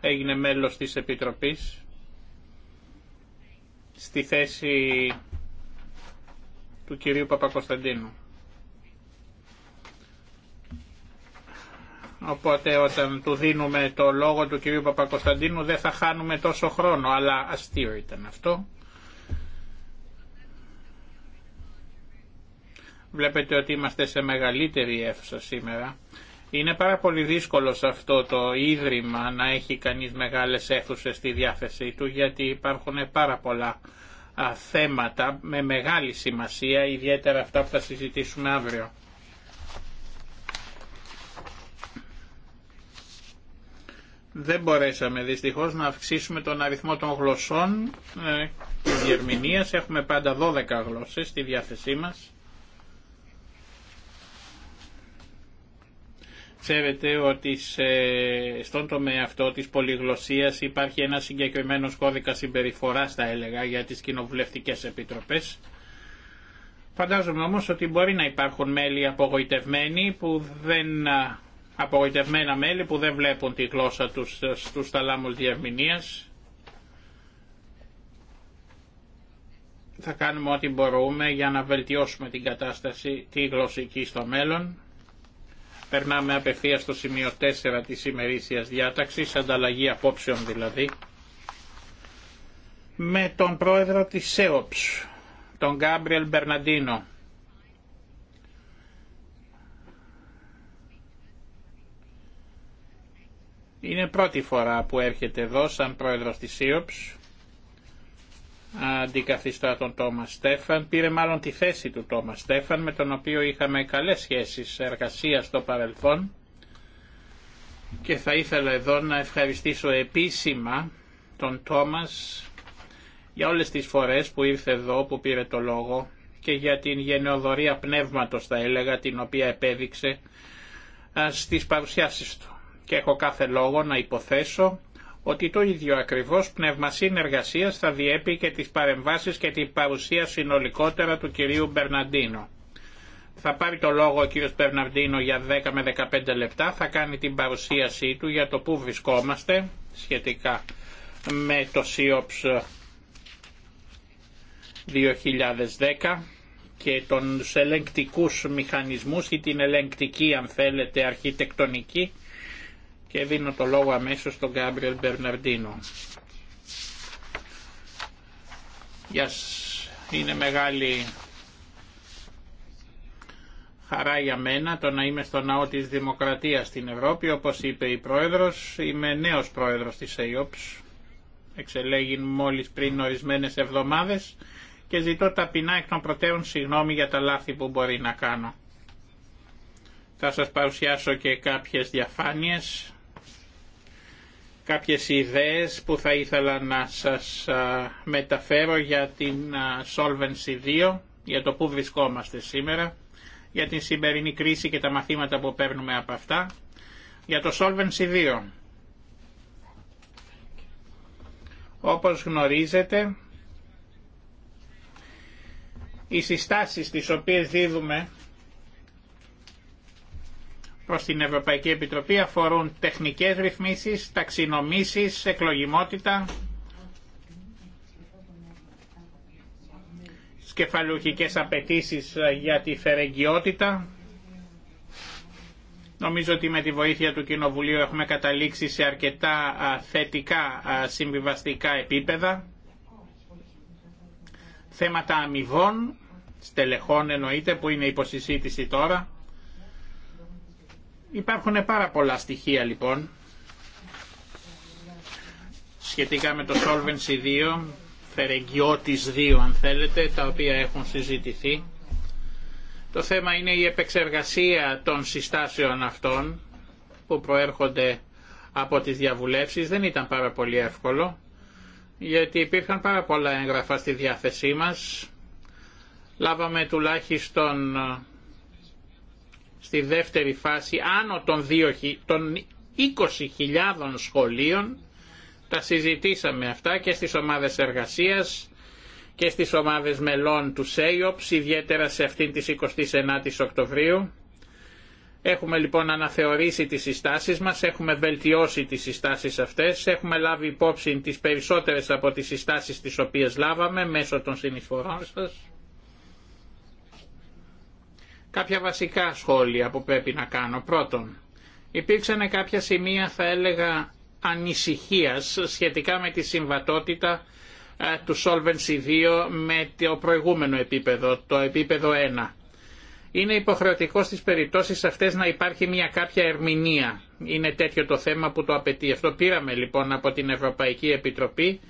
έγινε μέλος της Επιτροπής στη θέση του κυρίου Παπακοσταντίνου. Οπότε όταν του δίνουμε το λόγο του κυρίου Παπακοσταντίνου δεν θα χάνουμε τόσο χρόνο, αλλά αστείο ήταν αυτό. Βλέπετε ότι είμαστε σε μεγαλύτερη αίθουσα σήμερα. Είναι πάρα πολύ δύσκολο σε αυτό το ίδρυμα να έχει κανείς μεγάλες αίθουσες στη διάθεσή του γιατί υπάρχουν πάρα πολλά θέματα με μεγάλη σημασία, ιδιαίτερα αυτά που θα συζητήσουμε αύριο. Δεν μπορέσαμε δυστυχώς να αυξήσουμε τον αριθμό των γλωσσών ε, της γερμηνίας. Έχουμε πάντα 12 γλώσσες στη διάθεσή μας. Ξέρετε ότι στον τομέα αυτό της πολυγλωσσίας υπάρχει ένα συγκεκριμένο κώδικα συμπεριφοράς θα έλεγα για τις κοινοβουλευτικές επιτροπές. Φαντάζομαι όμως ότι μπορεί να υπάρχουν μέλη απογοητευμένοι που δεν, απογοητευμένα μέλη που δεν βλέπουν τη γλώσσα τους στους ταλάμους διευμηνίας. Θα κάνουμε ό,τι μπορούμε για να βελτιώσουμε την κατάσταση τη γλωσσική στο μέλλον. Περνάμε απευθεία στο σημείο 4 της ημερήσιας διάταξης, ανταλλαγή απόψεων δηλαδή, με τον πρόεδρο της ΣΕΟΠΣ, τον Γκάμπριελ Μπερναντίνο. Είναι πρώτη φορά που έρχεται εδώ σαν πρόεδρος της ΣΕΟΠΣ αντικαθιστά τον Τόμα Στέφαν, πήρε μάλλον τη θέση του Τόμα Στέφαν με τον οποίο είχαμε καλές σχέσεις εργασίας στο παρελθόν και θα ήθελα εδώ να ευχαριστήσω επίσημα τον Τόμας για όλες τις φορές που ήρθε εδώ, που πήρε το λόγο και για την γενεοδορία πνεύματος θα έλεγα την οποία επέδειξε στις παρουσιάσεις του. Και έχω κάθε λόγο να υποθέσω ότι το ίδιο ακριβώς πνεύμα συνεργασίας θα διέπει και τις παρεμβάσεις και την παρουσία συνολικότερα του κυρίου Μπερναντίνο. Θα πάρει το λόγο ο κύριος Μπερναντίνο για 10 με 15 λεπτά, θα κάνει την παρουσίασή του για το πού βρισκόμαστε σχετικά με το ΣΥΟΠΣ 2010 και τον ελεγκτικούς μηχανισμούς ή την ελεγκτική αν θέλετε αρχιτεκτονική και δίνω το λόγο αμέσως στον Γκάμπριελ Μπερναρντίνο. Γεια Είναι μεγάλη χαρά για μένα το να είμαι στο ναό της Δημοκρατίας στην Ευρώπη. Όπως είπε η Πρόεδρος, είμαι νέος Πρόεδρος της ΕΙΟΠΣ. Εξελέγει μόλις πριν ορισμένες εβδομάδες και ζητώ ταπεινά εκ των προτέρων συγγνώμη για τα λάθη που μπορεί να κάνω. Θα σας παρουσιάσω και κάποιες διαφάνειες κάποιες ιδέες που θα ήθελα να σας μεταφέρω για την Solvency 2, για το που βρισκόμαστε σήμερα, για την σημερινή κρίση και τα μαθήματα που παίρνουμε από αυτά, για το Solvency 2. Όπως γνωρίζετε, οι συστάσεις τις οποίες δίδουμε προς την Ευρωπαϊκή Επιτροπή αφορούν τεχνικές ρυθμίσεις, ταξινομήσεις, εκλογιμότητα, κεφαλουχικές απαιτήσει ε, για τη φερεγγιότητα. Νομίζω ότι με τη βοήθεια του Κοινοβουλίου έχουμε καταλήξει σε αρκετά θετικά συμβιβαστικά επίπεδα. Θέματα αμοιβών, στελεχών εννοείται, που είναι υποσυζήτηση τώρα. Υπάρχουν πάρα πολλά στοιχεία λοιπόν σχετικά με το Solvency 2, Φερεγγιώτης 2 αν θέλετε, τα οποία έχουν συζητηθεί. Το θέμα είναι η επεξεργασία των συστάσεων αυτών που προέρχονται από τις διαβουλεύσεις. Δεν ήταν πάρα πολύ εύκολο, γιατί υπήρχαν πάρα πολλά έγγραφα στη διάθεσή μας. Λάβαμε τουλάχιστον στη δεύτερη φάση άνω των 20.000 σχολείων. Τα συζητήσαμε αυτά και στις ομάδες εργασίας και στις ομάδες μελών του ΣΕΙΟΠΣ, ιδιαίτερα σε αυτήν της 29ης Οκτωβρίου. Έχουμε λοιπόν αναθεωρήσει τις συστάσεις μας, έχουμε βελτιώσει τις συστάσεις αυτές, έχουμε λάβει υπόψη τις περισσότερες από τις συστάσεις τις οποίες λάβαμε μέσω των συνεισφορών σας Κάποια βασικά σχόλια που πρέπει να κάνω. Πρώτον, υπήρξαν κάποια σημεία θα έλεγα ανησυχίας σχετικά με τη συμβατότητα ε, του Solvency 2 με το προηγούμενο επίπεδο, το επίπεδο 1. Είναι υποχρεωτικό στις περιπτώσεις αυτές να υπάρχει μια κάποια ερμηνεία. Είναι τέτοιο το θέμα που το απαιτεί. Αυτό πήραμε λοιπόν από την Ευρωπαϊκή Επιτροπή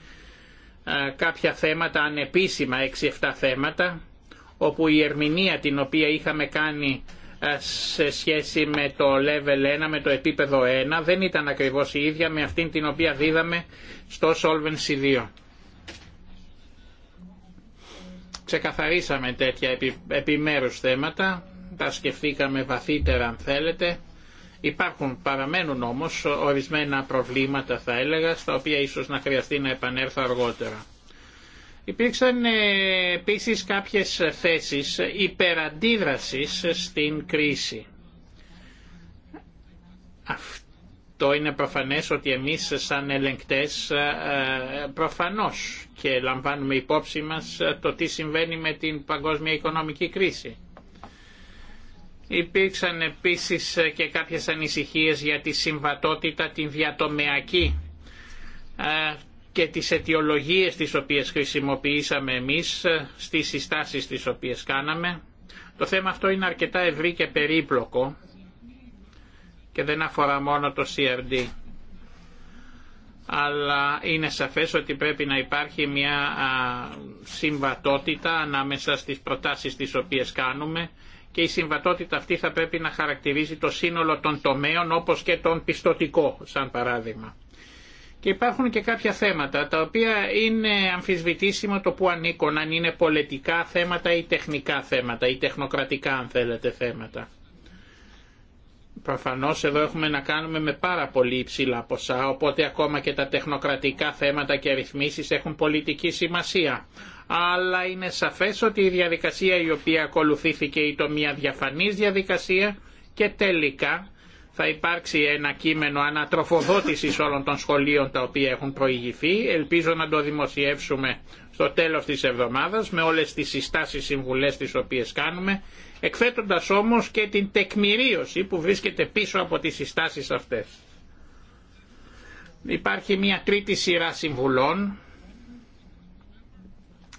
ε, κάποια θέματα, ανεπίσημα 6-7 θέματα, όπου η ερμηνεία την οποία είχαμε κάνει ε, σε σχέση με το level 1, με το επίπεδο 1, δεν ήταν ακριβώς η ίδια με αυτήν την οποία δίδαμε στο Solvency 2. Ξεκαθαρίσαμε τέτοια επιμέρους θέματα, τα σκεφτήκαμε βαθύτερα αν θέλετε. Υπάρχουν, παραμένουν όμως ορισμένα προβλήματα θα έλεγα, στα οποία ίσως να χρειαστεί να επανέλθω αργότερα. Υπήρξαν ε, επίσης κάποιες θέσεις υπεραντίδρασης στην κρίση. Αυτό είναι προφανές ότι εμείς σαν ελεγκτές ε, προφανώς και λαμβάνουμε υπόψη μας το τι συμβαίνει με την παγκόσμια οικονομική κρίση. Υπήρξαν επίσης και κάποιες ανησυχίες για τη συμβατότητα την διατομεακή ε, και τις αιτιολογίες τις οποίες χρησιμοποιήσαμε εμείς ε, στις συστάσεις τις οποίες κάναμε. Το θέμα αυτό είναι αρκετά ευρύ και περίπλοκο και δεν αφορά μόνο το CRD. Αλλά είναι σαφές ότι πρέπει να υπάρχει μια συμβατότητα ανάμεσα στις προτάσεις τις οποίες κάνουμε και η συμβατότητα αυτή θα πρέπει να χαρακτηρίζει το σύνολο των τομέων όπως και τον πιστοτικό σαν παράδειγμα. Και υπάρχουν και κάποια θέματα τα οποία είναι αμφισβητήσιμο το που ανήκουν, αν είναι πολιτικά θέματα ή τεχνικά θέματα ή τεχνοκρατικά αν θέλετε θέματα. Προφανώς εδώ έχουμε να κάνουμε με πάρα πολύ υψηλά ποσά, οπότε ακόμα και τα τεχνοκρατικά θέματα και ρυθμίσεις έχουν πολιτική σημασία. Αλλά είναι σαφές ότι η διαδικασία η οποία ακολουθήθηκε ήταν μια διαφανής διαδικασία και τελικά θα υπάρξει ένα κείμενο ανατροφοδότησης όλων των σχολείων τα οποία έχουν προηγηθεί. Ελπίζω να το δημοσιεύσουμε στο τέλος της εβδομάδας με όλες τις συστάσεις συμβουλές τις οποίες κάνουμε, εκθέτοντας όμως και την τεκμηρίωση που βρίσκεται πίσω από τις συστάσεις αυτές. Υπάρχει μια τρίτη σειρά συμβουλών,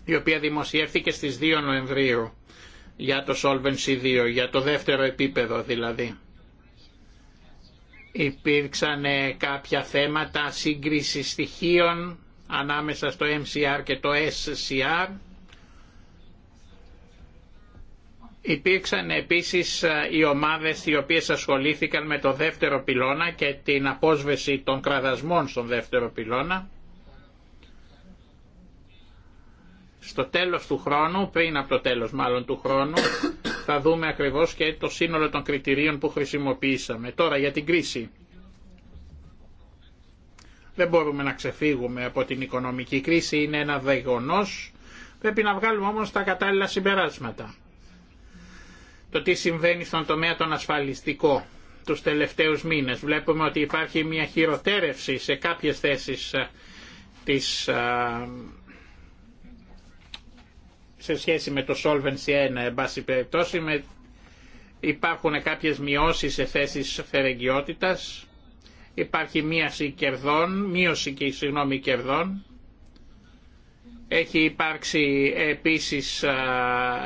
η οποία δημοσιεύθηκε στις 2 Νοεμβρίου για το Solvency 2, για το δεύτερο επίπεδο δηλαδή. Υπήρξαν κάποια θέματα σύγκριση στοιχείων ανάμεσα στο MCR και το SCR. Υπήρξαν επίσης ε, οι ομάδες οι οποίες ασχολήθηκαν με το δεύτερο πυλώνα και την απόσβεση των κραδασμών στον δεύτερο πυλώνα. Στο τέλος του χρόνου, πριν από το τέλος μάλλον του χρόνου, θα δούμε ακριβώς και το σύνολο των κριτηρίων που χρησιμοποιήσαμε. Τώρα για την κρίση. Δεν μπορούμε να ξεφύγουμε από την οικονομική κρίση, είναι ένα δεγονός. Πρέπει να βγάλουμε όμως τα κατάλληλα συμπεράσματα. Το τι συμβαίνει στον τομέα των ασφαλιστικό τους τελευταίους μήνες. Βλέπουμε ότι υπάρχει μια χειροτέρευση σε κάποιες θέσεις ε, της ε, σε σχέση με το Solvency 1, εν πάση περιπτώσει, με... υπάρχουν κάποιες μειώσεις σε θέσεις φερεγγιότητας, υπάρχει μείωση κερδών, μείωση και συγγνώμη κερδών, έχει υπάρξει επίσης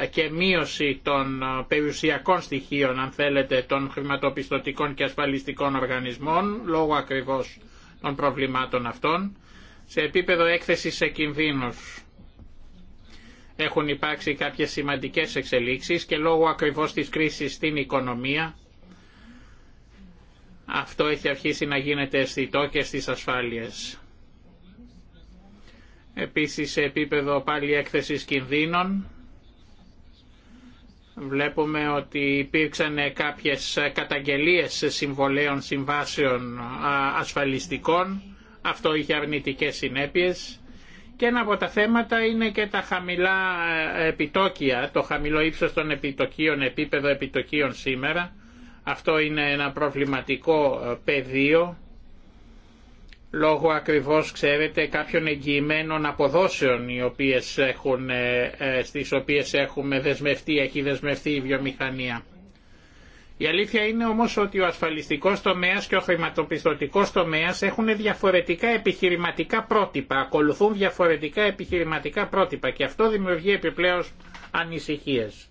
και μείωση των περιουσιακών στοιχείων, αν θέλετε, των χρηματοπιστωτικών και ασφαλιστικών οργανισμών, λόγω ακριβώς των προβλημάτων αυτών, σε επίπεδο έκθεση σε κινδύνους έχουν υπάρξει κάποιες σημαντικές εξελίξεις και λόγω ακριβώς της κρίσης στην οικονομία αυτό έχει αρχίσει να γίνεται αισθητό και στις ασφάλειες. Επίσης σε επίπεδο πάλι έκθεσης κινδύνων βλέπουμε ότι υπήρξαν κάποιες καταγγελίες συμβολέων συμβάσεων ασφαλιστικών. Αυτό είχε αρνητικές συνέπειες. Και ένα από τα θέματα είναι και τα χαμηλά ε, επιτόκια, το χαμηλό ύψος των επιτοκίων, επίπεδο επιτοκίων σήμερα. Αυτό είναι ένα προβληματικό ε, πεδίο λόγω ακριβώς ξέρετε κάποιων εγγυημένων αποδόσεων οι οποίες έχουν, ε, στις οποίες έχουμε δεσμευτεί, έχει δεσμευτεί η βιομηχανία. Η αλήθεια είναι όμως ότι ο ασφαλιστικός τομέας και ο χρηματοπιστωτικός τομέας έχουν διαφορετικά επιχειρηματικά πρότυπα, ακολουθούν διαφορετικά επιχειρηματικά πρότυπα και αυτό δημιουργεί επιπλέον ανησυχίες.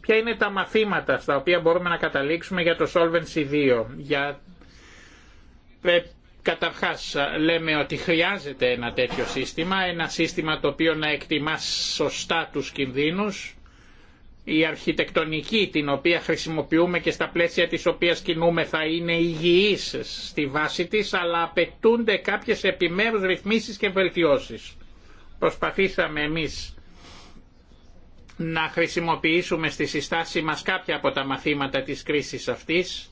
Ποια είναι τα μαθήματα στα οποία μπορούμε να καταλήξουμε για το Solvency 2. Για... Ε, καταρχάς λέμε ότι χρειάζεται ένα τέτοιο σύστημα, ένα σύστημα το οποίο να εκτιμά σωστά τους κινδύνους, η αρχιτεκτονική την οποία χρησιμοποιούμε και στα πλαίσια της οποίας κινούμε θα είναι υγιής στη βάση της αλλά απαιτούνται κάποιες επιμέρους ρυθμίσεις και βελτιώσεις. Προσπαθήσαμε εμείς να χρησιμοποιήσουμε στη συστάση μας κάποια από τα μαθήματα της κρίσης αυτής.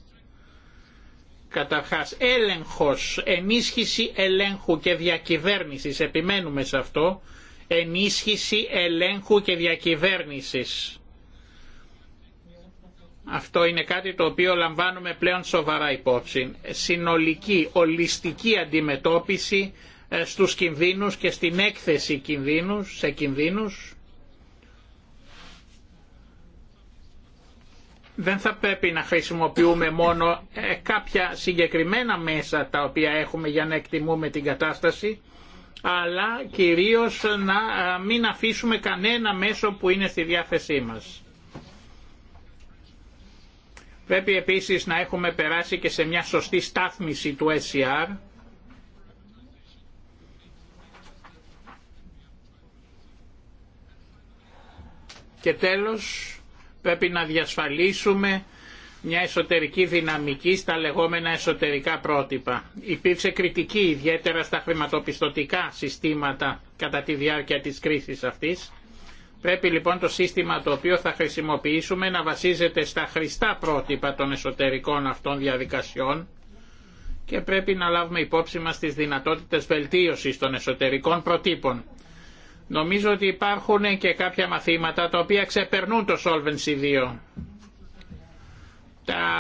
Καταρχάς έλεγχος, ενίσχυση ελέγχου και διακυβέρνησης, επιμένουμε σε αυτό, ενίσχυση ελέγχου και διακυβέρνησης αυτό είναι κάτι το οποίο λαμβάνουμε πλέον σοβαρά υπόψη. Συνολική, ολιστική αντιμετώπιση ε, στους κινδύνους και στην έκθεση κινδύνους, σε κινδύνους. Δεν θα πρέπει να χρησιμοποιούμε μόνο ε, κάποια συγκεκριμένα μέσα τα οποία έχουμε για να εκτιμούμε την κατάσταση, αλλά κυρίως να ε, μην αφήσουμε κανένα μέσο που είναι στη διάθεσή μας. Πρέπει επίσης να έχουμε περάσει και σε μια σωστή στάθμιση του SCR, Και τέλος πρέπει να διασφαλίσουμε μια εσωτερική δυναμική στα λεγόμενα εσωτερικά πρότυπα. Υπήρξε κριτική ιδιαίτερα στα χρηματοπιστωτικά συστήματα κατά τη διάρκεια της κρίσης αυτής Πρέπει λοιπόν το σύστημα το οποίο θα χρησιμοποιήσουμε να βασίζεται στα χρηστά πρότυπα των εσωτερικών αυτών διαδικασιών και πρέπει να λάβουμε υπόψη μας τις δυνατότητες βελτίωσης των εσωτερικών προτύπων. Νομίζω ότι υπάρχουν και κάποια μαθήματα τα οποία ξεπερνούν το Solvency 2. Τα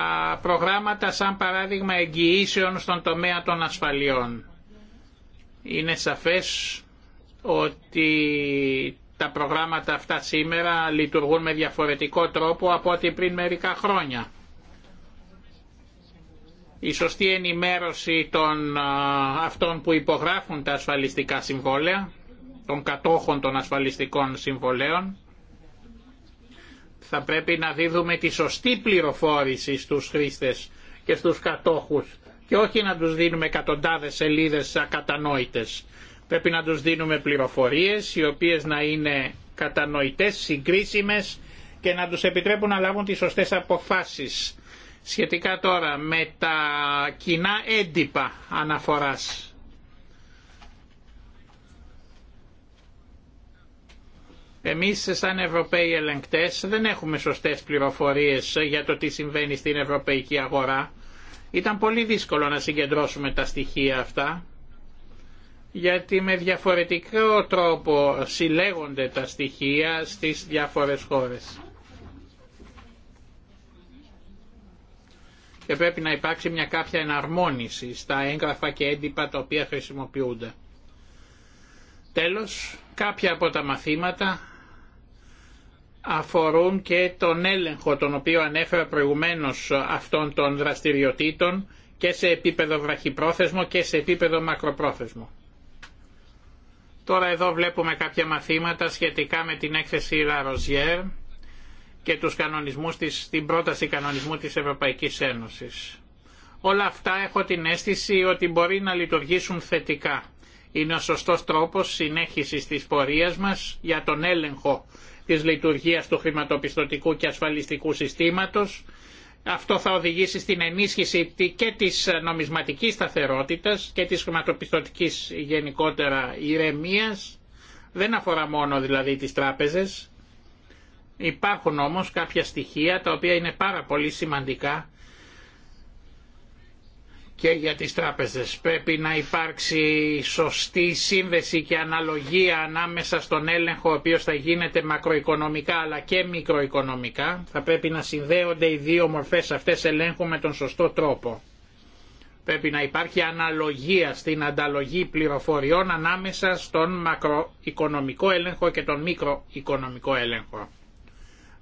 προγράμματα σαν παράδειγμα εγγυήσεων στον τομέα των ασφαλιών. Είναι σαφές ότι τα προγράμματα αυτά σήμερα λειτουργούν με διαφορετικό τρόπο από ό,τι πριν μερικά χρόνια. Η σωστή ενημέρωση των αυτών που υπογράφουν τα ασφαλιστικά συμβόλαια, των κατόχων των ασφαλιστικών συμβολέων, θα πρέπει να δίδουμε τη σωστή πληροφόρηση στους χρήστες και στους κατόχους και όχι να τους δίνουμε εκατοντάδες σελίδες ακατανόητες. Πρέπει να τους δίνουμε πληροφορίες οι οποίες να είναι κατανοητές, συγκρίσιμες και να τους επιτρέπουν να λάβουν τις σωστές αποφάσεις. Σχετικά τώρα με τα κοινά έντυπα αναφοράς. Εμείς σαν Ευρωπαίοι ελεγκτές δεν έχουμε σωστές πληροφορίες για το τι συμβαίνει στην ευρωπαϊκή αγορά. Ήταν πολύ δύσκολο να συγκεντρώσουμε τα στοιχεία αυτά γιατί με διαφορετικό τρόπο συλλέγονται τα στοιχεία στις διάφορες χώρες. Και πρέπει να υπάρξει μια κάποια εναρμόνιση στα έγγραφα και έντυπα τα οποία χρησιμοποιούνται. Τέλος, κάποια από τα μαθήματα αφορούν και τον έλεγχο τον οποίο ανέφερα προηγουμένως αυτών των δραστηριοτήτων και σε επίπεδο βραχυπρόθεσμο και σε επίπεδο μακροπρόθεσμο. Τώρα εδώ βλέπουμε κάποια μαθήματα σχετικά με την έκθεση Λαροζιέρ και τους κανονισμούς της, την πρόταση κανονισμού της Ευρωπαϊκής Ένωσης. Όλα αυτά έχω την αίσθηση ότι μπορεί να λειτουργήσουν θετικά. Είναι ο σωστός τρόπος συνέχισης της πορείας μας για τον έλεγχο της λειτουργίας του χρηματοπιστωτικού και ασφαλιστικού συστήματος αυτό θα οδηγήσει στην ενίσχυση και της νομισματικής σταθερότητας και της χρηματοπιστωτικής γενικότερα ηρεμίας. Δεν αφορά μόνο δηλαδή τις τράπεζες. Υπάρχουν όμως κάποια στοιχεία τα οποία είναι πάρα πολύ σημαντικά και για τις τράπεζες. Πρέπει να υπάρξει σωστή σύνδεση και αναλογία ανάμεσα στον έλεγχο ο οποίος θα γίνεται μακροοικονομικά αλλά και μικροοικονομικά. Θα πρέπει να συνδέονται οι δύο μορφές αυτές ελέγχου με τον σωστό τρόπο. Πρέπει να υπάρχει αναλογία στην ανταλογή πληροφοριών ανάμεσα στον μακροοικονομικό έλεγχο και τον μικροοικονομικό έλεγχο.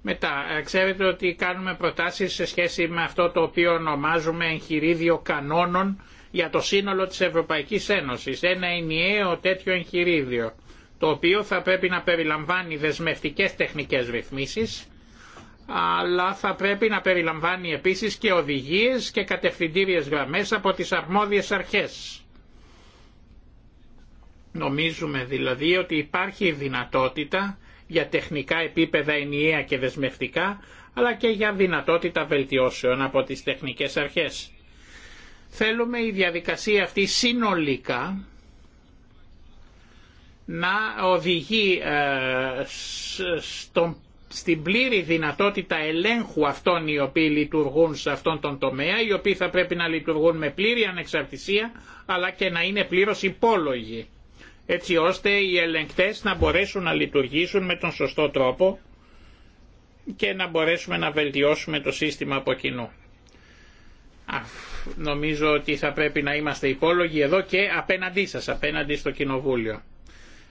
Μετά, ε, ξέρετε ότι κάνουμε προτάσεις σε σχέση με αυτό το οποίο ονομάζουμε εγχειρίδιο κανόνων για το σύνολο της Ευρωπαϊκής Ένωσης. Ένα ενιαίο τέτοιο εγχειρίδιο, το οποίο θα πρέπει να περιλαμβάνει δεσμευτικές τεχνικές ρυθμίσεις, αλλά θα πρέπει να περιλαμβάνει επίσης και οδηγίες και κατευθυντήριες γραμμές από τις αρμόδιες αρχές. Νομίζουμε δηλαδή ότι υπάρχει δυνατότητα για τεχνικά επίπεδα ενιαία και δεσμευτικά, αλλά και για δυνατότητα βελτιώσεων από τις τεχνικές αρχές. Θέλουμε η διαδικασία αυτή συνολικά να οδηγεί ε, στην πλήρη δυνατότητα ελέγχου αυτών οι οποίοι λειτουργούν σε αυτόν τον τομέα, οι οποίοι θα πρέπει να λειτουργούν με πλήρη ανεξαρτησία, αλλά και να είναι πλήρως υπόλογοι έτσι ώστε οι ελεγκτές να μπορέσουν να λειτουργήσουν με τον σωστό τρόπο και να μπορέσουμε να βελτιώσουμε το σύστημα από κοινού. Νομίζω ότι θα πρέπει να είμαστε υπόλογοι εδώ και απέναντί σας, απέναντι στο Κοινοβούλιο.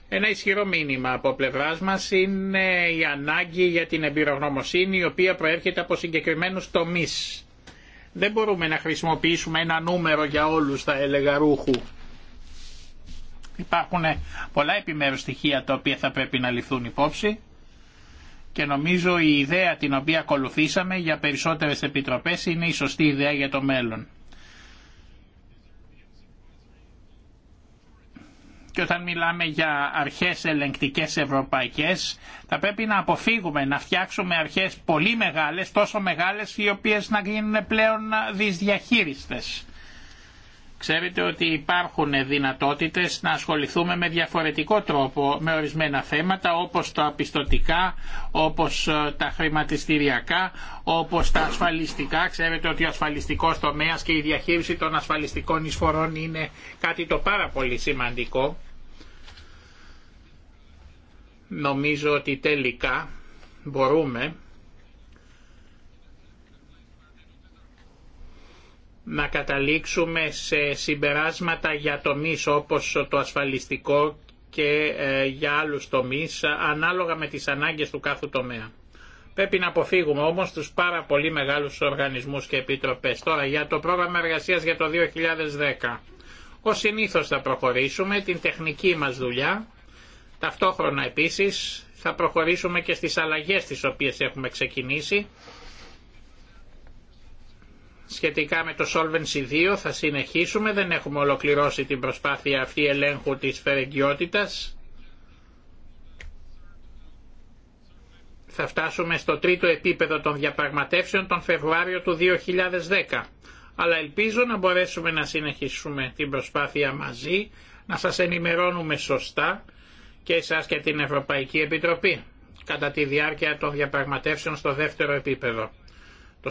Ένα ισχυρό μήνυμα από πλευρά μα είναι η ανάγκη για την εμπειρογνωμοσύνη η οποία προέρχεται από συγκεκριμένου τομεί. Δεν μπορούμε να χρησιμοποιήσουμε ένα νούμερο για όλου, τα έλεγα Υπάρχουν πολλά επιμέρους στοιχεία τα οποία θα πρέπει να ληφθούν υπόψη και νομίζω η ιδέα την οποία ακολουθήσαμε για περισσότερες επιτροπές είναι η σωστή ιδέα για το μέλλον. και όταν μιλάμε για αρχές ελεγκτικές ευρωπαϊκές θα πρέπει να αποφύγουμε να φτιάξουμε αρχές πολύ μεγάλες, τόσο μεγάλες οι οποίες να γίνουν πλέον δυσδιαχείριστες. Ξέρετε ότι υπάρχουν δυνατότητες να ασχοληθούμε με διαφορετικό τρόπο με ορισμένα θέματα όπως τα πιστοτικά, όπως ε, τα χρηματιστηριακά, όπως τα ασφαλιστικά. Ξέρετε ότι ο ασφαλιστικός τομέας και η διαχείριση των ασφαλιστικών εισφορών είναι κάτι το πάρα πολύ σημαντικό. Νομίζω ότι τελικά μπορούμε να καταλήξουμε σε συμπεράσματα για τομείς όπως το ασφαλιστικό και ε, για άλλους τομείς ανάλογα με τις ανάγκες του κάθε τομέα. Πρέπει να αποφύγουμε όμως τους πάρα πολύ μεγάλους οργανισμούς και επιτροπές. Τώρα για το πρόγραμμα εργασίας για το 2010. Ως συνήθως θα προχωρήσουμε την τεχνική μας δουλειά. Ταυτόχρονα επίσης θα προχωρήσουμε και στις αλλαγές τις οποίες έχουμε ξεκινήσει σχετικά με το Solvency 2 θα συνεχίσουμε. Δεν έχουμε ολοκληρώσει την προσπάθεια αυτή ελέγχου της φερεγγιότητας. Θα φτάσουμε στο τρίτο επίπεδο των διαπραγματεύσεων τον Φεβρουάριο του 2010. Αλλά ελπίζω να μπορέσουμε να συνεχίσουμε την προσπάθεια μαζί, να σας ενημερώνουμε σωστά και εσάς και την Ευρωπαϊκή Επιτροπή κατά τη διάρκεια των διαπραγματεύσεων στο δεύτερο επίπεδο. Το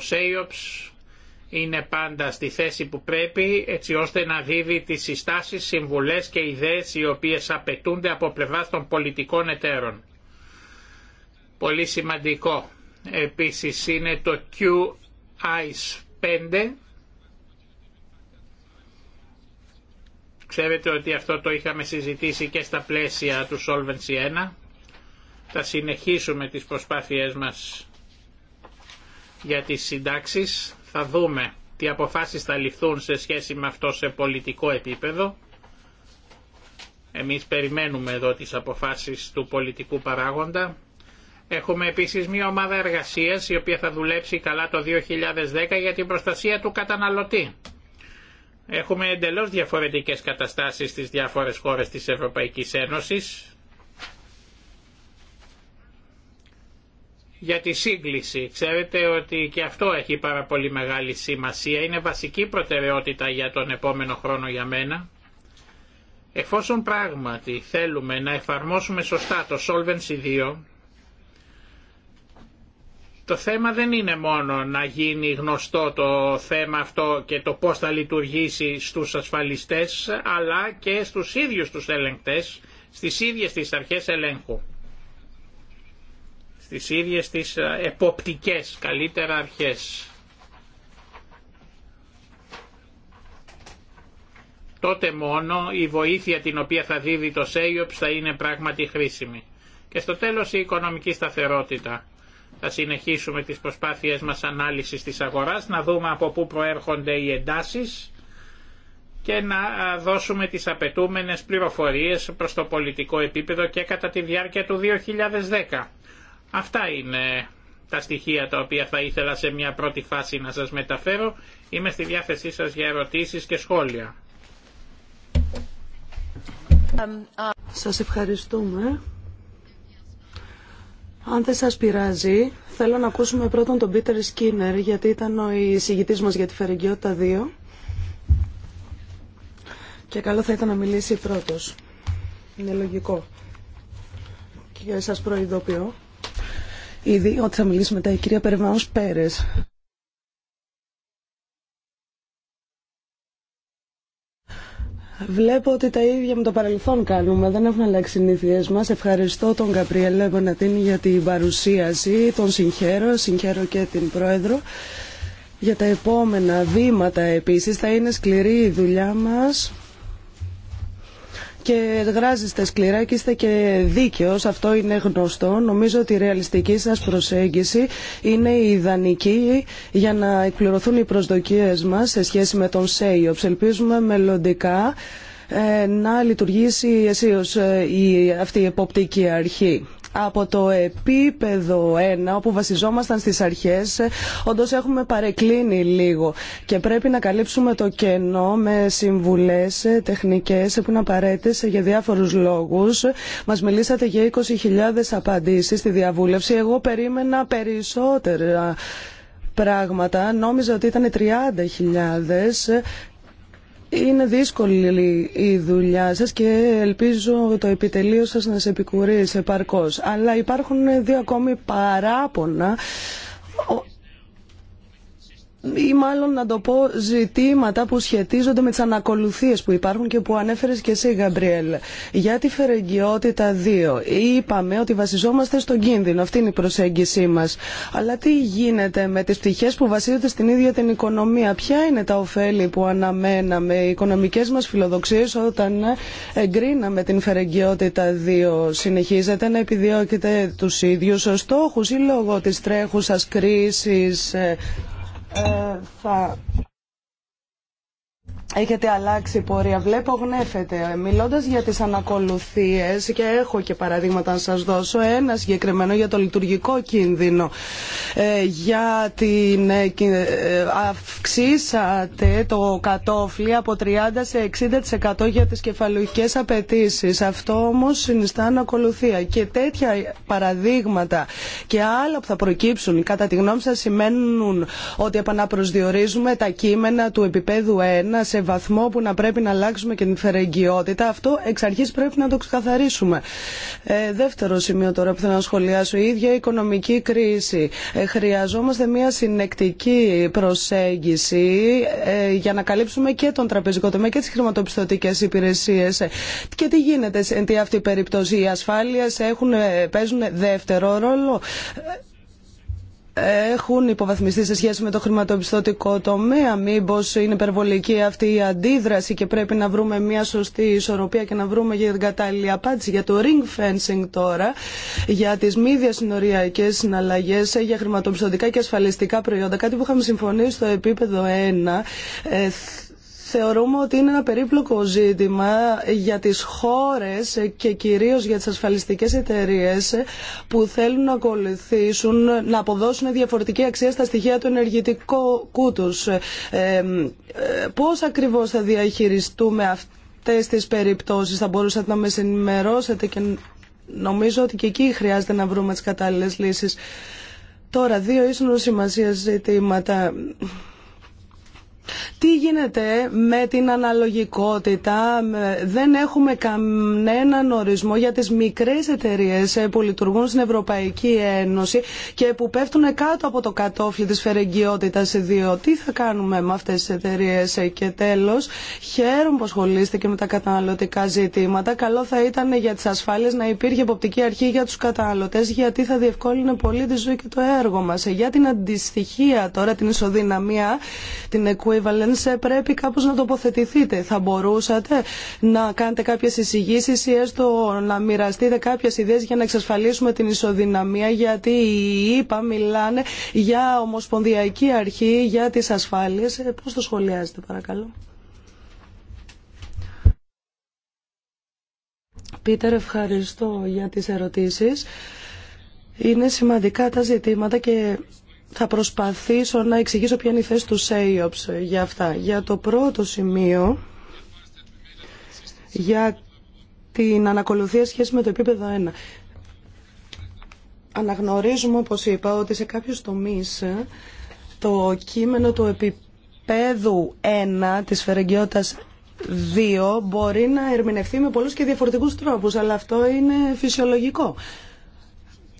είναι πάντα στη θέση που πρέπει έτσι ώστε να δίδει τις συστάσεις, συμβουλές και ιδέες οι οποίες απαιτούνται από πλευρά των πολιτικών εταίρων. Πολύ σημαντικό επίσης είναι το QIS 5 Ξέρετε ότι αυτό το είχαμε συζητήσει και στα πλαίσια του Solvency 1. Θα συνεχίσουμε τις προσπάθειές μας για τις συντάξεις θα δούμε τι αποφάσεις θα ληφθούν σε σχέση με αυτό σε πολιτικό επίπεδο. Εμείς περιμένουμε εδώ τις αποφάσεις του πολιτικού παράγοντα. Έχουμε επίσης μια ομάδα εργασίας η οποία θα δουλέψει καλά το 2010 για την προστασία του καταναλωτή. Έχουμε εντελώς διαφορετικές καταστάσεις στις διάφορες χώρες της Ευρωπαϊκής Ένωσης. για τη σύγκληση. Ξέρετε ότι και αυτό έχει πάρα πολύ μεγάλη σημασία. Είναι βασική προτεραιότητα για τον επόμενο χρόνο για μένα. Εφόσον πράγματι θέλουμε να εφαρμόσουμε σωστά το Solvency 2, το θέμα δεν είναι μόνο να γίνει γνωστό το θέμα αυτό και το πώς θα λειτουργήσει στους ασφαλιστές, αλλά και στους ίδιους τους ελεγκτές, στις ίδιες τις αρχές ελέγχου τις ίδιες τις ε, εποπτικές καλύτερα αρχές. Τότε μόνο η βοήθεια την οποία θα δίδει το ΣΕΙΟΠΣ θα είναι πράγματι χρήσιμη. Και στο τέλος η οικονομική σταθερότητα. Θα συνεχίσουμε τις προσπάθειές μας ανάλυσης της αγοράς, να δούμε από πού προέρχονται οι εντάσεις και να δώσουμε τις απαιτούμενες πληροφορίες προς το πολιτικό επίπεδο και κατά τη διάρκεια του 2010. Αυτά είναι τα στοιχεία τα οποία θα ήθελα σε μια πρώτη φάση να σας μεταφέρω. Είμαι στη διάθεσή σας για ερωτήσεις και σχόλια. Σας ευχαριστούμε. Αν δεν σας πειράζει, θέλω να ακούσουμε πρώτον τον Πίτερ Σκίνερ, γιατί ήταν ο εισηγητής μας για τη Φερεγγιότητα 2. Και καλό θα ήταν να μιλήσει πρώτος. Είναι λογικό. Και σας προειδοποιώ ήδη ότι θα μιλήσει μετά η κυρία Περβάους Πέρες. Βλέπω ότι τα ίδια με το παρελθόν κάνουμε. Δεν έχουν αλλάξει συνήθειέ μα. Ευχαριστώ τον Καπριέλα Εμπονατίνη για την παρουσίαση. Τον συγχαίρω. Συγχαίρω και την Πρόεδρο. Για τα επόμενα βήματα επίσης θα είναι σκληρή η δουλειά μας και εργάζεστε σκληρά και είστε και δίκαιος, αυτό είναι γνωστό. Νομίζω ότι η ρεαλιστική σας προσέγγιση είναι η ιδανική για να εκπληρωθούν οι προσδοκίες μας σε σχέση με τον ΣΕΙΟΠΣ. Ελπίζουμε μελλοντικά ε, να λειτουργήσει αισίως ε, η, αυτή η εποπτική αρχή από το επίπεδο 1 όπου βασιζόμασταν στις αρχές όντως έχουμε παρεκκλίνει λίγο και πρέπει να καλύψουμε το κενό με συμβουλές τεχνικές που είναι απαραίτητες για διάφορους λόγους. Μας μιλήσατε για 20.000 απαντήσεις στη διαβούλευση. Εγώ περίμενα περισσότερα πράγματα. Νόμιζα ότι ήταν 30.000 είναι δύσκολη η δουλειά σας και ελπίζω το επιτελείο σας να σε επικουρεί σε Αλλά υπάρχουν δύο ακόμη παράπονα ή μάλλον να το πω ζητήματα που σχετίζονται με τις ανακολουθίες που υπάρχουν και που ανέφερες και εσύ Γαμπριέλ. Για τη φερεγγιότητα 2 είπαμε ότι βασιζόμαστε στον κίνδυνο, αυτή είναι η προσέγγιση μας. Αλλά τι γίνεται με τις πτυχέ που βασίζονται στην ίδια την οικονομία, ποια είναι τα ωφέλη που αναμέναμε, οι οικονομικές μας φιλοδοξίες όταν εγκρίναμε την φερεγγιότητα 2 συνεχίζεται να επιδιώκεται τους ίδιους στόχους ή λόγω της τρέχουσας κρίσης ε, ε, θα έχετε αλλάξει πορεία. Βλέπω γνέφεται. Μιλώντας για τις ανακολουθίες και έχω και παραδείγματα να σας δώσω ένα συγκεκριμένο για το λειτουργικό κίνδυνο. Ε, για την ε, ε, αυξήσατε το κατόφλι από 30 σε 60% για τις κεφαλουχικές απαιτήσει. Αυτό όμως συνιστά ανακολουθία. Και τέτοια παραδείγματα και άλλα που θα προκύψουν κατά τη γνώμη σας σημαίνουν ότι επαναπροσδιορίζουμε τα κείμενα του επίπεδου 1 σε βαθμό που να πρέπει να αλλάξουμε και την φερεγγιότητα. Αυτό εξ αρχή πρέπει να το ξεκαθαρίσουμε. Ε, δεύτερο σημείο τώρα που θέλω να σχολιάσω, η ίδια η οικονομική κρίση. Ε, χρειαζόμαστε μια συνεκτική προσέγγιση ε, για να καλύψουμε και τον τραπεζικό τομέα και τι χρηματοπιστωτικέ υπηρεσίε. Ε, και τι γίνεται σε αυτή η περίπτωση. Οι ασφάλειε παίζουν δεύτερο ρόλο έχουν υποβαθμιστεί σε σχέση με το χρηματοπιστωτικό τομέα. Μήπω είναι υπερβολική αυτή η αντίδραση και πρέπει να βρούμε μια σωστή ισορροπία και να βρούμε για την κατάλληλη απάντηση. Για το ring fencing τώρα, για τι μη διασυνοριακέ συναλλαγέ, για χρηματοπιστωτικά και ασφαλιστικά προϊόντα, κάτι που είχαμε συμφωνήσει στο επίπεδο 1. Θεωρούμε ότι είναι ένα περίπλοκο ζήτημα για τις χώρες και κυρίως για τις ασφαλιστικές εταιρείες που θέλουν να ακολουθήσουν, να αποδώσουν διαφορετική αξία στα στοιχεία του ενεργητικού τους. Ε, ε, πώς ακριβώς θα διαχειριστούμε αυτές τις περιπτώσεις, θα μπορούσατε να με ενημερώσετε και νομίζω ότι και εκεί χρειάζεται να βρούμε τις κατάλληλες λύσεις. Τώρα, δύο ίσονο σημασία ζητήματα. Τι γίνεται με την αναλογικότητα, δεν έχουμε κανέναν ορισμό για τις μικρές εταιρείες ε, που λειτουργούν στην Ευρωπαϊκή Ένωση και που πέφτουν κάτω από το κατόφλι της φερεγγιότητας διότι Τι θα κάνουμε με αυτές τις εταιρείες ε, και τέλος, χαίρομαι που ασχολήστηκε με τα καταναλωτικά ζητήματα. Καλό θα ήταν για τις ασφάλειες να υπήρχε υποπτική αρχή για τους καταναλωτές γιατί θα διευκόλυνε πολύ τη ζωή και το έργο μας. Ε, για την αντιστοιχία τώρα, την ισοδυναμία, την ambivalence ε, πρέπει κάπως να τοποθετηθείτε. Θα μπορούσατε να κάνετε κάποιες εισηγήσει. ή έστω να μοιραστείτε κάποιες ιδέες για να εξασφαλίσουμε την ισοδυναμία γιατί οι μιλάνε για ομοσπονδιακή αρχή, για τις ασφάλειες. Ε, πώς το σχολιάζετε παρακαλώ. Πίτερ, ευχαριστώ για τις ερωτήσεις. Είναι σημαντικά τα ζητήματα και θα προσπαθήσω να εξηγήσω ποια είναι η θέση του ΣΕΙΟΠΣ για αυτά. Για το πρώτο σημείο, για την ανακολουθία σχέση με το επίπεδο 1. Αναγνωρίζουμε, όπως είπα, ότι σε κάποιους τομείς το κείμενο του επίπεδου 1 της φερεγγιότητας 2 μπορεί να ερμηνευτεί με πολλούς και διαφορετικούς τρόπους, αλλά αυτό είναι φυσιολογικό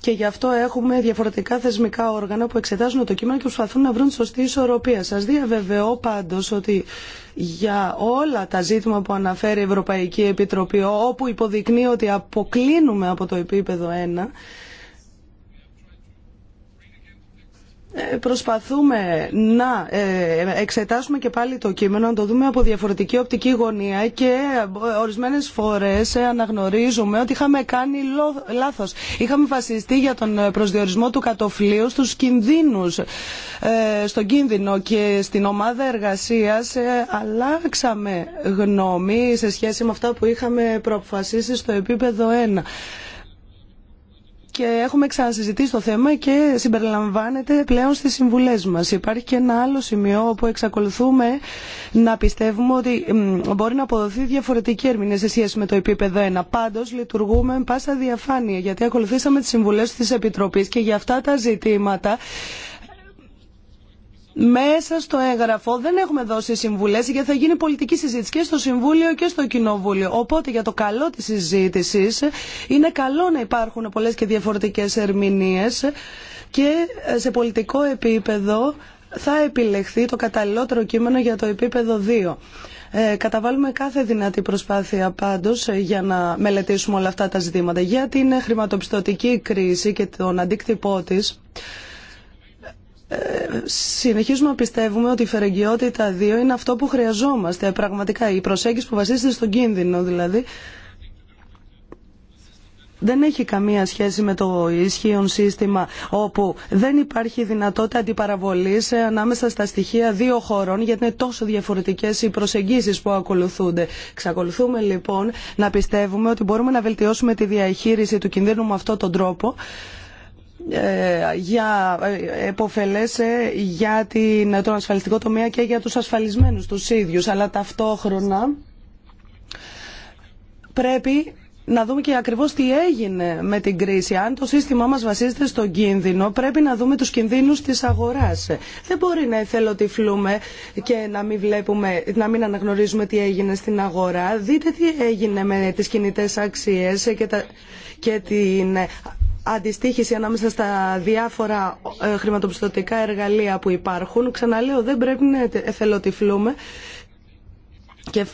και γι' αυτό έχουμε διαφορετικά θεσμικά όργανα που εξετάζουν το κείμενο και προσπαθούν να βρουν τη σωστή ισορροπία. Σα διαβεβαιώ πάντως ότι για όλα τα ζήτημα που αναφέρει η Ευρωπαϊκή Επιτροπή όπου υποδεικνύει ότι αποκλίνουμε από το επίπεδο 1 Ε, προσπαθούμε να ε, εξετάσουμε και πάλι το κείμενο, να το δούμε από διαφορετική οπτική γωνία και ε, ορισμένες φορές αναγνωρίζουμε ότι είχαμε κάνει λάθος. Είχαμε βασιστεί για τον προσδιορισμό του κατοφλίου στους κινδύνους, στον κίνδυνο και στην ομάδα εργασίας αλλάξαμε γνώμη σε σχέση με αυτά που είχαμε προφασίσει στο επίπεδο 1 και έχουμε ξανασυζητήσει το θέμα και συμπεριλαμβάνεται πλέον στις συμβουλές μας. Υπάρχει και ένα άλλο σημείο όπου εξακολουθούμε να πιστεύουμε ότι μπορεί να αποδοθεί διαφορετική ερμηνεία σε σχέση με το επίπεδο 1. Πάντως λειτουργούμε πάσα διαφάνεια γιατί ακολουθήσαμε τις συμβουλές της Επιτροπής και για αυτά τα ζητήματα μέσα στο έγγραφο δεν έχουμε δώσει συμβουλές γιατί θα γίνει πολιτική συζήτηση και στο Συμβούλιο και στο Κοινοβούλιο. Οπότε για το καλό της συζήτησης είναι καλό να υπάρχουν πολλές και διαφορετικές ερμηνείες και σε πολιτικό επίπεδο θα επιλεχθεί το καταλληλότερο κείμενο για το επίπεδο 2. Ε, καταβάλουμε κάθε δυνατή προσπάθεια πάντως για να μελετήσουμε όλα αυτά τα ζητήματα. Για την χρηματοπιστωτική κρίση και τον αντίκτυπό της, ε, συνεχίζουμε να πιστεύουμε ότι η φερεγγιότητα 2 είναι αυτό που χρειαζόμαστε πραγματικά. Η προσέγγιση που βασίζεται στον κίνδυνο δηλαδή δεν έχει καμία σχέση με το ισχύον σύστημα όπου δεν υπάρχει δυνατότητα αντιπαραβολής ε, ανάμεσα στα στοιχεία δύο χωρών γιατί είναι τόσο διαφορετικές οι προσεγγίσεις που ακολουθούνται. Ξακολουθούμε λοιπόν να πιστεύουμε ότι μπορούμε να βελτιώσουμε τη διαχείριση του κινδύνου με αυτόν τον τρόπο ε, για ε, για την, τον ασφαλιστικό τομέα και για τους ασφαλισμένους τους ίδιους αλλά ταυτόχρονα πρέπει να δούμε και ακριβώς τι έγινε με την κρίση. Αν το σύστημά μας βασίζεται στον κίνδυνο, πρέπει να δούμε τους κινδύνους της αγοράς. Δεν μπορεί να εθελοτυφλούμε και να μην, βλέπουμε, να μην αναγνωρίζουμε τι έγινε στην αγορά. Δείτε τι έγινε με τις κινητές αξίες και, τα, και την αντιστοίχηση ανάμεσα στα διάφορα ε, χρηματοπιστωτικά εργαλεία που υπάρχουν. Ξαναλέω, δεν πρέπει να εθελοτυφλούμε και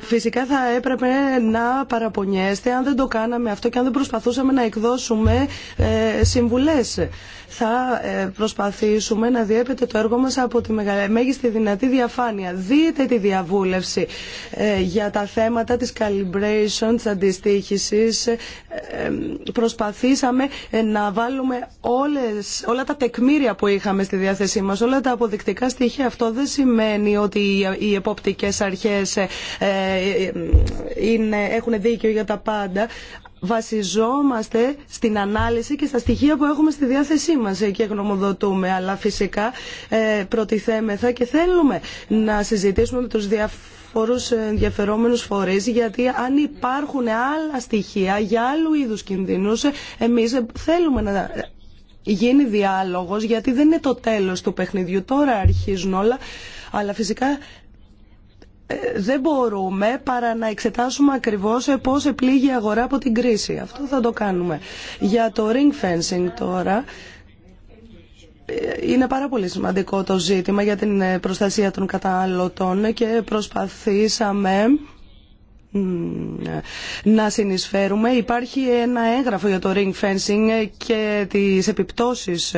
Φυσικά θα έπρεπε να παραπονιέστε αν δεν το κάναμε αυτό και αν δεν προσπαθούσαμε να εκδώσουμε ε, συμβουλές. Θα ε, προσπαθήσουμε να διέπεται το έργο μας από τη μέγιστη δυνατή διαφάνεια. Δείτε τη διαβούλευση ε, για τα θέματα της calibration, της αντιστοίχησης. Προσπαθήσαμε να βάλουμε όλες, όλα τα τεκμήρια που είχαμε στη διάθεσή μας, όλα τα αποδεικτικά στοιχεία. Αυτό δεν σημαίνει ότι οι εποπτικές αρχές είναι, έχουν δίκιο για τα πάντα βασιζόμαστε στην ανάλυση και στα στοιχεία που έχουμε στη διάθεσή μας και γνωμοδοτούμε. Αλλά φυσικά ε, προτιθέμεθα και θέλουμε να συζητήσουμε με τους διαφορούς ενδιαφερόμενους φορείς γιατί αν υπάρχουν άλλα στοιχεία για άλλου είδους κινδυνούς εμείς θέλουμε να γίνει διάλογος γιατί δεν είναι το τέλος του παιχνιδιού. Τώρα αρχίζουν όλα αλλά φυσικά ε, δεν μπορούμε παρά να εξετάσουμε ακριβώς ε, πώς επλήγει η αγορά από την κρίση. Αυτό θα το κάνουμε. Για το ring fencing τώρα, ε, είναι πάρα πολύ σημαντικό το ζήτημα για την προστασία των καταναλωτών και προσπαθήσαμε να συνεισφέρουμε. Υπάρχει ένα έγγραφο για το ring fencing και τις επιπτώσεις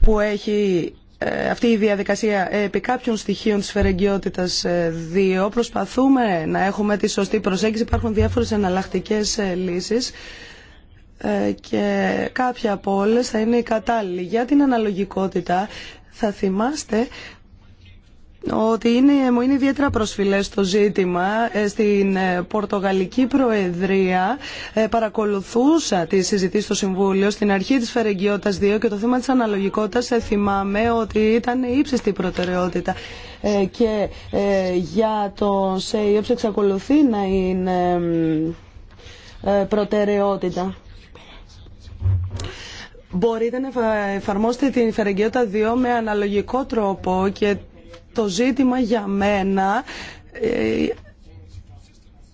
που έχει ε, αυτή η διαδικασία επί κάποιων στοιχείων της φερεγγιότητας 2 ε, προσπαθούμε να έχουμε τη σωστή προσέγγιση. Υπάρχουν διάφορες εναλλακτικές ε, λύσεις και κάποια από όλες θα είναι η κατάλληλη. Για την αναλογικότητα θα θυμάστε ότι είναι, μου είναι ιδιαίτερα προσφυλές το ζήτημα. Ε, στην ε, Πορτογαλική Προεδρία ε, παρακολουθούσα τη συζητή στο Συμβούλιο στην αρχή της Φερεγγιώτας 2 και το θέμα της αναλογικότητας θυμάμαι ότι ήταν ύψιστη προτεραιότητα και για το ΣΕΙΟΠΣ εξακολουθεί να είναι προτεραιότητα. Μπορείτε να εφαρμόσετε την Φερεγγιώτα 2 με αναλογικό τρόπο και το ζήτημα για μένα ε,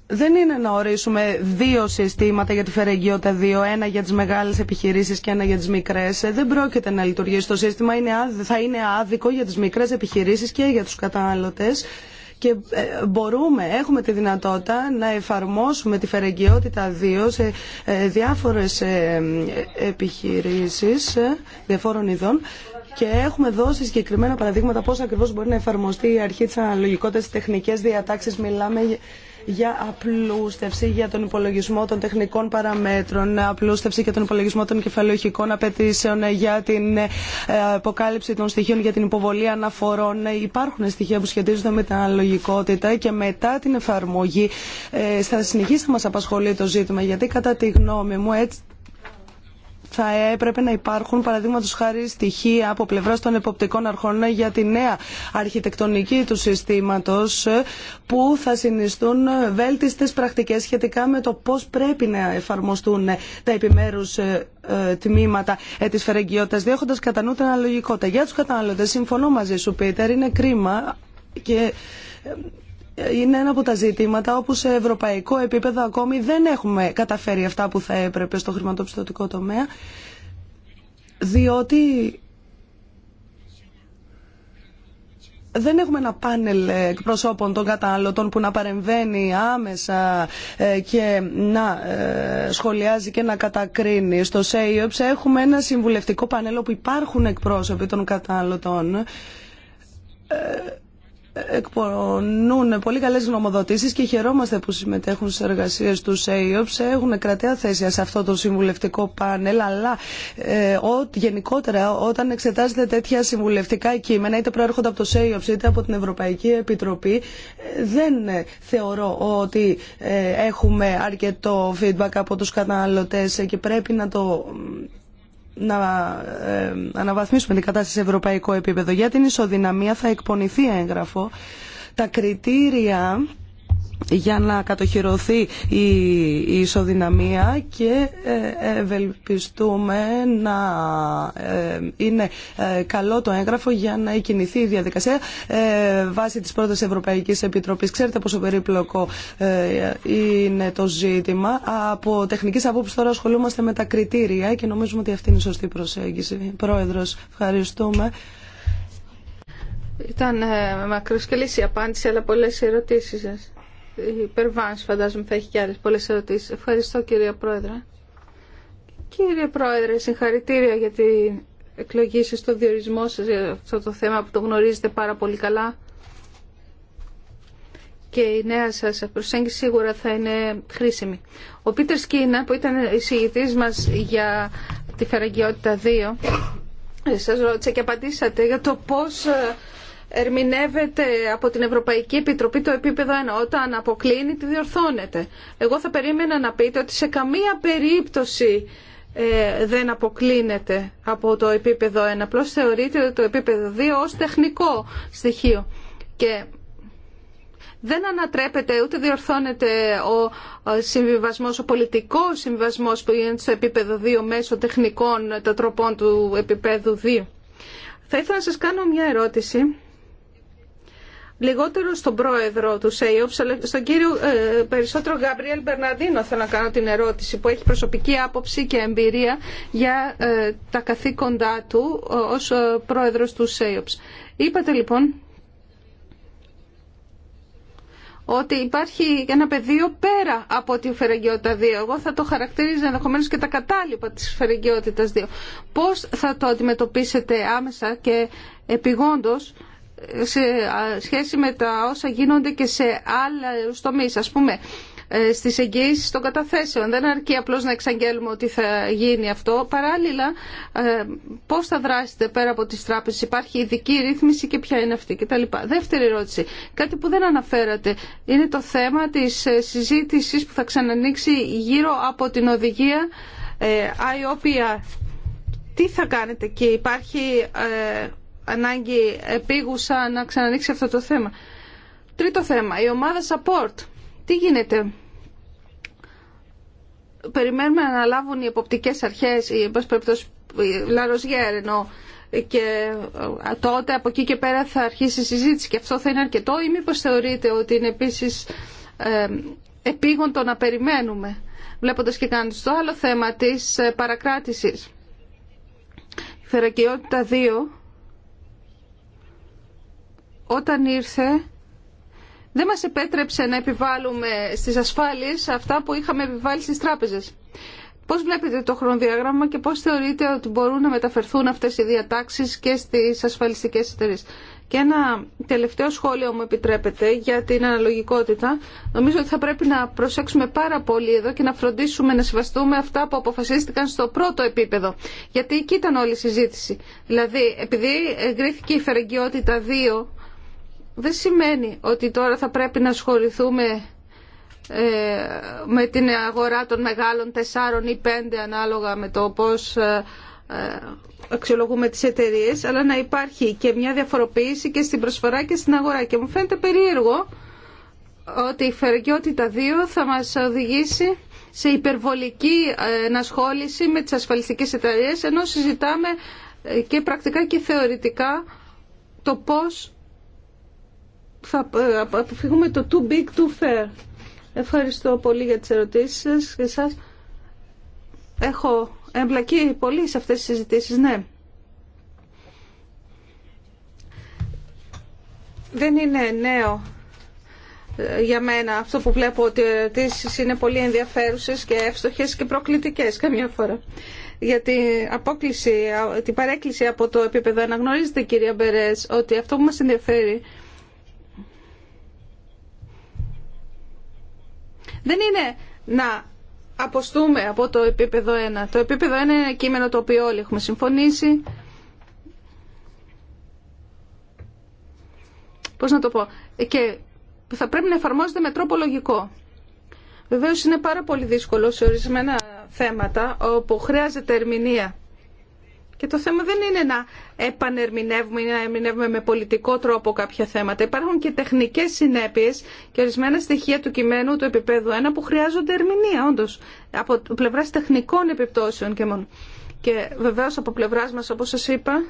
δεν είναι να ορίσουμε δύο συστήματα για τη φερεγγιότητα, 2, ένα για τις μεγάλες επιχειρήσεις και ένα για τις μικρές. Ε, δεν πρόκειται να λειτουργήσει το σύστημα, είναι, θα είναι άδικο για τις μικρές επιχειρήσεις και για τους καταναλωτές και ε, μπορούμε, έχουμε τη δυνατότητα να εφαρμόσουμε τη φερεγγιότητα 2 σε διάφορες επιχειρήσεις διαφόρων ειδών και έχουμε δώσει συγκεκριμένα παραδείγματα πώς ακριβώς μπορεί να εφαρμοστεί η αρχή της αναλογικότητας τεχνικές διατάξεις. Μιλάμε για απλούστευση, για τον υπολογισμό των τεχνικών παραμέτρων, απλούστευση για τον υπολογισμό των κεφαλαιοχικών απαιτήσεων, για την ε, αποκάλυψη των στοιχείων, για την υποβολή αναφορών. Υπάρχουν στοιχεία που σχετίζονται με την αναλογικότητα και μετά την εφαρμογή ε, θα συνεχίσει να μας απασχολεί το ζήτημα, γιατί κατά τη γνώμη μου έτσι θα έπρεπε να υπάρχουν παραδείγματο χάρη στοιχεία από πλευρά των εποπτικών αρχών για τη νέα αρχιτεκτονική του συστήματο που θα συνιστούν βέλτιστες πρακτικές σχετικά με το πώς πρέπει να εφαρμοστούν τα επιμέρους ε, ε, τμήματα ε, τη φερεγγιότητα, διέχοντα κατά νου την αναλογικότητα. Για του καταναλωτέ, συμφωνώ μαζί σου, Πίτερ, είναι κρίμα και είναι ένα από τα ζητήματα όπου σε ευρωπαϊκό επίπεδο ακόμη δεν έχουμε καταφέρει αυτά που θα έπρεπε στο χρηματοπιστωτικό τομέα, διότι δεν έχουμε ένα πάνελ εκπροσώπων των καταναλωτών που να παρεμβαίνει άμεσα ε, και να ε, σχολιάζει και να κατακρίνει. Στο ΣΕΙΟΠΣ έχουμε ένα συμβουλευτικό πανέλ όπου υπάρχουν εκπρόσωποι των καταναλωτών ε, εκπονούν πολύ καλέ γνωμοδοτήσει και χαιρόμαστε που συμμετέχουν στι εργασίες του ΣΕΙΟΠΣ. Έχουν κρατέα θέση σε αυτό το συμβουλευτικό πάνελ, αλλά ε, ο, γενικότερα όταν εξετάζετε τέτοια συμβουλευτικά κείμενα, είτε προέρχονται από το ΣΕΙΟΠΣ είτε από την Ευρωπαϊκή Επιτροπή, ε, δεν ε, θεωρώ ότι ε, έχουμε αρκετό feedback από τους καταναλωτές και πρέπει να το να ε, αναβαθμίσουμε την κατάσταση σε ευρωπαϊκό επίπεδο. Για την ισοδυναμία θα εκπονηθεί έγγραφο. Τα κριτήρια για να κατοχυρωθεί η ισοδυναμία και ε, ευελπιστούμε να ε, είναι ε, καλό το έγγραφο για να κινηθεί η διαδικασία βάσει της πρώτης Ευρωπαϊκής Επιτροπής. Ξέρετε πόσο περίπλοκο είναι το ζήτημα. Από τεχνικής απόψης τώρα ασχολούμαστε με τα κριτήρια και νομίζουμε ότι αυτή είναι η σωστή προσέγγιση. Πρόεδρος, ευχαριστούμε. Ήταν μακροσκελής η απάντηση, αλλά πολλές ερωτήσεις σας. Η φαντάζομαι θα έχει και άλλες πολλές ερωτήσεις. Ευχαριστώ κυρία Πρόεδρε. Κύριε Πρόεδρε, συγχαρητήρια για την εκλογή σας, το διορισμό σας για αυτό το θέμα που το γνωρίζετε πάρα πολύ καλά. Και η νέα σας προσέγγιση σίγουρα θα είναι χρήσιμη. Ο Πίτερ Σκίνα που ήταν εισηγητής μας για τη Φεραγγιότητα 2, σας ρώτησε και απαντήσατε για το πώς ε, ερμηνεύεται από την Ευρωπαϊκή Επιτροπή το επίπεδο 1. Όταν αποκλίνει, τη διορθώνεται. Εγώ θα περίμενα να πείτε ότι σε καμία περίπτωση ε, δεν αποκλίνεται από το επίπεδο 1. Απλώ θεωρείται το επίπεδο 2 ως τεχνικό στοιχείο. Και δεν ανατρέπεται ούτε διορθώνεται ο συμβιβασμός, ο πολιτικός συμβιβασμός που είναι στο επίπεδο 2 μέσω τεχνικών τροπών του επίπεδου 2. Θα ήθελα να σας κάνω μια ερώτηση λιγότερο στον πρόεδρο του ΣΕΙΟΠΣ, αλλά στον κύριο ε, περισσότερο Γαμπρίελ Μπερναδίνο θέλω να κάνω την ερώτηση που έχει προσωπική άποψη και εμπειρία για ε, τα καθήκοντά του ε, ως ε, πρόεδρος του ΣΕΙΟΠΣ. Είπατε λοιπόν ότι υπάρχει ένα πεδίο πέρα από τη φερεγγιότητα 2. Εγώ θα το χαρακτηρίζω ενδεχομένω και τα κατάλοιπα της φερεγγιότητας 2. Πώς θα το αντιμετωπίσετε άμεσα και επιγόντως σε σχέση με τα όσα γίνονται και σε άλλους τομείς, ας πούμε, ε, στις εγγυήσει των καταθέσεων. Δεν αρκεί απλώ να εξαγγέλουμε ότι θα γίνει αυτό. Παράλληλα, ε, πώς θα δράσετε πέρα από τι τράπεζε, υπάρχει ειδική ρύθμιση και ποια είναι αυτή κτλ. Δεύτερη ερώτηση, κάτι που δεν αναφέρατε, είναι το θέμα της ε, συζήτηση που θα ξανανοίξει γύρω από την οδηγία IOPR. Τι θα κάνετε και υπάρχει ανάγκη επίγουσα να ξανανοίξει αυτό το θέμα. Τρίτο θέμα, η ομάδα support. Τι γίνεται. Περιμένουμε να αναλάβουν οι εποπτικές αρχές, οι Λαροζιέρ ενω και ε, τότε από εκεί και πέρα θα αρχίσει η συζήτηση και αυτό θα είναι αρκετό ή μήπως θεωρείτε ότι είναι επίσης ε, το να περιμένουμε βλέποντας και κάνοντας το άλλο θέμα της ε, παρακράτησης. Φερακιότητα 2 όταν ήρθε δεν μας επέτρεψε να επιβάλλουμε στις ασφάλειες αυτά που είχαμε επιβάλει στις τράπεζες. Πώς βλέπετε το χρονοδιάγραμμα και πώς θεωρείτε ότι μπορούν να μεταφερθούν αυτές οι διατάξεις και στις ασφαλιστικές εταιρείες. Και ένα τελευταίο σχόλιο μου επιτρέπετε για την αναλογικότητα. Νομίζω ότι θα πρέπει να προσέξουμε πάρα πολύ εδώ και να φροντίσουμε να συμβαστούμε αυτά που αποφασίστηκαν στο πρώτο επίπεδο. Γιατί εκεί ήταν όλη η συζήτηση. Δηλαδή, επειδή εγκρίθηκε η φερεγγιότητα 2, δεν σημαίνει ότι τώρα θα πρέπει να ασχοληθούμε ε, με την αγορά των μεγάλων τεσσάρων ή πέντε ανάλογα με το πώς ε, ε, αξιολογούμε τις εταιρείε, αλλά να υπάρχει και μια διαφοροποίηση και στην προσφορά και στην αγορά. Και μου φαίνεται περίεργο ότι η φεργιότητα 2 θα μας οδηγήσει σε υπερβολική ενασχόληση με τις ασφαλιστικές εταιρείε, ενώ συζητάμε και πρακτικά και θεωρητικά το πώς θα ε, αποφύγουμε το too big, too fair. Ευχαριστώ πολύ για τις ερωτήσεις σας και σας. Έχω εμπλακεί πολύ σε αυτές τις συζητήσεις, ναι. Δεν είναι νέο ε, για μένα αυτό που βλέπω ότι οι ερωτήσει είναι πολύ ενδιαφέρουσες και εύστοχες και προκλητικές καμιά φορά. Για την, απόκληση, την παρέκκληση από το επίπεδο αναγνωρίζετε κυρία Μπερές ότι αυτό που μας ενδιαφέρει δεν είναι να αποστούμε από το επίπεδο 1. Το επίπεδο 1 είναι ένα κείμενο το οποίο όλοι έχουμε συμφωνήσει. Πώς να το πω. Και θα πρέπει να εφαρμόζεται με τρόπο λογικό. Βεβαίως είναι πάρα πολύ δύσκολο σε ορισμένα θέματα όπου χρειάζεται ερμηνεία και το θέμα δεν είναι να επανερμηνεύουμε ή να ερμηνεύουμε με πολιτικό τρόπο κάποια θέματα. Υπάρχουν και τεχνικές συνέπειες και ορισμένα στοιχεία του κειμένου του επίπεδου 1 που χρειάζονται ερμηνεία όντως από πλευράς τεχνικών επιπτώσεων και μόνο. Και βεβαίως από πλευράς μας όπως σας είπα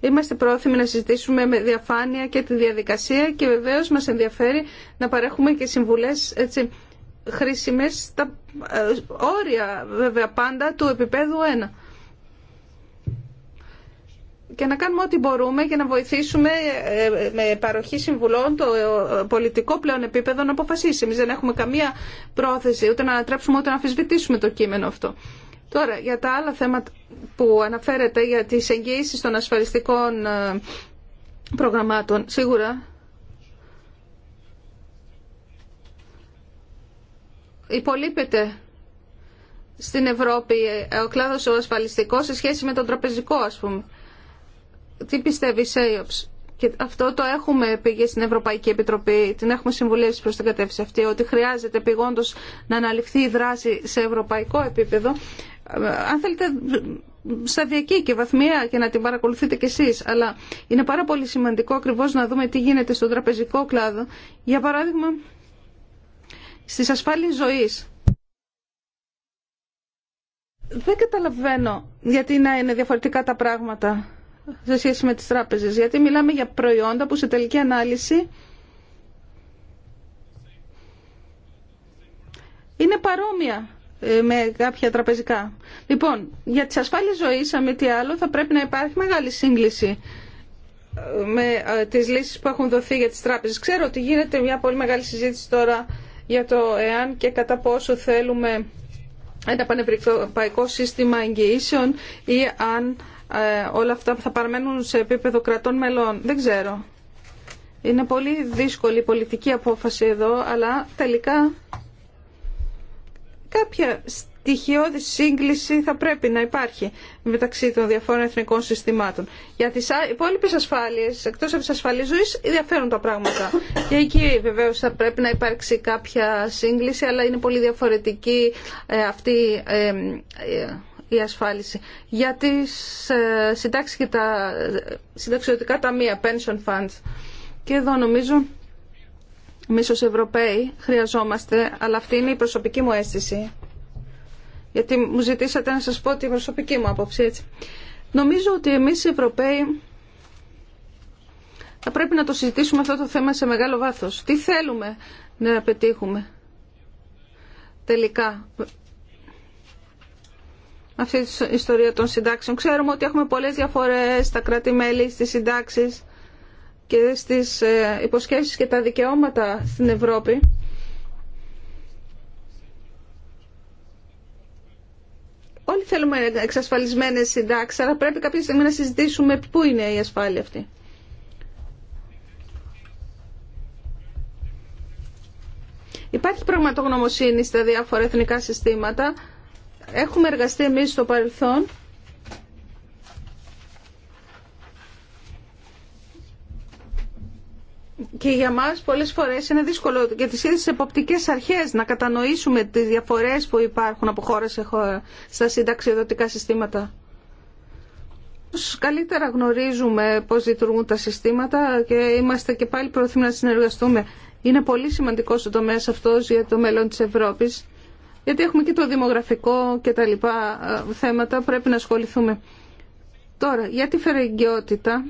είμαστε πρόθυμοι να συζητήσουμε με διαφάνεια και τη διαδικασία και βεβαίως μας ενδιαφέρει να παρέχουμε και συμβουλές έτσι, χρήσιμες στα ε, όρια βέβαια πάντα του επίπεδου 1 και να κάνουμε ό,τι μπορούμε για να βοηθήσουμε ε, με παροχή συμβουλών το ε, πολιτικό πλέον επίπεδο να αποφασίσει. Εμεί δεν έχουμε καμία πρόθεση ούτε να ανατρέψουμε ούτε να αμφισβητήσουμε το κείμενο αυτό. Τώρα, για τα άλλα θέματα που αναφέρεται για τι εγγύησει των ασφαλιστικών ε, προγραμμάτων, σίγουρα υπολείπεται στην Ευρώπη ο κλάδος ο ασφαλιστικός σε σχέση με τον τραπεζικό, ας πούμε τι πιστεύει η ΣΕΙΟΠΣ Και αυτό το έχουμε πήγε στην Ευρωπαϊκή Επιτροπή, την έχουμε συμβουλεύσει προ την κατεύθυνση αυτή, ότι χρειάζεται πηγόντω να αναλυφθεί η δράση σε ευρωπαϊκό επίπεδο. Ε, αν θέλετε, σταδιακή και βαθμία και να την παρακολουθείτε κι εσείς. Αλλά είναι πάρα πολύ σημαντικό ακριβώς να δούμε τι γίνεται στον τραπεζικό κλάδο. Για παράδειγμα, στις ασφάλειες ζωής. Δεν καταλαβαίνω γιατί να είναι διαφορετικά τα πράγματα σε σχέση με τις τράπεζες. Γιατί μιλάμε για προϊόντα που σε τελική ανάλυση είναι παρόμοια ε, με κάποια τραπεζικά. Λοιπόν, για τις ασφάλειες ζωής, αν τι άλλο, θα πρέπει να υπάρχει μεγάλη σύγκληση ε, με ε, τις λύσεις που έχουν δοθεί για τις τράπεζες. Ξέρω ότι γίνεται μια πολύ μεγάλη συζήτηση τώρα για το εάν και κατά πόσο θέλουμε ένα πανευρωπαϊκό σύστημα εγγυήσεων ή αν ε, όλα αυτά θα παραμένουν σε επίπεδο κρατών μελών. Δεν ξέρω. Είναι πολύ δύσκολη η πολιτική απόφαση εδώ, αλλά τελικά κάποια στοιχειώδη σύγκληση θα πρέπει να υπάρχει μεταξύ των διαφόρων εθνικών συστημάτων. Για τις υπόλοιπες ασφάλειες, εκτός από τις ασφαλείς ζωής, διαφέρουν τα πράγματα. Και εκεί βεβαίως θα πρέπει να υπάρξει κάποια σύγκληση, αλλά είναι πολύ διαφορετική ε, αυτή ε, η ασφάλιση. Για τις ε, συντάξεις και τα ε, συνταξιωτικά ταμεία, pension funds. Και εδώ νομίζω εμείς ως Ευρωπαίοι χρειαζόμαστε, αλλά αυτή είναι η προσωπική μου αίσθηση. Γιατί μου ζητήσατε να σας πω την προσωπική μου άποψη έτσι. Νομίζω ότι εμείς οι Ευρωπαίοι θα πρέπει να το συζητήσουμε αυτό το θέμα σε μεγάλο βάθος. Τι θέλουμε να πετύχουμε τελικά αυτή η ιστορία των συντάξεων. Ξέρουμε ότι έχουμε πολλές διαφορές στα κράτη-μέλη, στις συντάξεις και στις ε, υποσχέσεις και τα δικαιώματα στην Ευρώπη. Όλοι θέλουμε εξασφαλισμένες συντάξεις, αλλά πρέπει κάποια στιγμή να συζητήσουμε πού είναι η ασφάλεια αυτή. Υπάρχει πραγματογνωμοσύνη στα διάφορα εθνικά συστήματα, Έχουμε εργαστεί εμείς στο παρελθόν και για μας πολλές φορές είναι δύσκολο για τις ίδιες εποπτικές αρχές να κατανοήσουμε τις διαφορές που υπάρχουν από χώρα σε χώρα στα συνταξιδοτικά συστήματα. Καλύτερα γνωρίζουμε πώς λειτουργούν τα συστήματα και είμαστε και πάλι πρόθυμοι να συνεργαστούμε. Είναι πολύ σημαντικό ο τομέας αυτός για το μέλλον της Ευρώπης γιατί έχουμε και το δημογραφικό και τα λοιπά ε, θέματα, πρέπει να ασχοληθούμε. Τώρα, για τη φερεγγιότητα,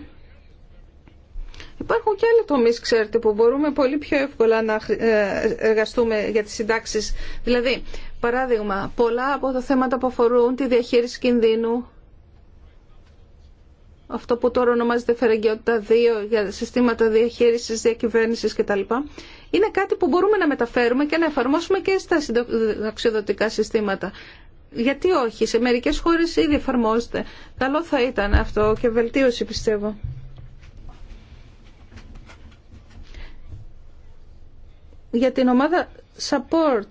υπάρχουν και άλλοι τομείς ξέρετε, που μπορούμε πολύ πιο εύκολα να ε, εργαστούμε για τις συντάξεις. Δηλαδή, παράδειγμα, πολλά από τα θέματα που αφορούν τη διαχείριση κινδύνου, αυτό που τώρα ονομάζεται φερεγγιότητα 2 για συστήματα διαχείρισης, διακυβέρνησης κτλ είναι κάτι που μπορούμε να μεταφέρουμε και να εφαρμόσουμε και στα αξιοδοτικά συστήματα. Γιατί όχι, σε μερικές χώρες ήδη εφαρμόζεται. Καλό θα ήταν αυτό και βελτίωση πιστεύω. Για την ομάδα support.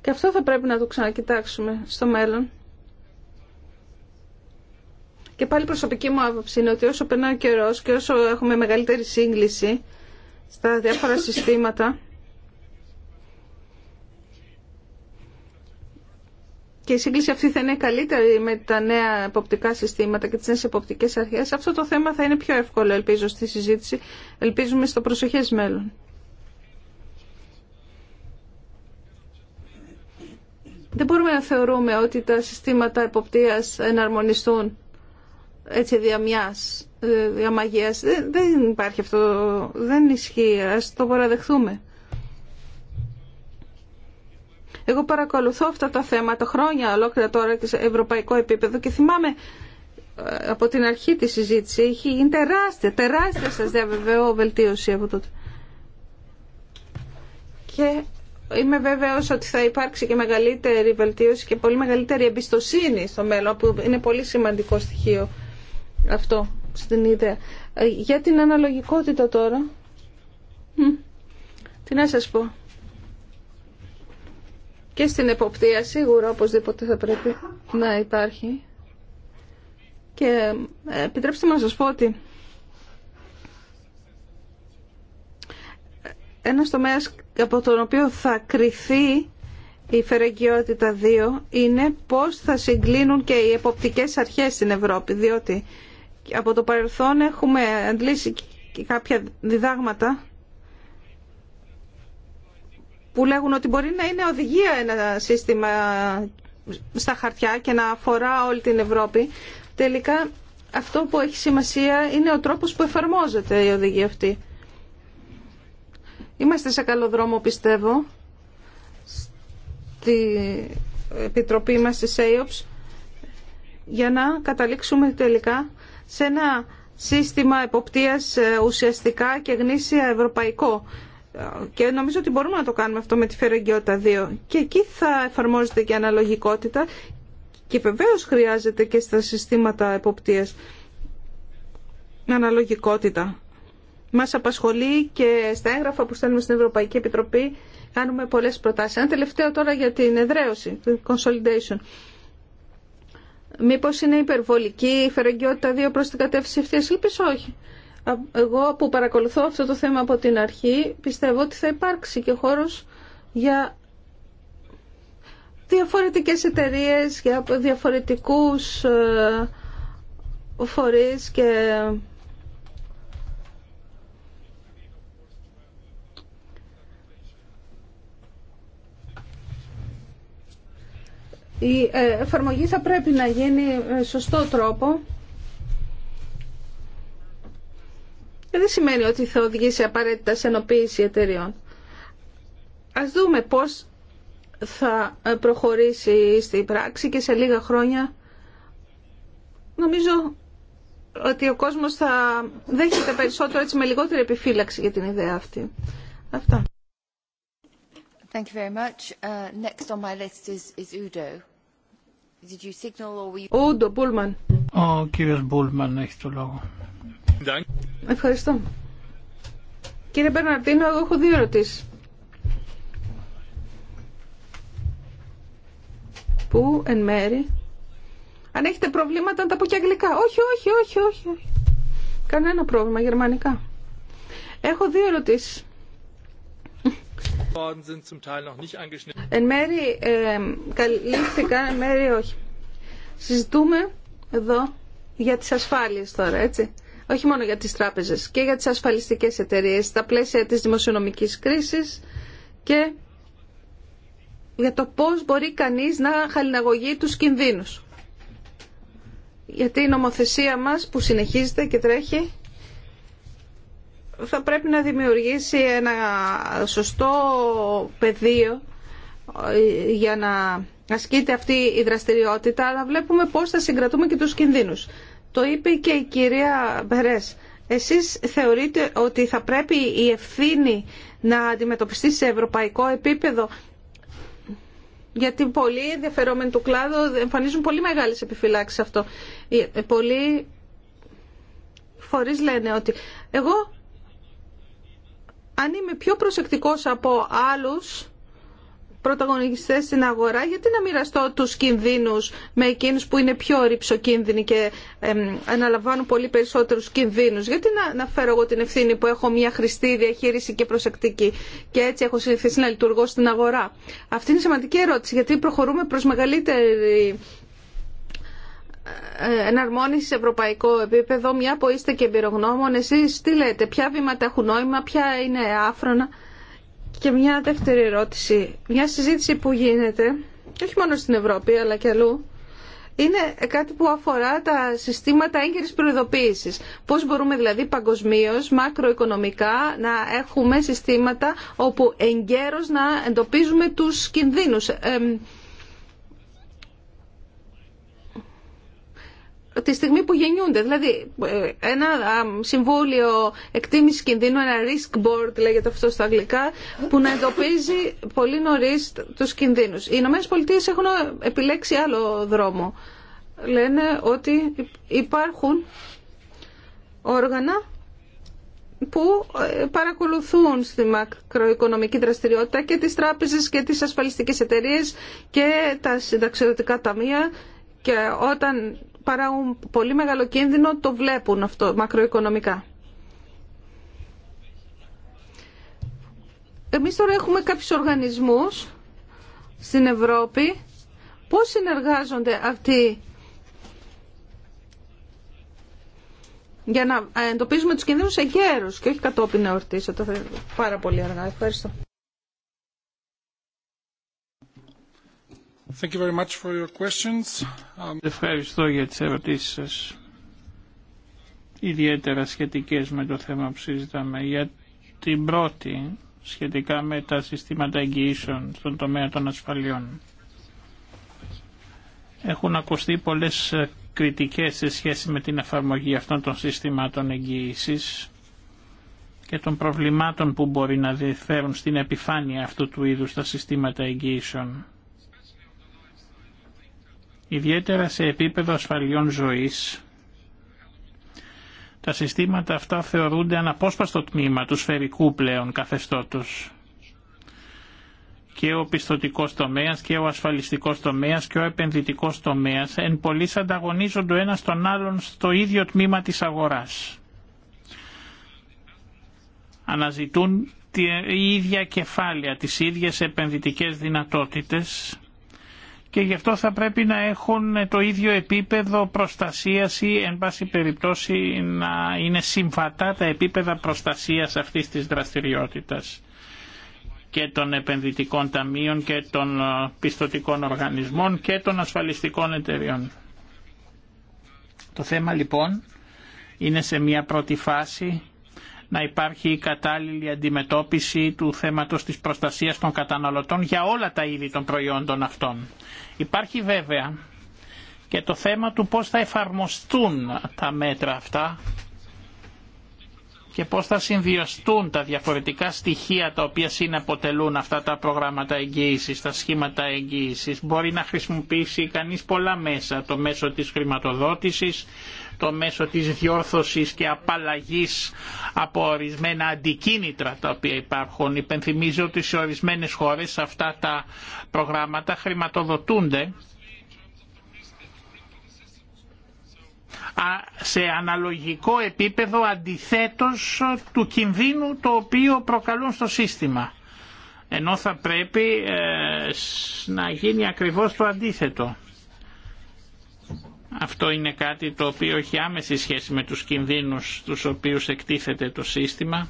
Και αυτό θα πρέπει να το ξανακοιτάξουμε στο μέλλον. Και πάλι προσωπική μου άποψη είναι ότι όσο περνάει ο καιρό και όσο έχουμε μεγαλύτερη σύγκληση στα διάφορα συστήματα και η σύγκληση αυτή θα είναι καλύτερη με τα νέα εποπτικά συστήματα και τις νέες εποπτικές αρχές, αυτό το θέμα θα είναι πιο εύκολο, ελπίζω, στη συζήτηση. Ελπίζουμε στο προσεχές μέλλον. Δεν μπορούμε να θεωρούμε ότι τα συστήματα εποπτείας εναρμονιστούν έτσι διαμιάς, ε, διαμαγείας. Δεν, δεν υπάρχει αυτό, δεν ισχύει, ας το παραδεχθούμε. Εγώ παρακολουθώ αυτά τα θέματα χρόνια ολόκληρα τώρα και σε ευρωπαϊκό επίπεδο και θυμάμαι ε, από την αρχή τη συζήτηση έχει γίνει τεράστια, τεράστια σας διαβεβαιώ βελτίωση από τότε. Και είμαι βέβαιος ότι θα υπάρξει και μεγαλύτερη βελτίωση και πολύ μεγαλύτερη εμπιστοσύνη στο μέλλον που είναι πολύ σημαντικό στοιχείο αυτό στην ιδέα. Ε, για την αναλογικότητα τώρα. Τι να σας πω. Και στην εποπτεία σίγουρα οπωσδήποτε θα πρέπει να υπάρχει. Και ε, επιτρέψτε μου να σας πω ότι ένας τομέας από τον οποίο θα κριθεί η φερεγγιότητα 2 είναι πώς θα συγκλίνουν και οι εποπτικές αρχές στην Ευρώπη, διότι από το παρελθόν έχουμε αντλήσει και κάποια διδάγματα που λέγουν ότι μπορεί να είναι οδηγία ένα σύστημα στα χαρτιά και να αφορά όλη την Ευρώπη. Τελικά αυτό που έχει σημασία είναι ο τρόπος που εφαρμόζεται η οδηγία αυτή. Είμαστε σε καλό δρόμο πιστεύω στη επιτροπή μας της ΕΙΟΠΣ για να καταλήξουμε τελικά σε ένα σύστημα εποπτείας ε, ουσιαστικά και γνήσια ευρωπαϊκό. Και νομίζω ότι μπορούμε να το κάνουμε αυτό με τη Φερογγιώτα 2. Και εκεί θα εφαρμόζεται και αναλογικότητα και βεβαίω χρειάζεται και στα συστήματα εποπτείας αναλογικότητα. Μας απασχολεί και στα έγγραφα που στέλνουμε στην Ευρωπαϊκή Επιτροπή κάνουμε πολλές προτάσεις. Ένα τελευταίο τώρα για την εδραίωση, consolidation. Μήπω είναι υπερβολική η φερεγγιότητα δύο προς την κατεύθυνση ευθείας λύπης, όχι. Εγώ που παρακολουθώ αυτό το θέμα από την αρχή πιστεύω ότι θα υπάρξει και χώρος για διαφορετικές εταιρείε για διαφορετικούς ε, φορεί. και Η ε, εφαρμογή θα πρέπει να γίνει με σωστό τρόπο. Ε, δεν σημαίνει ότι θα οδηγήσει απαραίτητα σε ενοποίηση εταιριών. Ας δούμε πώς θα ε, προχωρήσει στη πράξη και σε λίγα χρόνια νομίζω ότι ο κόσμος θα δέχεται περισσότερο έτσι με λιγότερη επιφύλαξη για την ιδέα αυτή. Αυτά. Thank you very much. Uh, next on my list is, is Udo. Ο Μπούλμαν. Μπούλμαν έχει το λόγο. Ευχαριστώ. Κύριε Μπερναρτίνο, εγώ έχω δύο ερωτήσει. Πού, εν μέρη. Αν έχετε προβλήματα, να τα πω και αγγλικά. Όχι, όχι, όχι, όχι. Κανένα πρόβλημα, γερμανικά. Έχω δύο ερωτήσει. Εν μέρη ε, εν μέρη όχι. Συζητούμε εδώ για τις ασφάλειες τώρα, έτσι. Όχι μόνο για τις τράπεζες και για τις ασφαλιστικές εταιρείες στα πλαίσια της δημοσιονομικής κρίσης και για το πώς μπορεί κανείς να χαλιναγωγεί τους κινδύνους. Γιατί η νομοθεσία μας που συνεχίζεται και τρέχει θα πρέπει να δημιουργήσει ένα σωστό πεδίο ε, για να ασκείται αυτή η δραστηριότητα, αλλά βλέπουμε πώς θα συγκρατούμε και τους κινδύνους. Το είπε και η κυρία Μπερές. Εσείς θεωρείτε ότι θα πρέπει η ευθύνη να αντιμετωπιστεί σε ευρωπαϊκό επίπεδο γιατί πολλοί ενδιαφερόμενοι του κλάδου εμφανίζουν πολύ μεγάλες επιφυλάξεις αυτό. Ε, πολλοί φορείς λένε ότι εγώ αν είμαι πιο προσεκτικός από άλλους πρωταγωνιστές στην αγορά, γιατί να μοιραστώ τους κινδύνους με εκείνους που είναι πιο ρηψοκίνδυνοι και αναλαμβάνουν πολύ περισσότερους κινδύνους. Γιατί να, να φέρω εγώ την ευθύνη που έχω μια χρηστή διαχείριση και προσεκτική και έτσι έχω συνηθίσει να λειτουργώ στην αγορά. Αυτή είναι σημαντική ερώτηση, γιατί προχωρούμε προς μεγαλύτερη εναρμόνιση σε ευρωπαϊκό επίπεδο, μια που είστε και εμπειρογνώμων, εσείς τι λέτε, ποια βήματα έχουν νόημα, ποια είναι άφρονα. Και μια δεύτερη ερώτηση, μια συζήτηση που γίνεται, όχι μόνο στην Ευρώπη αλλά και αλλού, είναι κάτι που αφορά τα συστήματα έγκαιρης προειδοποίησης. Πώς μπορούμε δηλαδή παγκοσμίω, μακροοικονομικά, να έχουμε συστήματα όπου εγκαίρως να εντοπίζουμε τους κινδύνους. τη στιγμή που γεννιούνται. Δηλαδή, ε, ένα συμβούλιο εκτίμηση κινδύνου, ένα risk board, λέγεται αυτό στα αγγλικά, που να εντοπίζει πολύ νωρί του κινδύνου. Οι Ηνωμένε Πολιτείε έχουν επιλέξει άλλο δρόμο. Λένε ότι υπάρχουν όργανα που ε, παρακολουθούν στη μακροοικονομική δραστηριότητα και τις τράπεζες και τις ασφαλιστικές εταιρείες και τα συνταξιδοτικά ταμεία και όταν παράγουν πολύ μεγάλο κίνδυνο, το βλέπουν αυτό μακροοικονομικά. Εμείς τώρα έχουμε κάποιους οργανισμούς στην Ευρώπη. Πώς συνεργάζονται αυτοί για να εντοπίζουμε τους κινδύνους εγκαίρους και όχι κατόπιν εορτής. Πάρα πολύ αργά. Ευχαριστώ. Thank you um, Ευχαριστώ για τις ερωτήσεις σας, ιδιαίτερα σχετικές με το θέμα που συζητάμε. Για την πρώτη, σχετικά με τα συστήματα εγγυήσεων στον τομέα των ασφαλιών. Έχουν ακουστεί πολλές κριτικές σε σχέση με την εφαρμογή αυτών των συστημάτων εγγύησης και των προβλημάτων που μπορεί να διεφέρουν στην επιφάνεια αυτού του είδους τα συστήματα εγγύησεων ιδιαίτερα σε επίπεδο ασφαλιών ζωής. Τα συστήματα αυτά θεωρούνται αναπόσπαστο τμήμα του σφαιρικού πλέον καθεστώτος. Και ο πιστοτικός τομέας και ο ασφαλιστικός τομέας και ο επενδυτικός τομέας εν πολλής ανταγωνίζονται ένα ένας τον άλλον στο ίδιο τμήμα της αγοράς. Αναζητούν η ίδια κεφάλαια, τις ίδιες επενδυτικές δυνατότητες και γι' αυτό θα πρέπει να έχουν το ίδιο επίπεδο προστασίας ή εν πάση περιπτώσει να είναι συμφατά τα επίπεδα προστασίας αυτής της δραστηριότητας και των επενδυτικών ταμείων και των ε, πιστοτικών οργανισμών και των ασφαλιστικών εταιριών. Το θέμα λοιπόν είναι σε μια πρώτη φάση να υπάρχει η κατάλληλη αντιμετώπιση του θέματος της προστασίας των καταναλωτών για όλα τα είδη των προϊόντων αυτών. Υπάρχει βέβαια και το θέμα του πώς θα εφαρμοστούν τα μέτρα αυτά και πώς θα συνδυαστούν τα διαφορετικά στοιχεία τα οποία συναποτελούν αυτά τα προγράμματα εγγύησης, τα σχήματα εγγύησης. Μπορεί να χρησιμοποιήσει κανείς πολλά μέσα, το μέσο της χρηματοδότησης, το μέσο της διόρθωσης και απαλλαγής από ορισμένα αντικίνητρα τα οποία υπάρχουν. Υπενθυμίζω ότι σε ορισμένες χώρες αυτά τα προγράμματα χρηματοδοτούνται σε αναλογικό επίπεδο αντιθέτως του κινδύνου το οποίο προκαλούν στο σύστημα. Ενώ θα πρέπει ε, να γίνει ακριβώς το αντίθετο. Αυτό είναι κάτι το οποίο έχει άμεση σχέση με τους κινδύνους τους οποίους εκτίθεται το σύστημα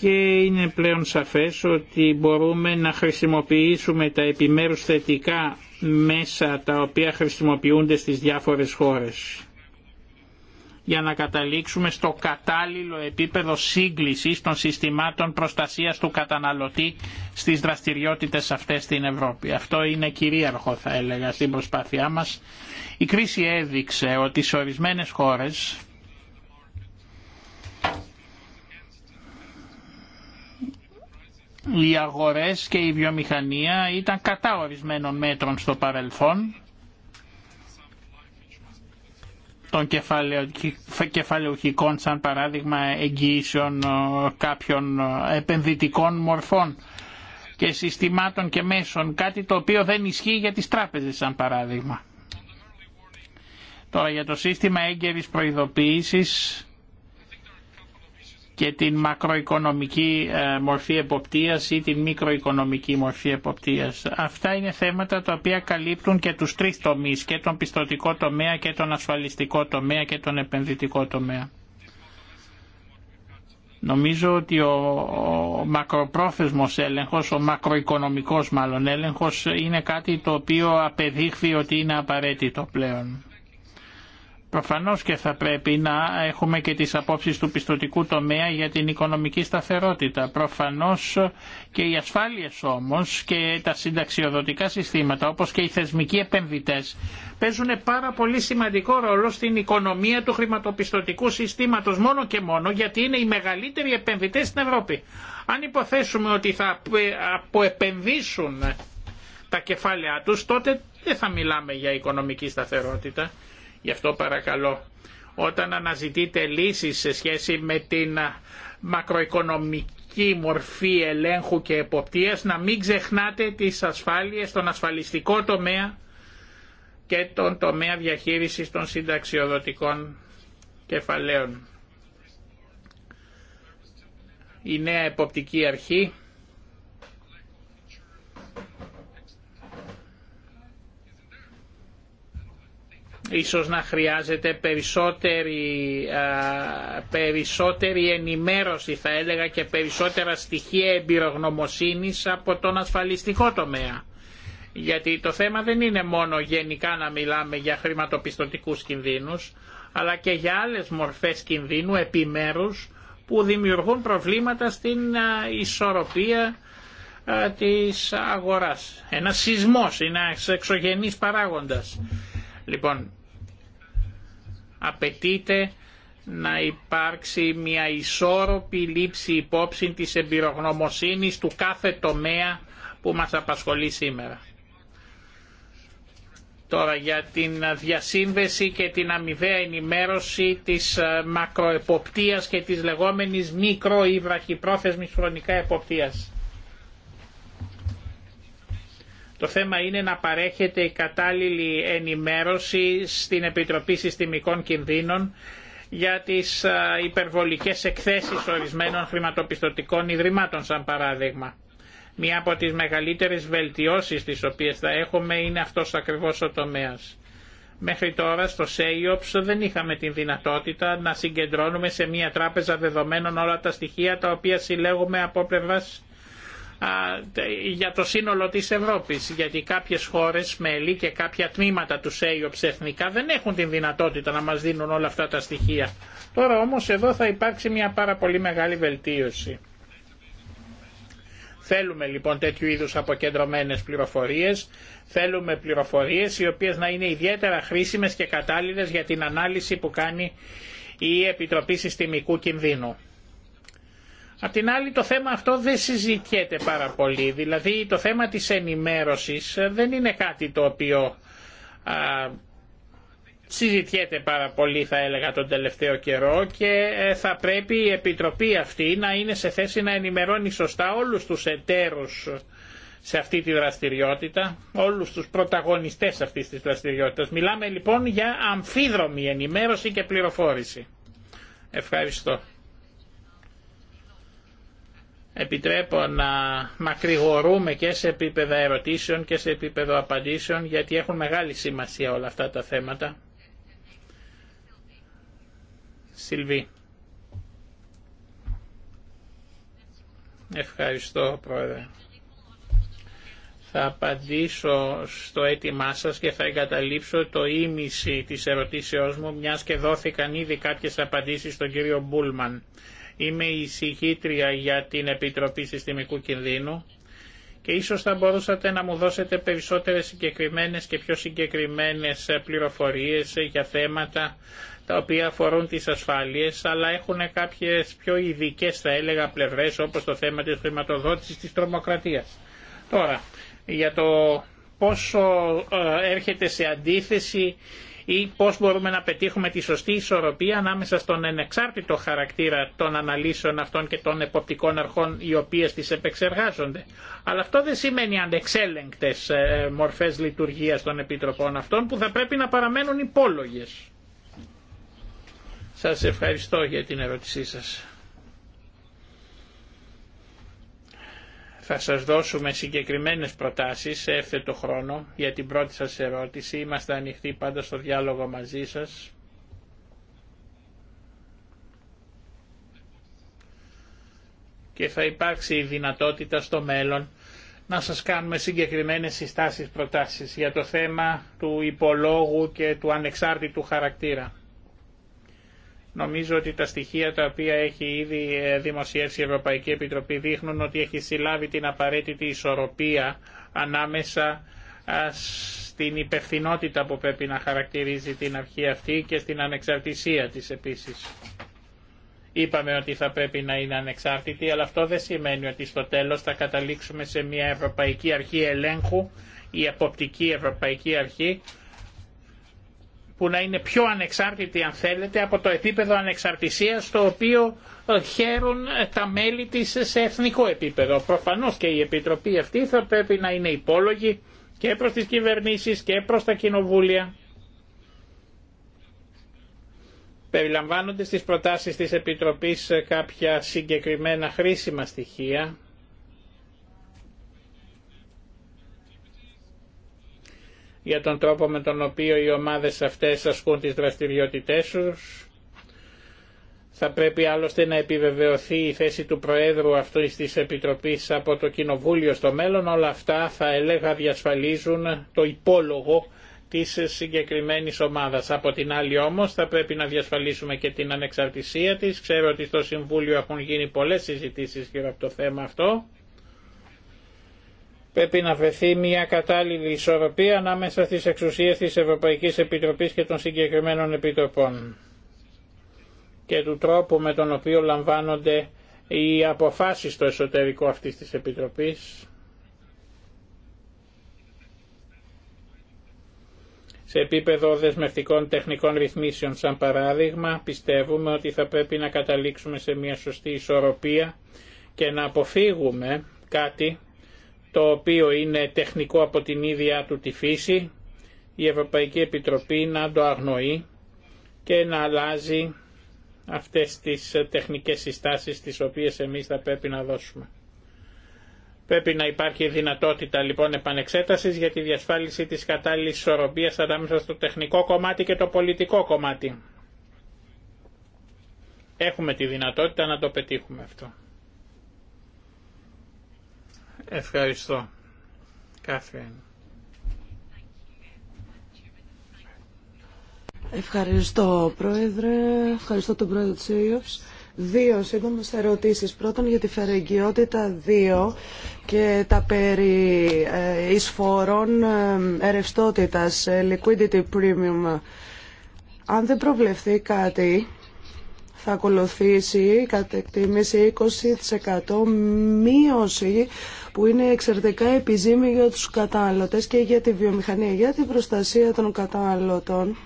και είναι πλέον σαφές ότι μπορούμε να χρησιμοποιήσουμε τα επιμέρους θετικά μέσα τα οποία χρησιμοποιούνται στις διάφορες χώρες για να καταλήξουμε στο κατάλληλο επίπεδο σύγκλησης των συστημάτων προστασίας του καταναλωτή στις δραστηριότητες αυτές στην Ευρώπη. Αυτό είναι κυρίαρχο θα έλεγα στην προσπάθειά μας. Η κρίση έδειξε ότι σε ορισμένες χώρες οι αγορές και η βιομηχανία ήταν κατά ορισμένων μέτρων στο παρελθόν των κεφαλαιοχικών σαν παράδειγμα εγγυήσεων ε, κάποιων ε, επενδυτικών μορφών και συστημάτων και μέσων, κάτι το οποίο δεν ισχύει για τις τράπεζες σαν παράδειγμα. Τώρα για το σύστημα έγκαιρης προειδοποίησης και την μακροοικονομική ε, μορφή εποπτείας ή την μικροοικονομική μορφή εποπτείας. Αυτά είναι θέματα τα οποία καλύπτουν και τους τρεις τομείς, και τον πιστοτικό τομέα και τον ασφαλιστικό τομέα και τον επενδυτικό τομέα. Νομίζω ότι ο, ο μακροπρόθεσμος έλεγχος, ο μακροοικονομικός μάλλον έλεγχος είναι κάτι το οποίο απεδείχθη ότι είναι απαραίτητο πλέον. Προφανώς και θα πρέπει να έχουμε και τις απόψεις του πιστοτικού τομέα για την οικονομική σταθερότητα. Προφανώς και οι ασφάλειες όμως και τα συνταξιοδοτικά συστήματα όπως και οι θεσμικοί επενδυτές παίζουν πάρα πολύ σημαντικό ρόλο στην οικονομία του χρηματοπιστωτικού συστήματος μόνο και μόνο γιατί είναι οι μεγαλύτεροι επενδυτές στην Ευρώπη. Αν υποθέσουμε ότι θα αποεπενδύσουν τα κεφάλαιά τους τότε δεν θα μιλάμε για οικονομική σταθερότητα. Γι' αυτό παρακαλώ όταν αναζητείτε λύσεις σε σχέση με την μακροοικονομική μορφή ελέγχου και εποπτείας να μην ξεχνάτε τις ασφάλειες τον ασφαλιστικό τομέα και τον τομέα διαχείρισης των συνταξιοδοτικών κεφαλαίων. Η νέα εποπτική αρχή Ίσως να χρειάζεται περισσότερη, περισσότερη ενημέρωση θα έλεγα και περισσότερα στοιχεία εμπειρογνωμοσύνης από τον ασφαλιστικό τομέα. Γιατί το θέμα δεν είναι μόνο γενικά να μιλάμε για χρηματοπιστωτικούς κινδύνους, αλλά και για άλλες μορφές κινδύνου επιμέρους που δημιουργούν προβλήματα στην ισορροπία της αγοράς. Ένα σεισμός είναι ένας εξωγενής παράγοντας. Λοιπόν, απαιτείται να υπάρξει μια ισόρροπη λήψη υπόψη της εμπειρογνωμοσύνης του κάθε τομέα που μας απασχολεί σήμερα. Τώρα για την διασύνδεση και την αμοιβαία ενημέρωση της ε, μακροεποπτείας και της λεγόμενης μικρο ή χρονικά εποπτείας. Το θέμα είναι να παρέχεται η κατάλληλη ενημέρωση στην Επιτροπή Συστημικών Κινδύνων για τις υπερβολικές εκθέσεις ορισμένων χρηματοπιστωτικών ιδρυμάτων σαν παράδειγμα. Μία από τις μεγαλύτερες βελτιώσεις τις οποίες θα έχουμε είναι αυτός ακριβώς ο τομέας. Μέχρι τώρα στο ΣΕΙΟΠΣ δεν είχαμε την δυνατότητα να συγκεντρώνουμε σε μία τράπεζα δεδομένων όλα τα στοιχεία τα οποία συλλέγουμε από πλευράς για το σύνολο της Ευρώπης, γιατί κάποιες χώρες μέλη και κάποια τμήματα του ΣΕΙΟΠΣ εθνικά δεν έχουν την δυνατότητα να μας δίνουν όλα αυτά τα στοιχεία. Τώρα όμως εδώ θα υπάρξει μια πάρα πολύ μεγάλη βελτίωση. Θέλουμε λοιπόν τέτοιου είδους αποκεντρωμένες πληροφορίες, θέλουμε πληροφορίες οι οποίες να είναι ιδιαίτερα χρήσιμες και κατάλληλες για την ανάλυση που κάνει η Επιτροπή Συστημικού Κινδύνου. Απ' την άλλη το θέμα αυτό δεν συζητιέται πάρα πολύ, δηλαδή το θέμα της ενημέρωσης δεν είναι κάτι το οποίο α, συζητιέται πάρα πολύ θα έλεγα τον τελευταίο καιρό και ε, θα πρέπει η Επιτροπή αυτή να είναι σε θέση να ενημερώνει σωστά όλους τους εταίρους σε αυτή τη δραστηριότητα, όλους τους πρωταγωνιστές αυτής της δραστηριότητας. Μιλάμε λοιπόν για αμφίδρομη ενημέρωση και πληροφόρηση. Ευχαριστώ. Επιτρέπω να μακρηγορούμε και σε επίπεδα ερωτήσεων και σε επίπεδο απαντήσεων γιατί έχουν μεγάλη σημασία όλα αυτά τα θέματα. Σιλβί. Ευχαριστώ Πρόεδρε. Θα απαντήσω στο αίτημά σας και θα εγκαταλείψω το ίμιση της ερωτήσεώς μου μιας και δόθηκαν ήδη κάποιες απαντήσεις στον κύριο Μπούλμαν. Είμαι η συγχύτρια για την Επιτροπή Συστημικού Κινδύνου και ίσως θα μπορούσατε να μου δώσετε περισσότερες συγκεκριμένες και πιο συγκεκριμένες πληροφορίες για θέματα τα οποία αφορούν τις ασφάλειες, αλλά έχουν κάποιες πιο ειδικέ θα έλεγα πλευρές όπως το θέμα της χρηματοδότησης της τρομοκρατίας. Τώρα, για το πόσο ε, έρχεται σε αντίθεση ή πώς μπορούμε να πετύχουμε τη σωστή ισορροπία ανάμεσα στον ενεξάρτητο χαρακτήρα των αναλύσεων αυτών και των εποπτικών αρχών οι οποίες τις επεξεργάζονται. Αλλά αυτό δεν σημαίνει ανεξέλεγκτες ε, μορφές λειτουργίας των επιτροπών αυτών που θα πρέπει να παραμένουν υπόλογες. Σας ευχαριστώ για την ερώτησή σας. Θα σας δώσουμε συγκεκριμένες προτάσεις σε εύθετο χρόνο για την πρώτη σας ερώτηση. Είμαστε ανοιχτοί πάντα στο διάλογο μαζί σας. Και θα υπάρξει η δυνατότητα στο μέλλον να σας κάνουμε συγκεκριμένες συστάσεις προτάσεις για το θέμα του υπολόγου και του ανεξάρτητου χαρακτήρα. Νομίζω ότι τα στοιχεία τα οποία έχει ήδη ε, δημοσιεύσει η Ευρωπαϊκή Επιτροπή δείχνουν ότι έχει συλλάβει την απαραίτητη ισορροπία ανάμεσα στην υπευθυνότητα που πρέπει να χαρακτηρίζει την αρχή αυτή και στην ανεξαρτησία της επίσης. Είπαμε ότι θα πρέπει να είναι ανεξάρτητη, αλλά αυτό δεν σημαίνει ότι στο τέλος θα καταλήξουμε σε μια Ευρωπαϊκή Αρχή Ελέγχου ή Αποπτική Ευρωπαϊκή Αρχή, που να είναι πιο ανεξάρτητη αν θέλετε από το επίπεδο ανεξαρτησίας το οποίο ε, χαίρουν ε, τα μέλη της σε εθνικό επίπεδο. Προφανώς και η Επιτροπή αυτή θα πρέπει να είναι υπόλογη και προς τις κυβερνήσεις και προς τα κοινοβούλια περιλαμβάνονται στις προτάσεις της Επιτροπής ε, κάποια συγκεκριμένα χρήσιμα στοιχεία για τον τρόπο με τον οποίο οι ομάδες αυτές ασκούν τις δραστηριότητές τους. Θα πρέπει άλλωστε να επιβεβαιωθεί η θέση του Προέδρου αυτού της Επιτροπής από το Κοινοβούλιο στο μέλλον. Όλα αυτά θα έλεγα διασφαλίζουν το υπόλογο της συγκεκριμένης ομάδας. Από την άλλη όμως θα πρέπει να διασφαλίσουμε και την ανεξαρτησία της. Ξέρω ότι στο Συμβούλιο έχουν γίνει πολλές συζητήσεις γύρω από το θέμα αυτό πρέπει να βρεθεί μια κατάλληλη ισορροπία ανάμεσα στις εξουσίες της Ευρωπαϊκής Επιτροπής και των συγκεκριμένων επιτροπών και του τρόπου με τον οποίο λαμβάνονται οι αποφάσεις στο εσωτερικό αυτής της Επιτροπής σε επίπεδο δεσμευτικών τεχνικών ρυθμίσεων σαν παράδειγμα πιστεύουμε ότι θα πρέπει να καταλήξουμε σε μια σωστή ισορροπία και να αποφύγουμε κάτι το οποίο είναι τεχνικό από την ίδια του τη φύση, η Ευρωπαϊκή Επιτροπή να το αγνοεί και να αλλάζει αυτές τις τεχνικές συστάσεις τις οποίες εμείς θα πρέπει να δώσουμε. Πρέπει να υπάρχει δυνατότητα λοιπόν επανεξέτασης για τη διασφάλιση της κατάλληλης ισορροπίας ανάμεσα στο τεχνικό κομμάτι και το πολιτικό κομμάτι. Έχουμε τη δυνατότητα να το πετύχουμε αυτό. Ευχαριστώ. Κάθριν. Ευχαριστώ, Πρόεδρε. Ευχαριστώ τον Πρόεδρο της Δύο σύντομες ερωτήσεις. Πρώτον για τη φερεγγιότητα 2 και τα περί ε, εισφορών ε, ρευστότητας, ε, liquidity premium. Αν δεν προβλεφθεί κάτι, θα ακολουθήσει κατ' εκτίμηση 20% μείωση που είναι εξαιρετικά επιζήμη για τους καταναλωτές και για τη βιομηχανία, για την προστασία των καταναλωτών.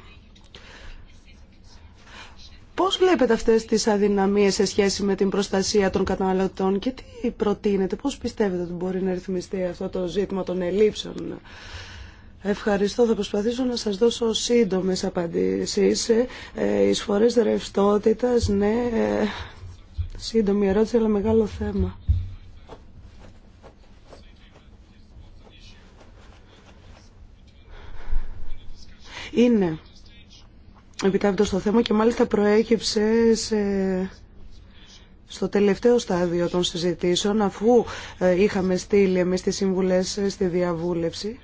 Πώς βλέπετε αυτές τις αδυναμίες σε σχέση με την προστασία των καταναλωτών και τι προτείνετε, πώς πιστεύετε ότι μπορεί να ρυθμιστεί αυτό το ζήτημα των ελλείψεων Ευχαριστώ. Θα προσπαθήσω να σας δώσω σύντομες απαντήσεις. Ε, εισφορές ρευστότητας, ναι, ε, σύντομη ερώτηση, αλλά μεγάλο θέμα. Είναι επιτάπητο στο θέμα και μάλιστα προέκυψε σε στο τελευταίο στάδιο των συζητήσεων αφού ε, είχαμε στείλει εμείς τις συμβουλές στη διαβούλευση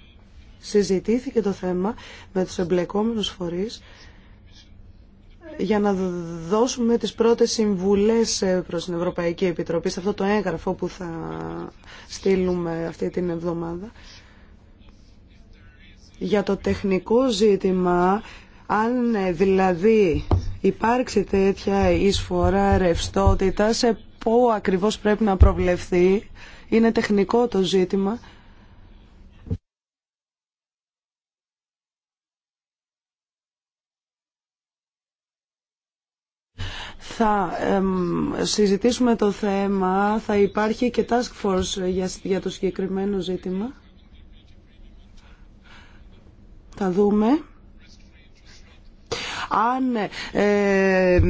συζητήθηκε το θέμα με τους εμπλεκόμενους φορείς για να δώσουμε τις πρώτες συμβουλές ε, προς την Ευρωπαϊκή Επιτροπή σε αυτό το έγγραφο που θα στείλουμε αυτή την εβδομάδα. Για το τεχνικό ζήτημα, αν ε, δηλαδή υπάρξει τέτοια εισφορά ρευστότητα, σε πού ακριβώς πρέπει να προβλεφθεί, είναι τεχνικό το ζήτημα. θα συζητήσουμε το θέμα, θα υπάρχει και task force για, για το συγκεκριμένο ζήτημα. Θα δούμε αν ε,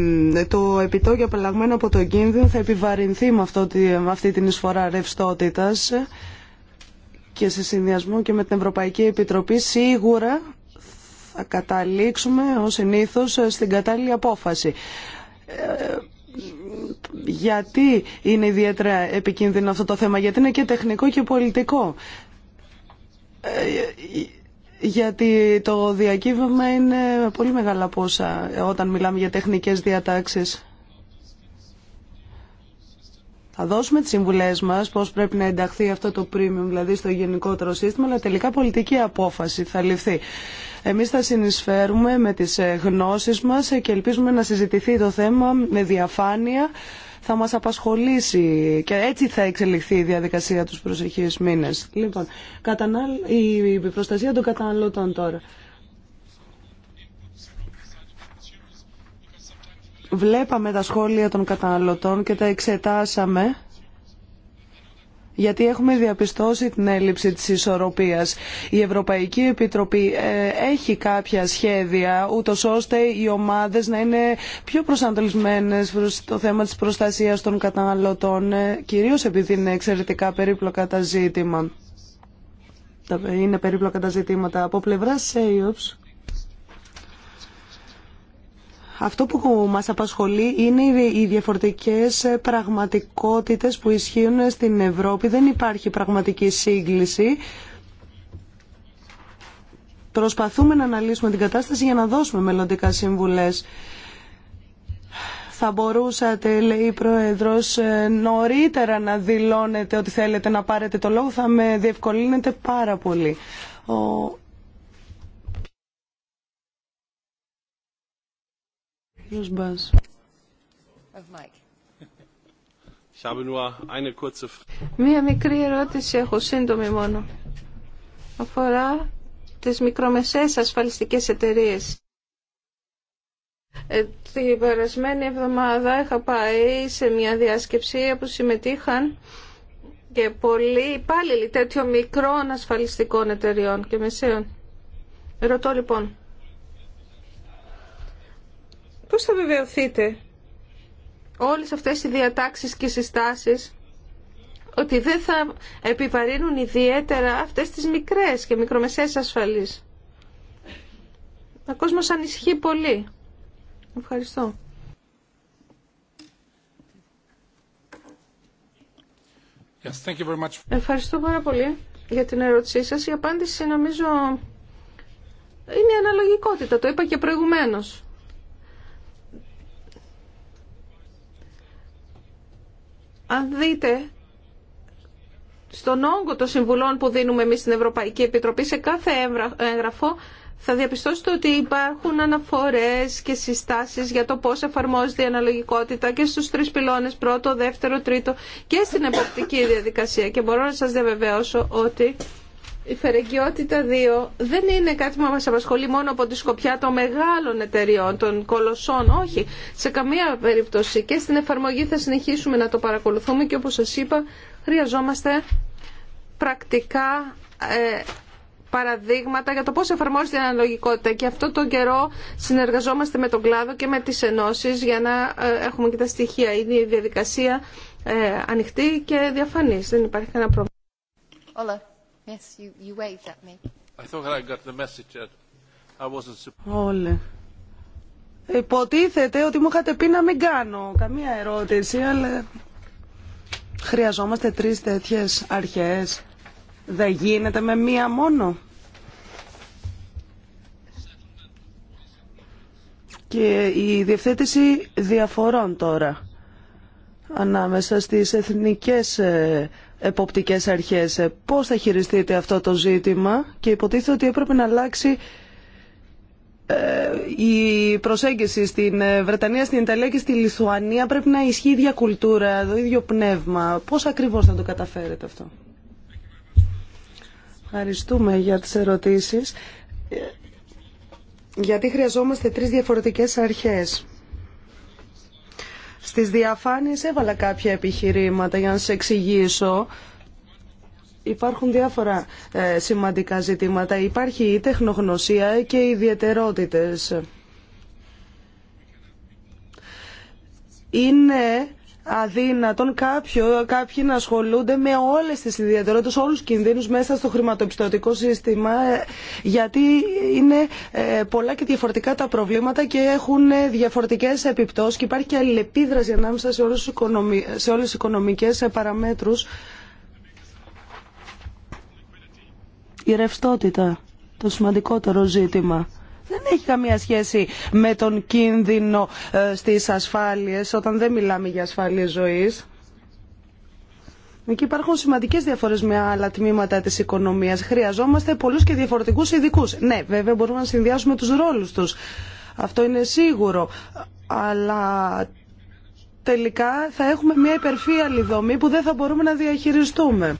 το επιτόκιο απελαγμένο από τον κίνδυνο θα επιβαρυνθεί με, αυτό, αυτή την εισφορά ρευστότητα και σε συνδυασμό και με την Ευρωπαϊκή Επιτροπή σίγουρα θα καταλήξουμε ως συνήθως στην κατάλληλη απόφαση γιατί είναι ιδιαίτερα επικίνδυνο αυτό το θέμα, γιατί είναι και τεχνικό και πολιτικό. Ε, γιατί το διακύβευμα είναι πολύ μεγάλα πόσα όταν μιλάμε για τεχνικές διατάξεις. Θα δώσουμε τις συμβουλές μας πώς πρέπει να ενταχθεί αυτό το premium, δηλαδή στο γενικότερο σύστημα, αλλά τελικά πολιτική απόφαση θα ληφθεί. Εμείς θα συνεισφέρουμε με τις ε, γνώσεις μας και ελπίζουμε να συζητηθεί το θέμα με διαφάνεια. Θα μας απασχολήσει και έτσι θα εξελιχθεί η διαδικασία τους προσεχείς μήνες. Λοιπόν, η προστασία των καταναλωτών τώρα. Βλέπαμε τα σχόλια των καταναλωτών και τα εξετάσαμε γιατί έχουμε διαπιστώσει την έλλειψη της ισορροπίας. Η Ευρωπαϊκή Επιτροπή ε, έχει κάποια σχέδια, ούτω ώστε οι ομάδες να είναι πιο προσανατολισμένες στο το θέμα της προστασίας των καταναλωτών, ε, κυρίως επειδή είναι εξαιρετικά περίπλοκα τα ζήτημα. Είναι περίπλοκα τα ζητήματα από πλευρά ΣΕΙΟΠΣ. Αυτό που μας απασχολεί είναι οι διαφορετικές πραγματικότητες που ισχύουν στην Ευρώπη. Δεν υπάρχει πραγματική σύγκληση. Προσπαθούμε να αναλύσουμε την κατάσταση για να δώσουμε μελλοντικά συμβουλές. Θα μπορούσατε, λέει η Πρόεδρος, νωρίτερα να δηλώνετε ότι θέλετε να πάρετε το λόγο. Θα με διευκολύνετε πάρα πολύ. Ο Μία μικρή ερώτηση έχω, σύντομη μόνο. Αφορά τις μικρομεσαίες ασφαλιστικές εταιρείες. Ε, την περασμένη εβδομάδα είχα πάει σε μια διασκεψία που συμμετείχαν και πολλοί υπάλληλοι τέτοιων μικρών ασφαλιστικών εταιριών και μεσαίων. Ρωτώ λοιπόν, Πώς θα βεβαιωθείτε όλες αυτές οι διατάξεις και συστάσεις ότι δεν θα επιβαρύνουν ιδιαίτερα αυτές τις μικρές και μικρομεσαίες ασφαλείς. Ο κόσμος ανησυχεί πολύ. Ευχαριστώ. Yes, thank you very Ευχαριστώ πάρα πολύ για την ερώτησή σας. Η απάντηση νομίζω είναι η αναλογικότητα. Το είπα και προηγουμένως. Αν δείτε στον όγκο των συμβουλών που δίνουμε εμείς στην Ευρωπαϊκή Επιτροπή σε κάθε έγγραφο θα διαπιστώσετε ότι υπάρχουν αναφορές και συστάσεις για το πώς εφαρμόζεται η αναλογικότητα και στους τρεις πυλώνες, πρώτο, δεύτερο, τρίτο και στην εποπτική διαδικασία. Και μπορώ να σας διαβεβαιώσω ότι η φερεγγιότητα 2 δεν είναι κάτι που μας απασχολεί μόνο από τη σκοπιά των μεγάλων εταιριών, των κολοσσών, όχι. Σε καμία περίπτωση και στην εφαρμογή θα συνεχίσουμε να το παρακολουθούμε και όπως σας είπα χρειαζόμαστε πρακτικά ε, παραδείγματα για το πώς εφαρμόζεται η αναλογικότητα και αυτό τον καιρό συνεργαζόμαστε με τον κλάδο και με τις ενώσεις για να ε, έχουμε και τα στοιχεία. Είναι η διαδικασία ε, ανοιχτή και διαφανής, δεν υπάρχει κανένα πρόβλημα. Όλα. Υποτίθεται ότι μου είχατε πει να μην κάνω καμία ερώτηση, αλλά χρειαζόμαστε τρεις τέτοιες αρχές. Δεν γίνεται με μία μόνο. Και η διευθέτηση διαφορών τώρα ανάμεσα στις εθνικές ε, εποπτικές αρχές. Ε, πώς θα χειριστείτε αυτό το ζήτημα και υποτίθεται ότι έπρεπε να αλλάξει ε, η προσέγγιση στην ε, Βρετανία, στην Ιταλία και στη Λιθουανία πρέπει να ισχύει η ίδια κουλτούρα, το ίδιο πνεύμα. Πώς ακριβώς θα το καταφέρετε αυτό. Ευχαριστούμε για τις ερωτήσεις. Γιατί χρειαζόμαστε τρεις διαφορετικές αρχές. Στις διαφάνειες έβαλα κάποια επιχειρήματα για να σας εξηγήσω Υπάρχουν διάφορα ε, σημαντικά ζητήματα. Υπάρχει η τεχνογνωσία και οι ιδιαιτερότητες. Είναι αδύνατον κάποιο, κάποιοι να ασχολούνται με όλες τις ιδιαιτερότητες, όλους τους κινδύνους μέσα στο χρηματοπιστωτικό σύστημα ε, γιατί είναι ε, πολλά και διαφορετικά τα προβλήματα και έχουν ε, διαφορετικές επιπτώσεις και υπάρχει και αλληλεπίδραση ανάμεσα σε, όλους, σε όλες τις οικονομικές παραμέτρους. Η ρευστότητα, το σημαντικότερο ζήτημα δεν έχει καμία σχέση με τον κίνδυνο ε, στις ασφάλειες όταν δεν μιλάμε για ασφάλειες ζωής. Εκεί υπάρχουν σημαντικέ διαφορέ με άλλα τμήματα τη οικονομία. Χρειαζόμαστε πολλού και διαφορετικού ειδικού. Ναι, βέβαια μπορούμε να συνδυάσουμε του ρόλου του. Αυτό είναι σίγουρο. Αλλά τελικά θα έχουμε μια υπερφύαλη δομή που δεν θα μπορούμε να διαχειριστούμε.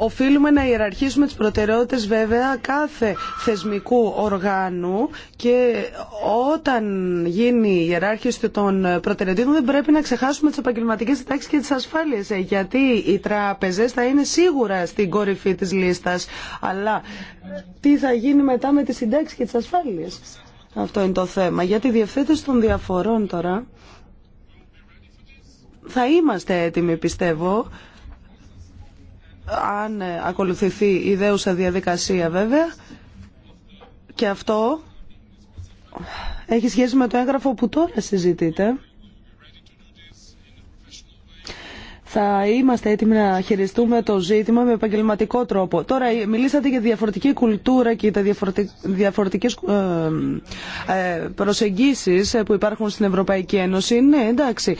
Οφείλουμε να ιεραρχήσουμε τις προτεραιότητες βέβαια κάθε θεσμικού οργάνου και όταν γίνει η ιεράρχηση των προτεραιοτήτων δεν πρέπει να ξεχάσουμε τις επαγγελματικέ τάξεις και τις ασφάλειες ε, γιατί οι τράπεζες θα είναι σίγουρα στην κορυφή της λίστας αλλά τι θα γίνει μετά με τις συντάξεις και τις ασφάλειες. Αυτό είναι το θέμα. Για τη διευθέτηση των διαφορών τώρα θα είμαστε έτοιμοι πιστεύω αν ακολουθηθεί η δέουσα διαδικασία βέβαια και αυτό έχει σχέση με το έγγραφο που τώρα συζητείτε. Θα είμαστε έτοιμοι να χειριστούμε το ζήτημα με επαγγελματικό τρόπο. Τώρα μιλήσατε για διαφορετική κουλτούρα και τα διαφορετικές ε, ε, προσεγγίσεις που υπάρχουν στην Ευρωπαϊκή Ένωση. Ναι, εντάξει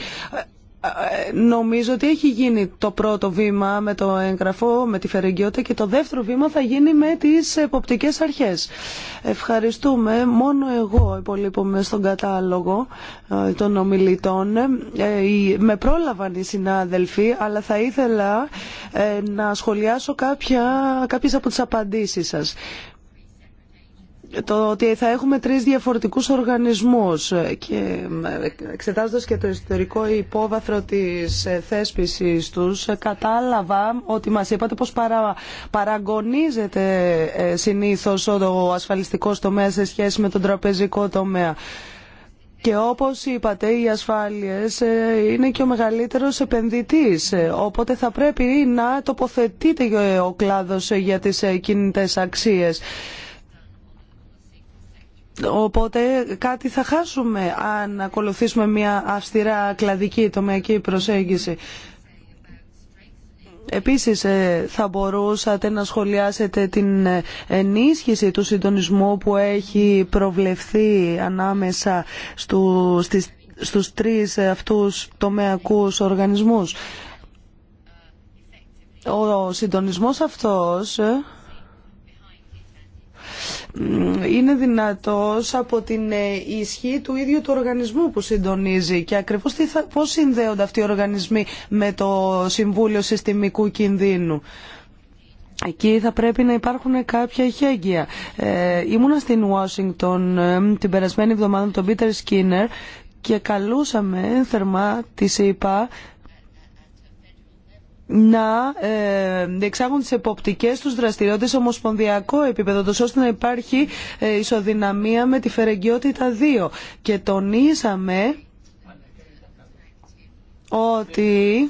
νομίζω ότι έχει γίνει το πρώτο βήμα με το έγγραφο, με τη φερεγγιότητα και το δεύτερο βήμα θα γίνει με τις εποπτικές αρχές. Ευχαριστούμε. Μόνο εγώ υπολείπομαι στον κατάλογο ε, των ομιλητών. Ε, με πρόλαβαν οι συνάδελφοι, αλλά θα ήθελα ε, να σχολιάσω κάποια, κάποιες από τις απαντήσεις σας το ότι θα έχουμε τρεις διαφορετικούς οργανισμούς και ε, εξετάζοντας και το ιστορικό υπόβαθρο της ε, θέσπισης τους ε, κατάλαβα ότι μας είπατε πως παρα, παραγωνίζεται συνήθως ο ασφαλιστικό τομέας σε σχέση με τον τραπεζικό τομέα. Και όπως είπατε, οι ασφάλειες είναι και ο μεγαλύτερος επενδυτής, οπότε θα πρέπει να τοποθετείται ο κλάδος για τις κινητές αξίες. Οπότε κάτι θα χάσουμε αν ακολουθήσουμε μια αυστηρά κλαδική τομεακή προσέγγιση. Επίσης ε, θα μπορούσατε να σχολιάσετε την ενίσχυση του συντονισμού που έχει προβλεφθεί ανάμεσα στου, στις, στους τρεις αυτούς τομεακούς οργανισμούς. Ο συντονισμός αυτός ε, είναι δυνατός από την ε, ισχύ του ίδιου του οργανισμού που συντονίζει και ακριβώς τι πώς συνδέονται αυτοί οι οργανισμοί με το Συμβούλιο Συστημικού Κινδύνου. Εκεί θα πρέπει να υπάρχουν κάποια ηχέγγυα. Ε, ήμουνα στην Ουάσιγκτον ε, την περασμένη εβδομάδα με τον Πίτερ Σκίνερ και καλούσαμε θερμά τη ΕΙΠΑ να ε, εξάγουν τις εποπτικές τους δραστηριότητες σε ομοσπονδιακό επίπεδο, τόσο ώστε να υπάρχει ε, ισοδυναμία με τη φερεγγιότητα 2. Και τονίσαμε ότι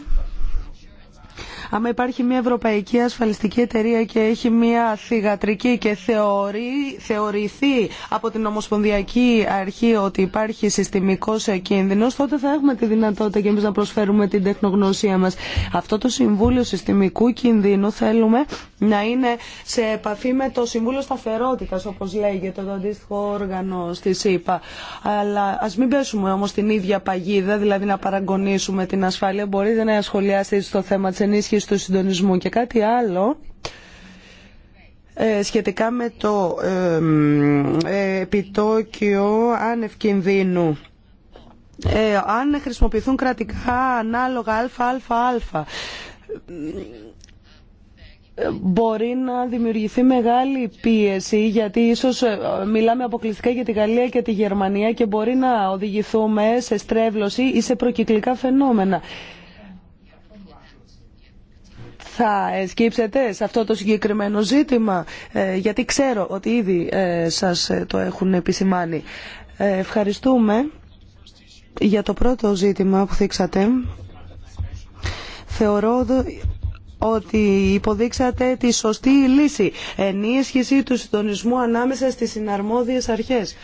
Άμα υπάρχει μια ευρωπαϊκή ασφαλιστική εταιρεία και έχει μια θηγατρική και θεωρεί, θεωρηθεί από την Ομοσπονδιακή Αρχή ότι υπάρχει συστημικό κίνδυνο, τότε θα έχουμε τη δυνατότητα και εμεί να προσφέρουμε την τεχνογνωσία μα. Αυτό το Συμβούλιο Συστημικού Κινδύνου θέλουμε να είναι σε επαφή με το Συμβούλιο Σταθερότητα, όπω λέγεται, το αντίστοιχο όργανο στη ΣΥΠΑ. Αλλά α μην πέσουμε όμω την ίδια παγίδα, δηλαδή να παραγωνίσουμε την ασφάλεια. Μπορείτε να σχολιάσετε στο θέμα τη ενίσχυση αρχής του συντονισμού. Και κάτι άλλο ε, σχετικά με το ε, ε, επιτόκιο άνευ αν χρησιμοποιηθούν κρατικά ανάλογα α, μπορεί να δημιουργηθεί μεγάλη πίεση γιατί ίσως μιλάμε αποκλειστικά για τη Γαλλία και τη Γερμανία και μπορεί να οδηγηθούμε σε στρέβλωση ή σε προκυκλικά φαινόμενα θα εσκύψετε σε αυτό το συγκεκριμένο ζήτημα, ε, γιατί ξέρω ότι ήδη ε, σας ε, το έχουν επισημάνει. Ευχαριστούμε για το πρώτο ζήτημα που θίξατε. Θεωρώ ότι υποδείξατε τη σωστή λύση, ενίσχυση του συντονισμού ανάμεσα στις συναρμόδιες αρχές,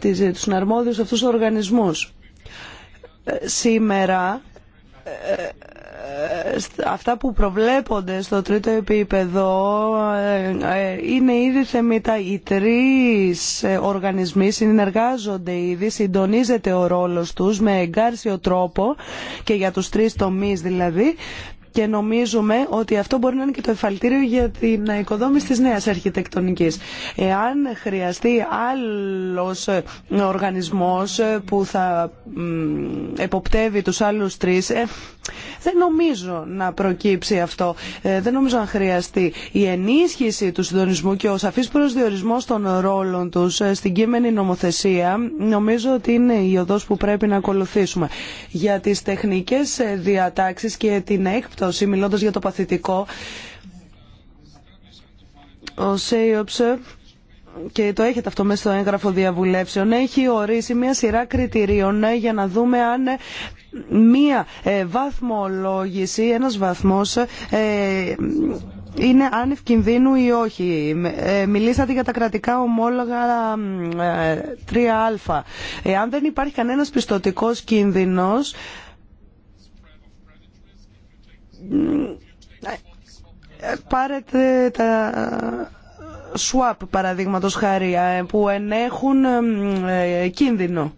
τους συναρμόδιους αυτούς οργανισμούς. Σήμερα αυτά που προβλέπονται στο τρίτο επίπεδο ε, ε, είναι ήδη θεμητά. Οι τρεις ε, οργανισμοί συνεργάζονται ήδη, συντονίζεται ο ρόλος τους με εγκάρσιο τρόπο και για τους τρεις τομείς δηλαδή και νομίζουμε ότι αυτό μπορεί να είναι και το εφαλτήριο για την οικοδόμηση της νέας αρχιτεκτονικής. Εάν χρειαστεί άλλος οργανισμός που θα εποπτεύει τους άλλους τρεις, δεν νομίζω να προκύψει αυτό. Ε, δεν νομίζω να χρειαστεί η ενίσχυση του συντονισμού και ο σαφής προσδιορισμός των ρόλων τους ε, στην κείμενη νομοθεσία νομίζω ότι είναι η οδός που πρέπει να ακολουθήσουμε. Για τις τεχνικές ε, διατάξεις και την έκπτωση, μιλώντας για το παθητικό, ο observe και το έχετε αυτό μέσα στο έγγραφο διαβουλεύσεων, έχει ορίσει μια σειρά κριτηρίων ε, για να δούμε αν ε, μια ε, βαθμολόγηση, ένας βαθμός είναι άνευ κινδύνου ή όχι. Μιλήσατε για τα κρατικά ομόλογα 3α. Αν δεν υπάρχει κανένας πιστοτικός κίνδυνος, πάρετε τα swap παραδείγματος χάρη ε, που ενέχουν ε, ε, κίνδυνο.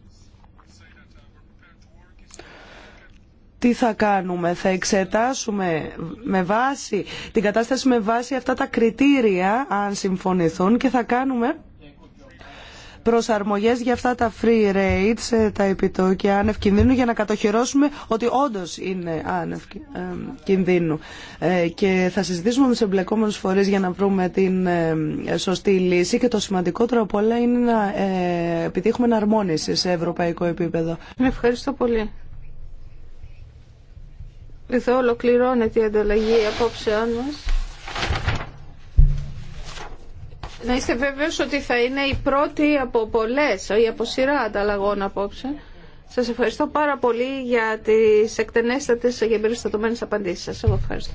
τι θα κάνουμε, θα εξετάσουμε με βάση, την κατάσταση με βάση αυτά τα κριτήρια, αν συμφωνηθούν, και θα κάνουμε Προσαρμογέ για αυτά τα free rates, ε, τα επιτόκια άνευ κινδύνου, για να κατοχυρώσουμε ότι όντω είναι άνευ ε, κινδύνου. Ε, και θα συζητήσουμε με του εμπλεκόμενου φορείς για να βρούμε την σωστή λύση και το σημαντικότερο από όλα είναι να επιτύχουμε εναρμόνιση σε ευρωπαϊκό επίπεδο. Ευχαριστώ πολύ. Εδώ ολοκληρώνεται η ανταλλαγή απόψεών μας. Να είστε βέβαιος ότι θα είναι η πρώτη από πολλές ή από σειρά ανταλλαγών απόψε. Σας ευχαριστώ πάρα πολύ για τις εκτενέστατες και εμπεριστατωμένες απαντήσεις σας. Εγώ ευχαριστώ.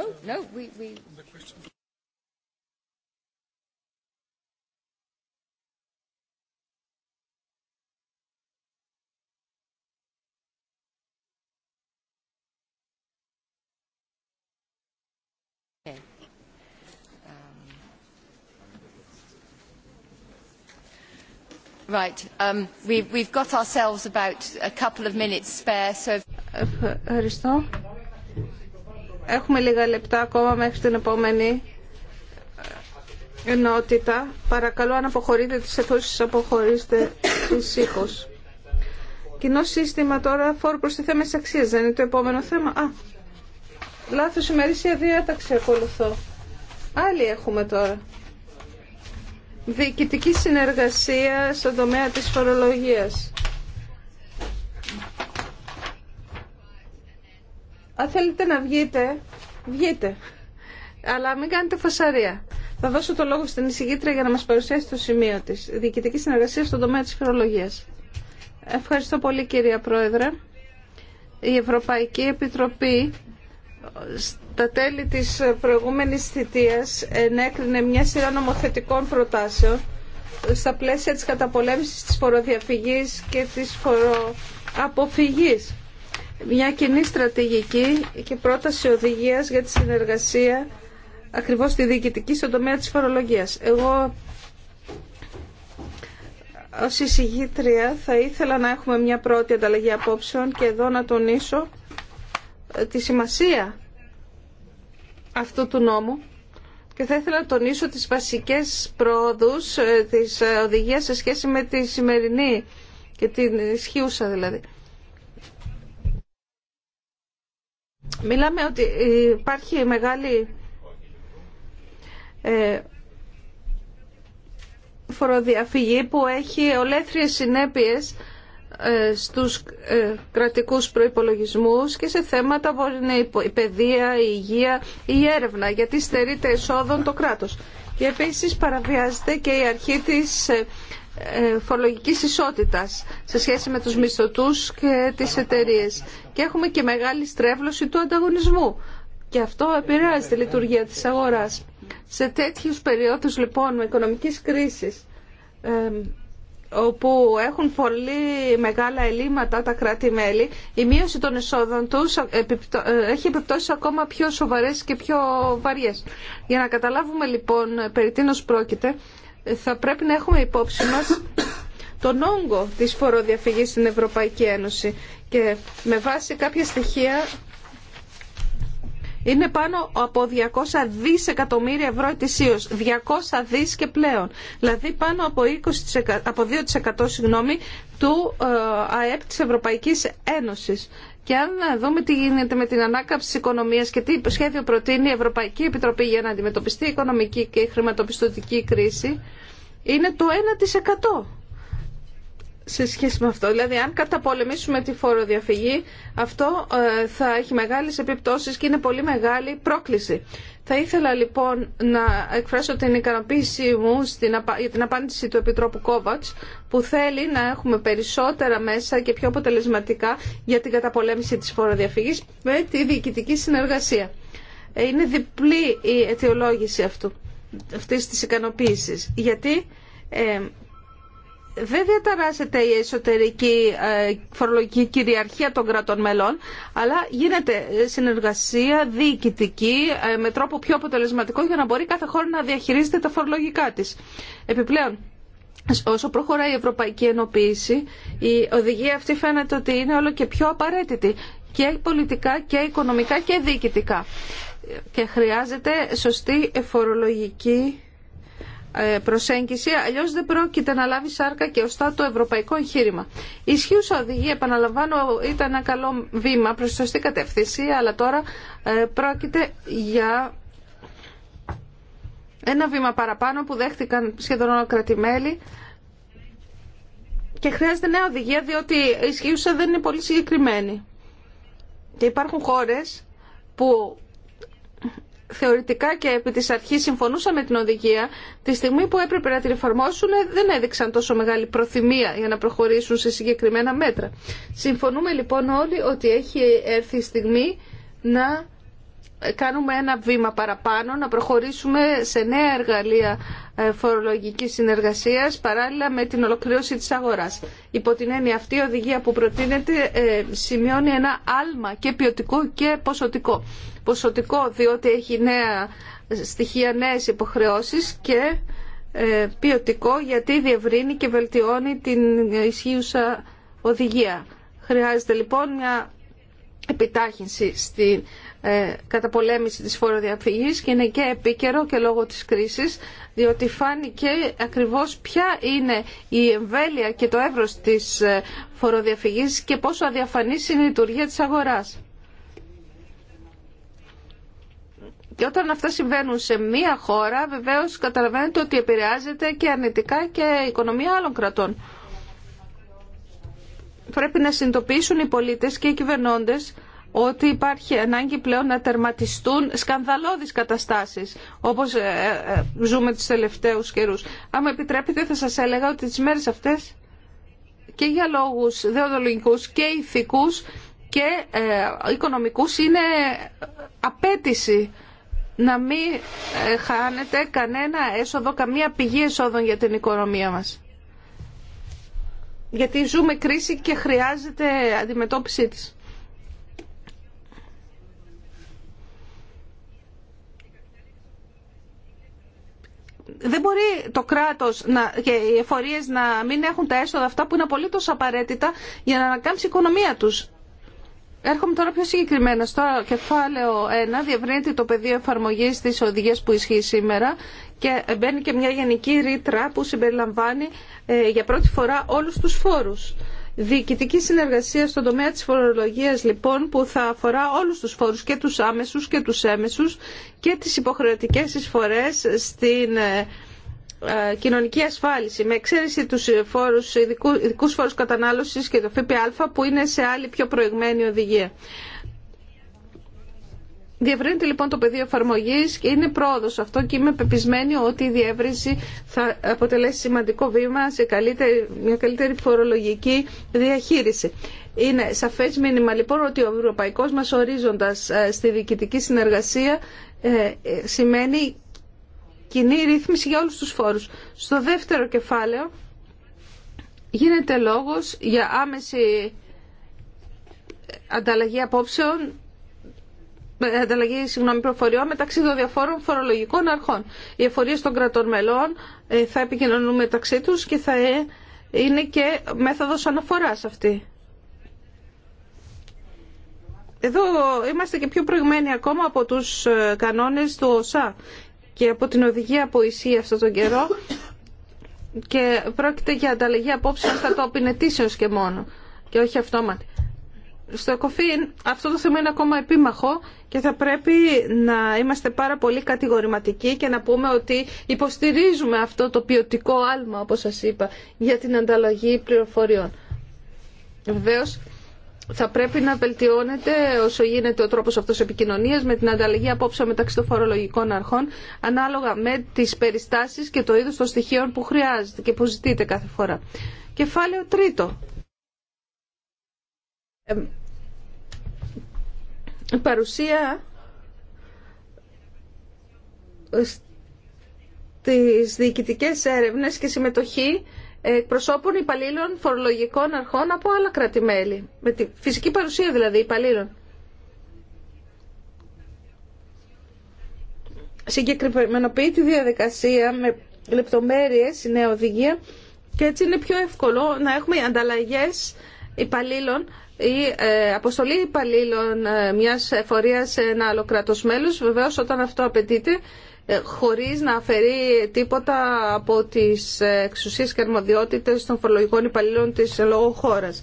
No, no, we, we, Ευχαριστώ. Έχουμε λίγα λεπτά ακόμα μέχρι την επόμενη ε, ενότητα. Παρακαλώ αν αποχωρείτε τις αιθούσεις, αποχωρήστε τις ήχους. Κοινό σύστημα τώρα τη θέμα της αξίας, δεν είναι το επόμενο θέμα. Α, λάθος ημερήσια διάταξη ακολουθώ. Άλλοι έχουμε τώρα διοικητική συνεργασία στον τομέα της φορολογίας. Αν θέλετε να βγείτε, βγείτε. Αλλά μην κάνετε φασαρία. Θα δώσω το λόγο στην εισηγήτρια για να μας παρουσιάσει το σημείο της. Διοικητική συνεργασία στον τομέα της φορολογίας. Ευχαριστώ πολύ κυρία Πρόεδρε. Η Ευρωπαϊκή Επιτροπή τα τέλη της προηγούμενης θητείας ενέκρινε μια σειρά νομοθετικών προτάσεων στα πλαίσια της καταπολέμησης της φοροδιαφυγής και της φοροαποφυγής. Μια κοινή στρατηγική και πρόταση οδηγίας για τη συνεργασία ακριβώς στη διοικητική στον τομέα της φορολογίας. Εγώ ως εισηγήτρια θα ήθελα να έχουμε μια πρώτη ανταλλαγή απόψεων και εδώ να τονίσω τη σημασία αυτού του νόμου και θα ήθελα να τονίσω τις βασικές πρόοδους ε, της ε, οδηγίας σε σχέση με τη σημερινή και την ισχύουσα δηλαδή. Μιλάμε ότι υπάρχει μεγάλη ε, φοροδιαφυγή που έχει ολέθριες συνέπειες ε, στους ε, κρατικούς προϋπολογισμούς και σε θέματα που είναι η παιδεία, η υγεία, η έρευνα, γιατί στερείται εσόδων το κράτος. Και επίσης παραβιάζεται και η αρχή της ε, φορολογικής ισότητας σε σχέση με τους μισθωτούς και τις εταιρείε. Και έχουμε και μεγάλη στρέβλωση του ανταγωνισμού. Και αυτό επηρεάζει τη λειτουργία της αγοράς. Σε τέτοιους περιόδους λοιπόν με οικονομικής κρίσης όπου έχουν πολύ μεγάλα ελλείμματα τα κράτη-μέλη, η μείωση των εσόδων τους ε, ε, έχει επιπτώσει ακόμα πιο σοβαρές και πιο βαριές. Για να καταλάβουμε λοιπόν περί τίνος πρόκειται, θα πρέπει να έχουμε υπόψη μας τον όγκο της φοροδιαφυγής στην Ευρωπαϊκή Ένωση και με βάση κάποια στοιχεία είναι πάνω από 200 δισεκατομμύρια ευρώ ετησίως. 200 δις και πλέον. Δηλαδή πάνω από, 20%, από 2% συγγνώμη, του ε, ΑΕΠ της Ευρωπαϊκής Ένωσης. Και αν δούμε τι γίνεται με την ανάκαμψη της οικονομίας και τι σχέδιο προτείνει η Ευρωπαϊκή Επιτροπή για να αντιμετωπιστεί η οικονομική και η χρηματοπιστωτική κρίση, είναι το 1% σε σχέση με αυτό. Δηλαδή, αν καταπολεμήσουμε τη φοροδιαφυγή, αυτό ε, θα έχει μεγάλες επιπτώσεις και είναι πολύ μεγάλη πρόκληση. Θα ήθελα λοιπόν να εκφράσω την ικανοποίησή μου στην, για την απάντηση του Επιτρόπου Κόβατς που θέλει να έχουμε περισσότερα μέσα και πιο αποτελεσματικά για την καταπολέμηση της φοροδιαφυγής με τη διοικητική συνεργασία. Ε, είναι διπλή η αιτιολόγηση αυτού, αυτής της ικανοποίησης. Γιατί ε, δεν διαταράσσεται η εσωτερική ε, φορολογική κυριαρχία των κρατών μελών, αλλά γίνεται συνεργασία διοικητική ε, με τρόπο πιο αποτελεσματικό για να μπορεί κάθε χώρα να διαχειρίζεται τα φορολογικά της. Επιπλέον, όσο προχωράει η ευρωπαϊκή ενοποίηση, η οδηγία αυτή φαίνεται ότι είναι όλο και πιο απαραίτητη και πολιτικά και οικονομικά και διοικητικά και χρειάζεται σωστή φορολογική ε, προσέγγιση, αλλιώ δεν πρόκειται να λάβει σάρκα και ωστά το ευρωπαϊκό εγχείρημα. Η ισχύουσα οδηγία, επαναλαμβάνω, ήταν ένα καλό βήμα προ τη σωστή κατεύθυνση, αλλά τώρα ε, πρόκειται για ένα βήμα παραπάνω που δέχτηκαν σχεδόν όλα κρατημέλη. Και χρειάζεται νέα οδηγία, διότι η ισχύουσα δεν είναι πολύ συγκεκριμένη. Και υπάρχουν χώρες που θεωρητικά και επί της αρχής συμφωνούσαμε την οδηγία, τη στιγμή που έπρεπε να την εφαρμόσουν δεν έδειξαν τόσο μεγάλη προθυμία για να προχωρήσουν σε συγκεκριμένα μέτρα. Συμφωνούμε λοιπόν όλοι ότι έχει έρθει η στιγμή να κάνουμε ένα βήμα παραπάνω, να προχωρήσουμε σε νέα εργαλεία ε, φορολογικής συνεργασίας παράλληλα με την ολοκλήρωση της αγοράς. Υπό την έννοια αυτή η οδηγία που προτείνεται ε, σημειώνει ένα άλμα και ποιοτικό και ποσοτικό. Ποσοτικό διότι έχει νέα στοιχεία, νέες υποχρεώσεις και ε, ποιοτικό γιατί διευρύνει και βελτιώνει την ισχύουσα οδηγία. Χρειάζεται λοιπόν μια επιτάχυνση στην ε, καταπολέμηση της φοροδιαφυγής και είναι και επίκαιρο και λόγω της κρίσης διότι φάνηκε ακριβώς ποια είναι η εμβέλεια και το εύρος της ε, φοροδιαφυγής και πόσο αδιαφανής είναι η λειτουργία της αγοράς. Και όταν αυτά συμβαίνουν σε μία χώρα, βεβαίως καταλαβαίνετε ότι επηρεάζεται και αρνητικά και η οικονομία άλλων κρατών. Πρέπει να συνειδητοποιήσουν οι πολίτες και οι κυβερνώντες ότι υπάρχει ανάγκη πλέον να τερματιστούν σκανδαλώδεις καταστάσεις, όπως ε, ε, ζούμε τους τελευταίους καιρούς. Αν με επιτρέπετε θα σας έλεγα ότι τις μέρες αυτές και για λόγους δεοδολογικούς και ηθικούς και ε, οικονομικούς είναι απέτηση να μην χάνεται κανένα έσοδο, καμία πηγή εσόδων για την οικονομία μας. Γιατί ζούμε κρίση και χρειάζεται αντιμετώπιση της. δεν μπορεί το κράτος και οι εφορίες να μην έχουν τα έσοδα αυτά που είναι απολύτως απαραίτητα για να ανακάμψει η οικονομία τους. Έρχομαι τώρα πιο συγκεκριμένα στο κεφάλαιο 1. Διευρύνεται το πεδίο εφαρμογή τη οδηγία που ισχύει σήμερα και μπαίνει και μια γενική ρήτρα που συμπεριλαμβάνει ε, για πρώτη φορά όλου του φόρου. Διοικητική συνεργασία στον τομέα της φορολογίας λοιπόν που θα αφορά όλους τους φόρους και τους άμεσους και τους έμεσους και τις υποχρεωτικές εισφορές στην ε, ε, κοινωνική ασφάλιση με εξαίρεση τους φόρους, ειδικούς φόρους κατανάλωσης και το ΦΠΑ που είναι σε άλλη πιο προηγμένη οδηγία. Διευρύνεται λοιπόν το πεδίο εφαρμογή και είναι πρόοδο αυτό και είμαι πεπισμένη ότι η διεύρυνση θα αποτελέσει σημαντικό βήμα σε καλύτερη, μια καλύτερη φορολογική διαχείριση. Είναι σαφέ μήνυμα λοιπόν ότι ο ευρωπαϊκό μα ορίζοντα ε, στη διοικητική συνεργασία ε, σημαίνει κοινή ρύθμιση για όλου του φόρου. Στο δεύτερο κεφάλαιο γίνεται λόγο για άμεση ανταλλαγή απόψεων ανταλλαγή συγγνώμη, προφοριών μεταξύ των διαφόρων φορολογικών αρχών. Οι εφορίε των κρατών μελών ε, θα επικοινωνούν μεταξύ του και θα ε, είναι και μέθοδο αναφορά αυτή. Εδώ είμαστε και πιο προηγμένοι ακόμα από τους ε, κανόνες του ΟΣΑ και από την οδηγία που ισχύει αυτόν τον καιρό και πρόκειται για ανταλλαγή απόψεων στα τόπιν ετήσεως και μόνο και όχι αυτόματη στο ΕΚΟΦΗ αυτό το θέμα είναι ακόμα επίμαχο και θα πρέπει να είμαστε πάρα πολύ κατηγορηματικοί και να πούμε ότι υποστηρίζουμε αυτό το ποιοτικό άλμα, όπως σας είπα, για την ανταλλαγή πληροφοριών. Βεβαίω. Θα πρέπει να βελτιώνεται όσο γίνεται ο τρόπος αυτός επικοινωνίας με την ανταλλαγή απόψε μεταξύ των φορολογικών αρχών ανάλογα με τις περιστάσεις και το είδος των στοιχείων που χρειάζεται και που ζητείτε κάθε φορά. Κεφάλαιο τρίτο ε, παρουσία στις διοικητικές έρευνες και συμμετοχή προσώπων υπαλλήλων φορολογικών αρχών από άλλα κράτη-μέλη. Με τη φυσική παρουσία δηλαδή υπαλλήλων. Συγκεκριμενοποιεί τη διαδικασία με λεπτομέρειες η νέα οδηγία και έτσι είναι πιο εύκολο να έχουμε ανταλλαγές υπαλλήλων η ε, αποστολή υπαλλήλων ε, μιας εφορίας σε ένα άλλο κράτος μέλος, βεβαίως όταν αυτό απαιτείται, ε, χωρίς να αφαιρεί τίποτα από τις εξουσίες και αρμοδιότητες των φορολογικών υπαλλήλων της λόγω χώρας.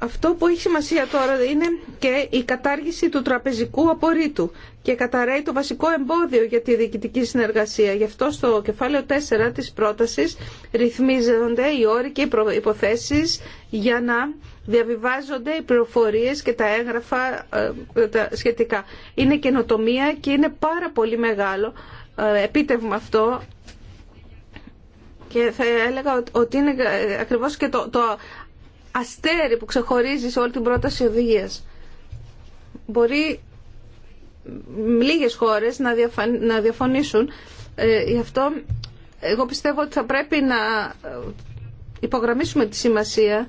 Αυτό που έχει σημασία τώρα είναι και η κατάργηση του τραπεζικού απορρίτου και καταραίει το βασικό εμπόδιο για τη διοικητική συνεργασία. Γι' αυτό στο κεφάλαιο 4 της πρότασης ρυθμίζονται οι όροι και οι υποθέσεις για να διαβιβάζονται οι πληροφορίες και τα έγγραφα ε, σχετικά. Είναι καινοτομία και είναι πάρα πολύ μεγάλο ε, επίτευγμα αυτό και θα έλεγα ότι είναι ε, ακριβώς και το, το αστέρι που ξεχωρίζει σε όλη την πρόταση οδηγίας. Μπορεί λίγες χώρες να, να διαφωνήσουν. γι' αυτό εγώ πιστεύω ότι θα πρέπει να υπογραμμίσουμε τη σημασία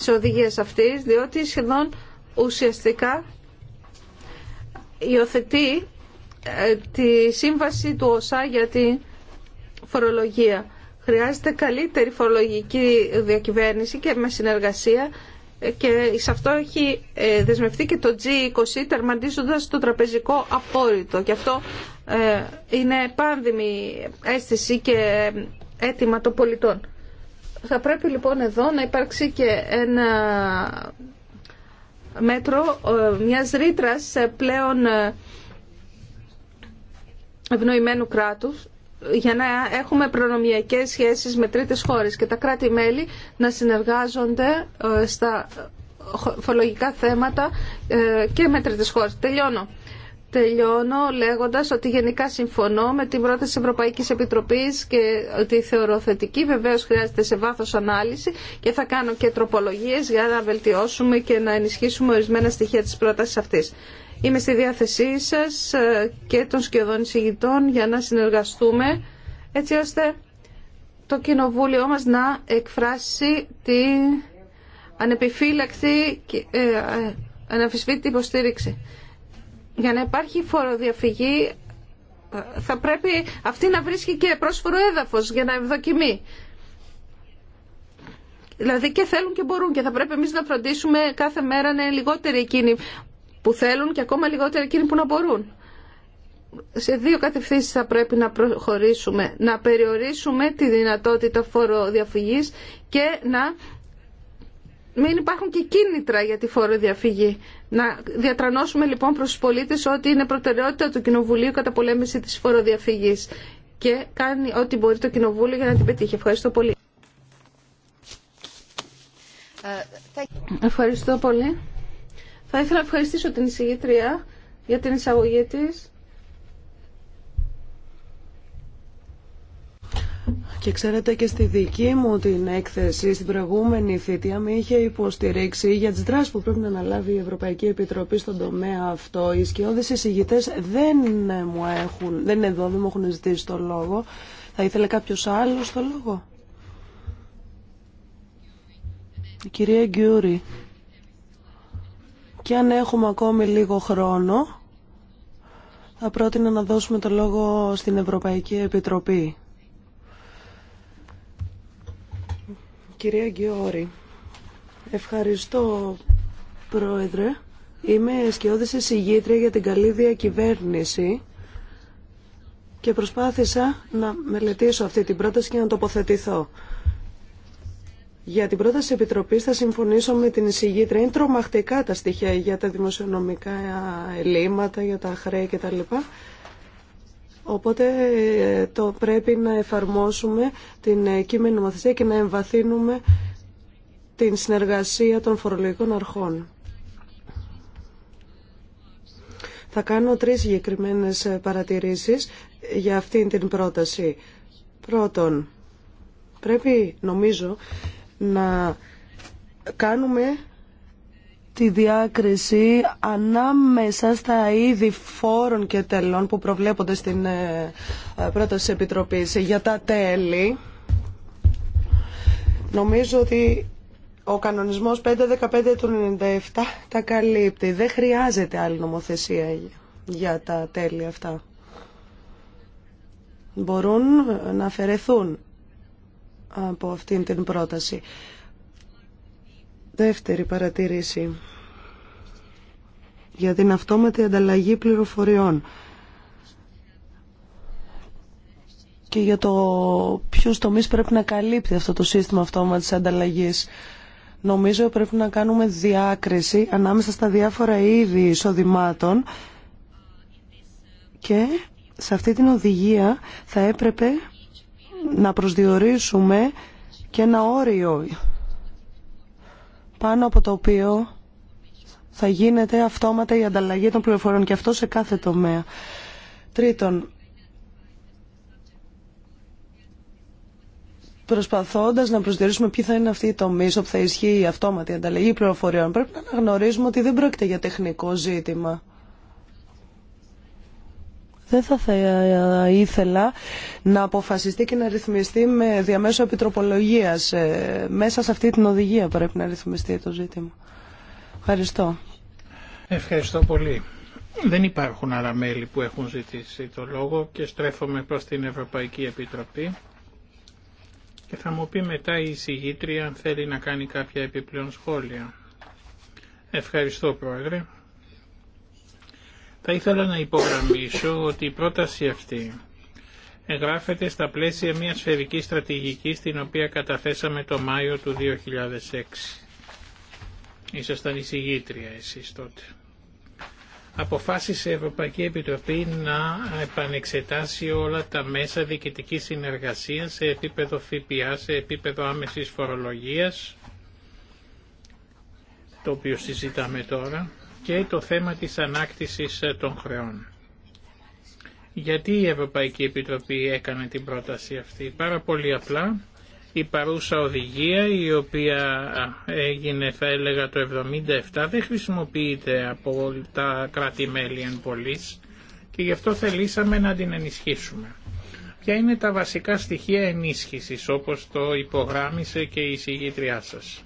της οδηγίας αυτής, διότι σχεδόν ουσιαστικά υιοθετεί ε, τη σύμβαση του ΩΣΑ για τη φορολογία. Χρειάζεται καλύτερη φορολογική διακυβέρνηση και με συνεργασία ε, και σε αυτό έχει ε, δεσμευτεί και το G20 τερματίζοντας το τραπεζικό απόρριτο και αυτό είναι πάνδημη αίσθηση και αίτημα των πολιτών. Θα πρέπει λοιπόν εδώ να υπάρξει και ένα μέτρο ε, μιας ρήτρας πλέον ε, ευνοημένου κράτους για να έχουμε προνομιακές σχέσεις με τρίτες χώρες και τα κράτη-μέλη να συνεργάζονται ε, στα φορολογικά θέματα και με τρίτες χώρες. Τελειώνω. Τελειώνω λέγοντας ότι γενικά συμφωνώ με την πρόταση Ευρωπαϊκής Επιτροπής και ότι θεωρώ θετική. Βεβαίως χρειάζεται σε βάθος ανάλυση και θα κάνω και τροπολογίες για να βελτιώσουμε και να ενισχύσουμε ορισμένα στοιχεία της πρότασης αυτής. Είμαι στη διάθεσή σας ε, και των σκεδών εισηγητών για να συνεργαστούμε έτσι ώστε το κοινοβούλιο μας να εκφράσει την ανεπιφύλακτη και ε, ε, αναφυσβήτη υποστήριξη για να υπάρχει φοροδιαφυγή θα πρέπει αυτή να βρίσκει και πρόσφορο έδαφος για να ευδοκιμεί. Δηλαδή και θέλουν και μπορούν και θα πρέπει εμείς να φροντίσουμε κάθε μέρα να είναι λιγότεροι εκείνοι που θέλουν και ακόμα λιγότεροι εκείνοι που να μπορούν. Σε δύο κατευθύνσεις θα πρέπει να προχωρήσουμε, να περιορίσουμε τη δυνατότητα φοροδιαφυγής και να μην υπάρχουν και κίνητρα για τη φοροδιαφυγή. Να διατρανώσουμε λοιπόν προς τους πολίτες ότι είναι προτεραιότητα του Κοινοβουλίου κατά πολέμηση της φοροδιαφυγής και κάνει ό,τι μπορεί το Κοινοβούλιο για να την πετύχει. Ευχαριστώ πολύ. Ευχαριστώ πολύ. Θα ήθελα να ευχαριστήσω την εισηγήτρια για την εισαγωγή της Και ξέρετε και στη δική μου την έκθεση, στην προηγούμενη θητεία, με είχε υποστηρίξει για τις δράσεις που πρέπει να αναλάβει η Ευρωπαϊκή Επιτροπή στον τομέα αυτό. Οι σκιώδεις εισηγητές δεν μου έχουν, δεν είναι εδώ, δεν μου έχουν ζητήσει το λόγο. Θα ήθελε κάποιος άλλος το λόγο. κυρία Γκιούρι και αν έχουμε ακόμη λίγο χρόνο, θα πρότεινα να δώσουμε το λόγο στην Ευρωπαϊκή Επιτροπή. Κυρία Γκιόρη, ευχαριστώ Πρόεδρε. Είμαι σκιώδης εισηγήτρια για την καλή διακυβέρνηση και προσπάθησα να μελετήσω αυτή την πρόταση και να τοποθετηθώ. Για την πρόταση Επιτροπής θα συμφωνήσω με την εισηγήτρια. Είναι τρομακτικά τα στοιχεία για τα δημοσιονομικά ελλείμματα, για τα χρέη κτλ. Οπότε ε, το πρέπει να εφαρμόσουμε την ε, κείμενη νομοθεσία και να εμβαθύνουμε την συνεργασία των φορολογικών αρχών. Θα κάνω τρεις συγκεκριμένε ε, παρατηρήσεις για αυτήν την πρόταση. Πρώτον, πρέπει νομίζω να κάνουμε τη διάκριση ανάμεσα στα είδη φόρων και τελών που προβλέπονται στην ε, ε, πρόταση της Επιτροπής για τα τέλη. Νομίζω ότι ο κανονισμός 515 του 97 τα καλύπτει. Δεν χρειάζεται άλλη νομοθεσία για τα τέλη αυτά. Μπορούν να αφαιρεθούν από αυτήν την πρόταση. Δεύτερη παρατήρηση για την αυτόματη ανταλλαγή πληροφοριών και για το ποιους τομείς πρέπει να καλύπτει αυτό το σύστημα αυτόματης ανταλλαγής. Νομίζω πρέπει να κάνουμε διάκριση ανάμεσα στα διάφορα είδη εισοδημάτων και σε αυτή την οδηγία θα έπρεπε να προσδιορίσουμε και ένα όριο πάνω από το οποίο θα γίνεται αυτόματα η ανταλλαγή των πληροφοριών και αυτό σε κάθε τομέα. Τρίτον, προσπαθώντας να προσδιορίσουμε ποιοι θα είναι αυτοί οι τομείς όπου θα ισχύει η αυτόματη ανταλλαγή πληροφοριών, πρέπει να αναγνωρίζουμε ότι δεν πρόκειται για τεχνικό ζήτημα δεν θα, ε, ήθελα να αποφασιστεί και να ρυθμιστεί με διαμέσου επιτροπολογίας. Ε, μέσα σε αυτή την οδηγία πρέπει να ρυθμιστεί το ζήτημα. Ευχαριστώ. Ευχαριστώ πολύ. Δεν υπάρχουν άλλα μέλη που έχουν ζητήσει το λόγο και στρέφομαι προς την Ευρωπαϊκή Επιτροπή και θα μου πει μετά η εισηγήτρια αν θέλει να κάνει κάποια επιπλέον σχόλια. Ευχαριστώ Πρόεδρε. Θα ήθελα να υπογραμμίσω ότι η πρόταση αυτή εγγράφεται στα πλαίσια μιας σφαιρικής στρατηγικής την οποία καταθέσαμε το Μάιο του 2006. Ήσασταν εισηγήτρια εσείς τότε. Αποφάσισε η Ευρωπαϊκή Επιτροπή να επανεξετάσει όλα τα μέσα διοικητικής συνεργασίας σε επίπεδο ΦΠΑ, σε επίπεδο άμεσης φορολογίας, το οποίο συζητάμε τώρα, και το θέμα της ανάκτησης ε, των χρεών. Γιατί η Ευρωπαϊκή Επιτροπή έκανε την πρόταση αυτή. Πάρα πολύ απλά η παρούσα οδηγία η οποία έγινε θα έλεγα το 77 δεν χρησιμοποιείται από τα κράτη-μέλη εν και γι' αυτό θελήσαμε να την ενισχύσουμε. Ποια είναι τα βασικά στοιχεία ενίσχυσης όπως το υπογράμμισε και η συγγήτριά σας.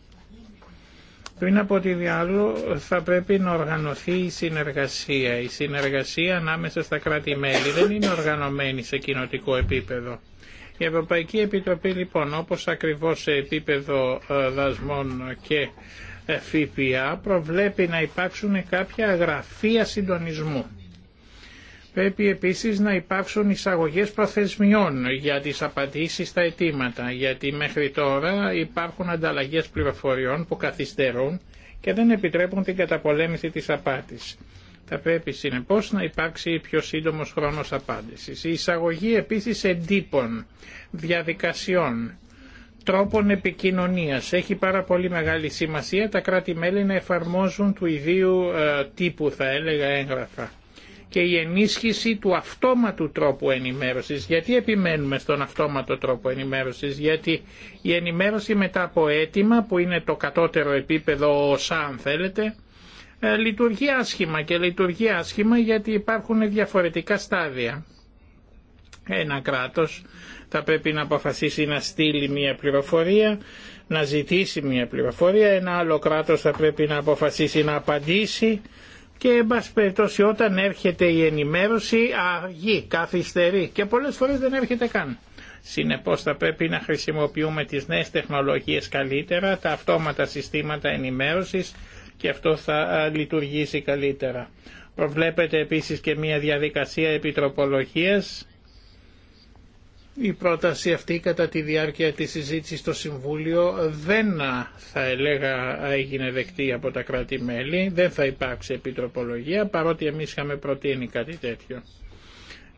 Πριν από τη διάλογο θα πρέπει να οργανωθεί η συνεργασία. Η συνεργασία ανάμεσα στα κράτη-μέλη δεν είναι οργανωμένη σε κοινοτικό επίπεδο. Η Ευρωπαϊκή Επιτροπή λοιπόν όπως ακριβώς σε επίπεδο ε, δασμών και ε, ΦΠΑ προβλέπει να υπάρξουν κάποια γραφεία συντονισμού. Πρέπει επίσης να υπάρξουν εισαγωγές προθεσμιών για τις απαντήσεις στα αιτήματα, γιατί μέχρι τώρα υπάρχουν ανταλλαγές πληροφοριών που καθυστερούν και δεν επιτρέπουν την καταπολέμηση της απάτης. Θα πρέπει συνεπώς να υπάρξει πιο σύντομος χρόνος απάντησης. Η εισαγωγή επίσης εντύπων, διαδικασιών, τρόπων επικοινωνίας. Έχει πάρα πολύ μεγάλη σημασία τα κράτη-μέλη να εφαρμόζουν του ιδίου ε, τύπου θα έλεγα έγγραφα και η ενίσχυση του αυτόματου τρόπου ενημέρωσης. Γιατί επιμένουμε στον αυτόματο τρόπο ενημέρωσης, γιατί η ενημέρωση μετά από αίτημα που είναι το κατώτερο επίπεδο όσα αν θέλετε, ε, λειτουργεί άσχημα και λειτουργεί άσχημα γιατί υπάρχουν διαφορετικά στάδια. Ένα κράτος θα πρέπει να αποφασίσει να στείλει μια πληροφορία, να ζητήσει μια πληροφορία, ένα άλλο κράτος θα πρέπει να αποφασίσει να απαντήσει, και εν πάση περιπτώσει όταν έρχεται η ενημέρωση αργεί, καθυστερεί και πολλές φορές δεν έρχεται καν. Συνεπώς θα πρέπει να χρησιμοποιούμε τις νέες τεχνολογίες καλύτερα, τα αυτόματα συστήματα ενημέρωσης και αυτό θα λειτουργήσει καλύτερα. Προβλέπεται επίσης και μια διαδικασία επιτροπολογίας η πρόταση αυτή κατά τη διάρκεια της συζήτησης στο Συμβούλιο δεν θα έλεγα έγινε δεκτή από τα κράτη-μέλη, δεν θα υπάρξει επιτροπολογία παρότι εμείς είχαμε προτείνει κάτι τέτοιο.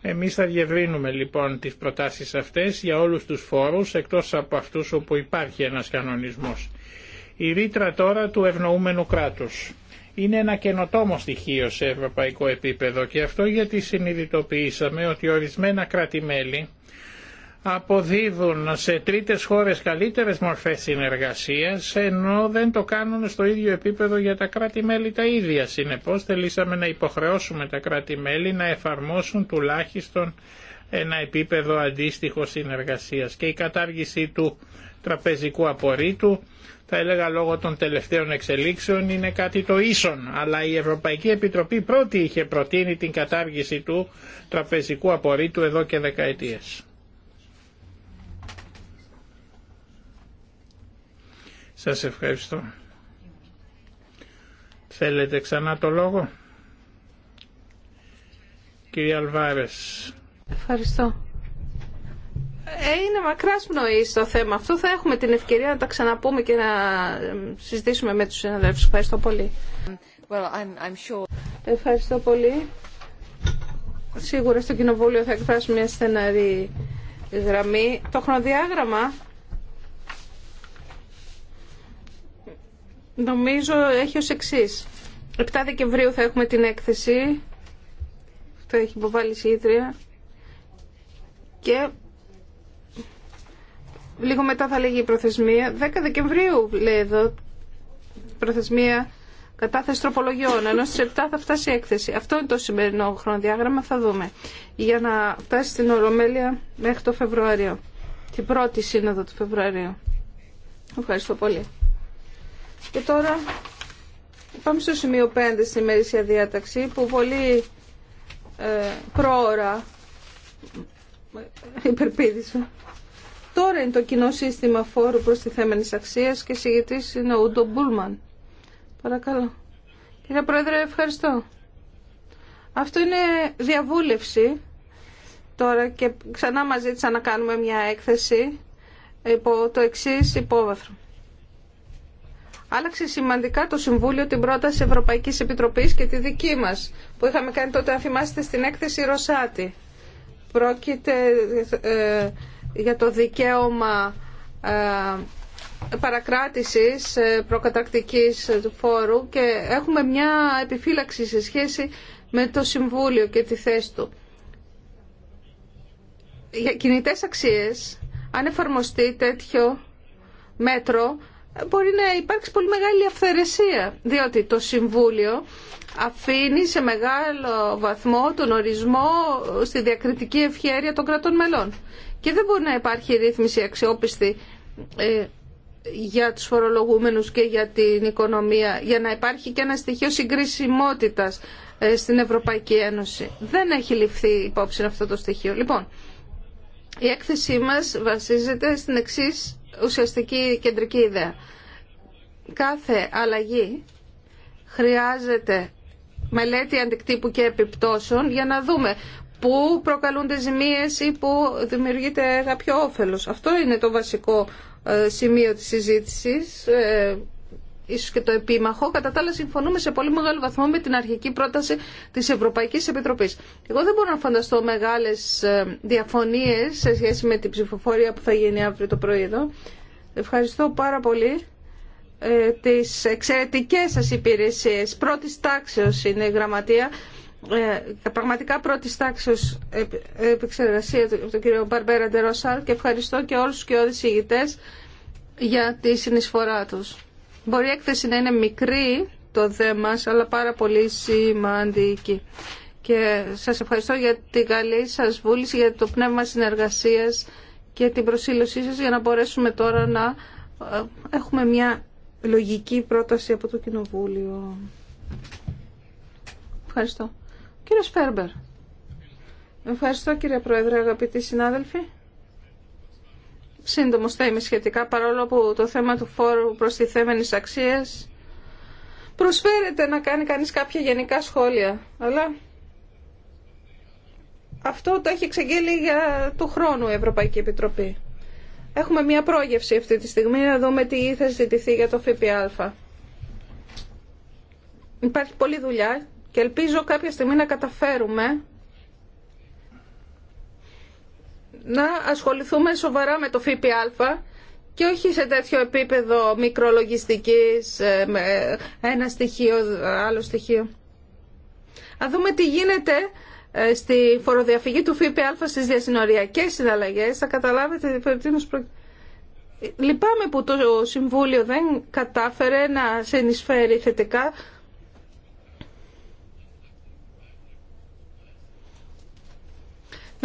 Εμείς θα διευρύνουμε λοιπόν τις προτάσεις αυτές για όλους τους φόρους εκτός από αυτούς όπου υπάρχει ένας κανονισμός. Η ρήτρα τώρα του ευνοούμενου κράτους. Είναι ένα καινοτόμο στοιχείο σε ευρωπαϊκό επίπεδο και αυτό γιατί συνειδητοποιήσαμε ότι ορισμένα κράτη-μέλη αποδίδουν σε τρίτες χώρες καλύτερες μορφές συνεργασίας ενώ δεν το κάνουν στο ίδιο επίπεδο για τα κράτη-μέλη τα ίδια. Συνεπώς θελήσαμε να υποχρεώσουμε τα κράτη-μέλη να εφαρμόσουν τουλάχιστον ένα επίπεδο αντίστοιχο συνεργασίας και η κατάργηση του τραπεζικού απορρίτου θα έλεγα λόγω των τελευταίων εξελίξεων είναι κάτι το ίσον αλλά η Ευρωπαϊκή Επιτροπή πρώτη είχε προτείνει την κατάργηση του τραπεζικού απορρίτου εδώ και δεκαετίες. Σας ευχαριστώ. Θέλετε ξανά το λόγο. Κύριε Αλβάρες. Ευχαριστώ. Ε, είναι μακράς πνοή το θέμα αυτό. Θα έχουμε την ευκαιρία να τα ξαναπούμε και να συζητήσουμε με τους συναδέλφους. Ευχαριστώ πολύ. Well, I'm, I'm sure. Ευχαριστώ πολύ. Σίγουρα στο Κοινοβούλιο θα εκφράσουμε μια στεναρή γραμμή. Το χρονοδιάγραμμα νομίζω έχει ω εξή. 7 Δεκεμβρίου θα έχουμε την έκθεση. το έχει υποβάλει η ίδρυα. Και λίγο μετά θα λέγει η προθεσμία. 10 Δεκεμβρίου λέει εδώ προθεσμία κατάθεση τροπολογιών, ενώ στι 7 θα φτάσει η έκθεση. Αυτό είναι το σημερινό χρονοδιάγραμμα, θα δούμε. Για να φτάσει στην Ολομέλεια μέχρι το Φεβρουάριο. Την πρώτη σύνοδο του Φεβρουαρίου. Ευχαριστώ πολύ. Και τώρα πάμε στο σημείο 5 στην ημερήσια διάταξη που πολύ ε, πρόωρα υπερπίδησα. Τώρα είναι το κοινό σύστημα φόρου τη θέμενης αξίας και συγητής είναι ο Ούντο Μπούλμαν. Παρακαλώ. Κύριε Πρόεδρε, ευχαριστώ. Αυτό είναι διαβούλευση τώρα και ξανά μαζί της να κάνουμε μια έκθεση υπό το εξής υπόβαθρο άλλαξε σημαντικά το Συμβούλιο την πρόταση Ευρωπαϊκής Επιτροπής και τη δική μας που είχαμε κάνει τότε αν θυμάστε στην έκθεση Ρωσάτη. Πρόκειται ε, για το δικαίωμα ε, παρακράτησης ε, προκατακτικής του φόρου και έχουμε μια επιφύλαξη σε σχέση με το Συμβούλιο και τη θέση του. Για κινητές αξίες, αν εφαρμοστεί τέτοιο μέτρο, μπορεί να υπάρξει πολύ μεγάλη αυθαιρεσία, διότι το Συμβούλιο αφήνει σε μεγάλο βαθμό τον ορισμό στη διακριτική ευχέρεια των κρατών μελών. Και δεν μπορεί να υπάρχει ρύθμιση αξιόπιστη ε, για τους φορολογούμενους και για την οικονομία, για να υπάρχει και ένα στοιχείο συγκρισιμότητας ε, στην Ευρωπαϊκή Ένωση. Δεν έχει ληφθεί υπόψη αυτό το στοιχείο. Λοιπόν, η έκθεσή μας βασίζεται στην εξής ουσιαστική κεντρική ιδέα. Κάθε αλλαγή χρειάζεται μελέτη αντικτύπου και επιπτώσεων για να δούμε πού προκαλούνται ζημίες ή πού δημιουργείται κάποιο όφελος. Αυτό είναι το βασικό ε, σημείο της συζήτησης ε, ίσως και το επίμαχο, κατά τα άλλα συμφωνούμε σε πολύ μεγάλο βαθμό με την αρχική πρόταση της Ευρωπαϊκής Επιτροπής. Εγώ δεν μπορώ να φανταστώ μεγάλες ε, διαφωνίε σε σχέση με την ψηφοφορία που θα γίνει αύριο το πρωί εδώ. Ευχαριστώ πάρα πολύ ε, τις εξαιρετικές σας υπηρεσίες. Πρώτης τάξεως είναι η γραμματεία. Ε, πραγματικά πρώτης τάξεως επεξεργασία του, του κ. Μπαρμπέρα και ευχαριστώ και όλους τους και για τη συνεισφορά τους. Μπορεί η έκθεση να είναι μικρή το θέμα μας, αλλά πάρα πολύ σημαντική. Και σας ευχαριστώ για την καλή σας βούληση, για το πνεύμα συνεργασίας και την προσήλωσή σας για να μπορέσουμε τώρα να ε, έχουμε μια λογική πρόταση από το Κοινοβούλιο. Ευχαριστώ. Κύριε Φέρμπερ. Ευχαριστώ κύριε Πρόεδρε, αγαπητοί συνάδελφοι. Σύντομος θα σχετικά, παρόλο που το θέμα του φόρου τη θέμενη αξίας προσφέρεται να κάνει κανείς κάποια γενικά σχόλια. Αλλά αυτό το έχει εξεγγείλει για του χρόνου η Ευρωπαϊκή Επιτροπή. Έχουμε μια πρόγευση αυτή τη στιγμή να δούμε τι θα ζητηθεί για το ΦΠΑ. Υπάρχει πολλή δουλειά και ελπίζω κάποια στιγμή να καταφέρουμε να ασχοληθούμε σοβαρά με το ΦΠΑ και όχι σε τέτοιο επίπεδο μικρολογιστικής, ε, ένα στοιχείο, άλλο στοιχείο. Αν δούμε τι γίνεται ε, στη φοροδιαφυγή του ΦΠΑ στις διασυνοριακές συναλλαγές, θα καταλάβετε τι Λυπάμαι που το Συμβούλιο δεν κατάφερε να συνεισφέρει θετικά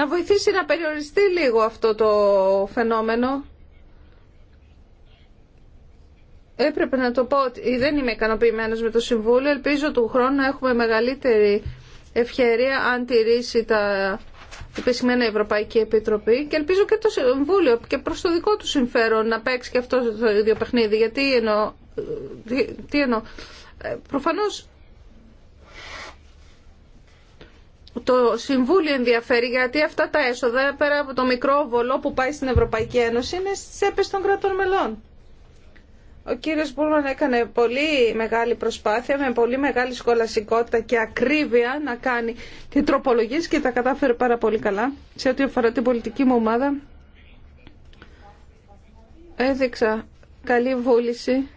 να βοηθήσει να περιοριστεί λίγο αυτό το φαινόμενο. Έπρεπε να το πω ότι δεν είμαι ικανοποιημένο με το Συμβούλιο. Ελπίζω του χρόνου να έχουμε μεγαλύτερη ευκαιρία αν τηρήσει τα επισημένα Ευρωπαϊκή Επιτροπή και ελπίζω και το Συμβούλιο και προς το δικό του συμφέρον να παίξει και αυτό το ίδιο παιχνίδι. Γιατί εννοώ, τι εννοώ. Ε, προφανώς το Συμβούλιο ενδιαφέρει γιατί αυτά τα έσοδα πέρα από το μικρό βολό που πάει στην Ευρωπαϊκή Ένωση είναι στι έπες των κρατών μελών. Ο κύριος Μπούλμαν έκανε πολύ μεγάλη προσπάθεια με πολύ μεγάλη σκολασικότητα και ακρίβεια να κάνει την τροπολογία και τα κατάφερε πάρα πολύ καλά. Σε ό,τι αφορά την πολιτική μου ομάδα έδειξα καλή βούληση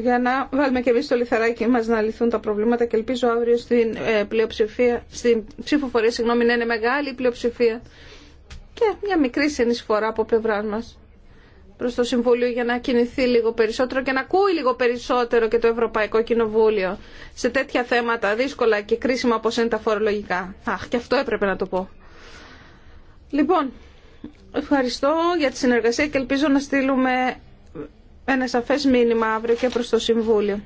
για να βάλουμε και εμεί το λιθαράκι μα να λυθούν τα προβλήματα και ελπίζω αύριο στην, ε, πλειοψηφία, στην ψηφοφορία συγγνώμη, να είναι μεγάλη πλειοψηφία και μια μικρή συνεισφορά από πλευρά μα. Προ το Συμβούλιο για να κινηθεί λίγο περισσότερο και να ακούει λίγο περισσότερο και το Ευρωπαϊκό Κοινοβούλιο σε τέτοια θέματα δύσκολα και κρίσιμα όπω είναι τα φορολογικά. Αχ, και αυτό έπρεπε να το πω. Λοιπόν, ευχαριστώ για τη συνεργασία και ελπίζω να στείλουμε ένα σαφές μήνυμα αύριο και προς το Συμβούλιο.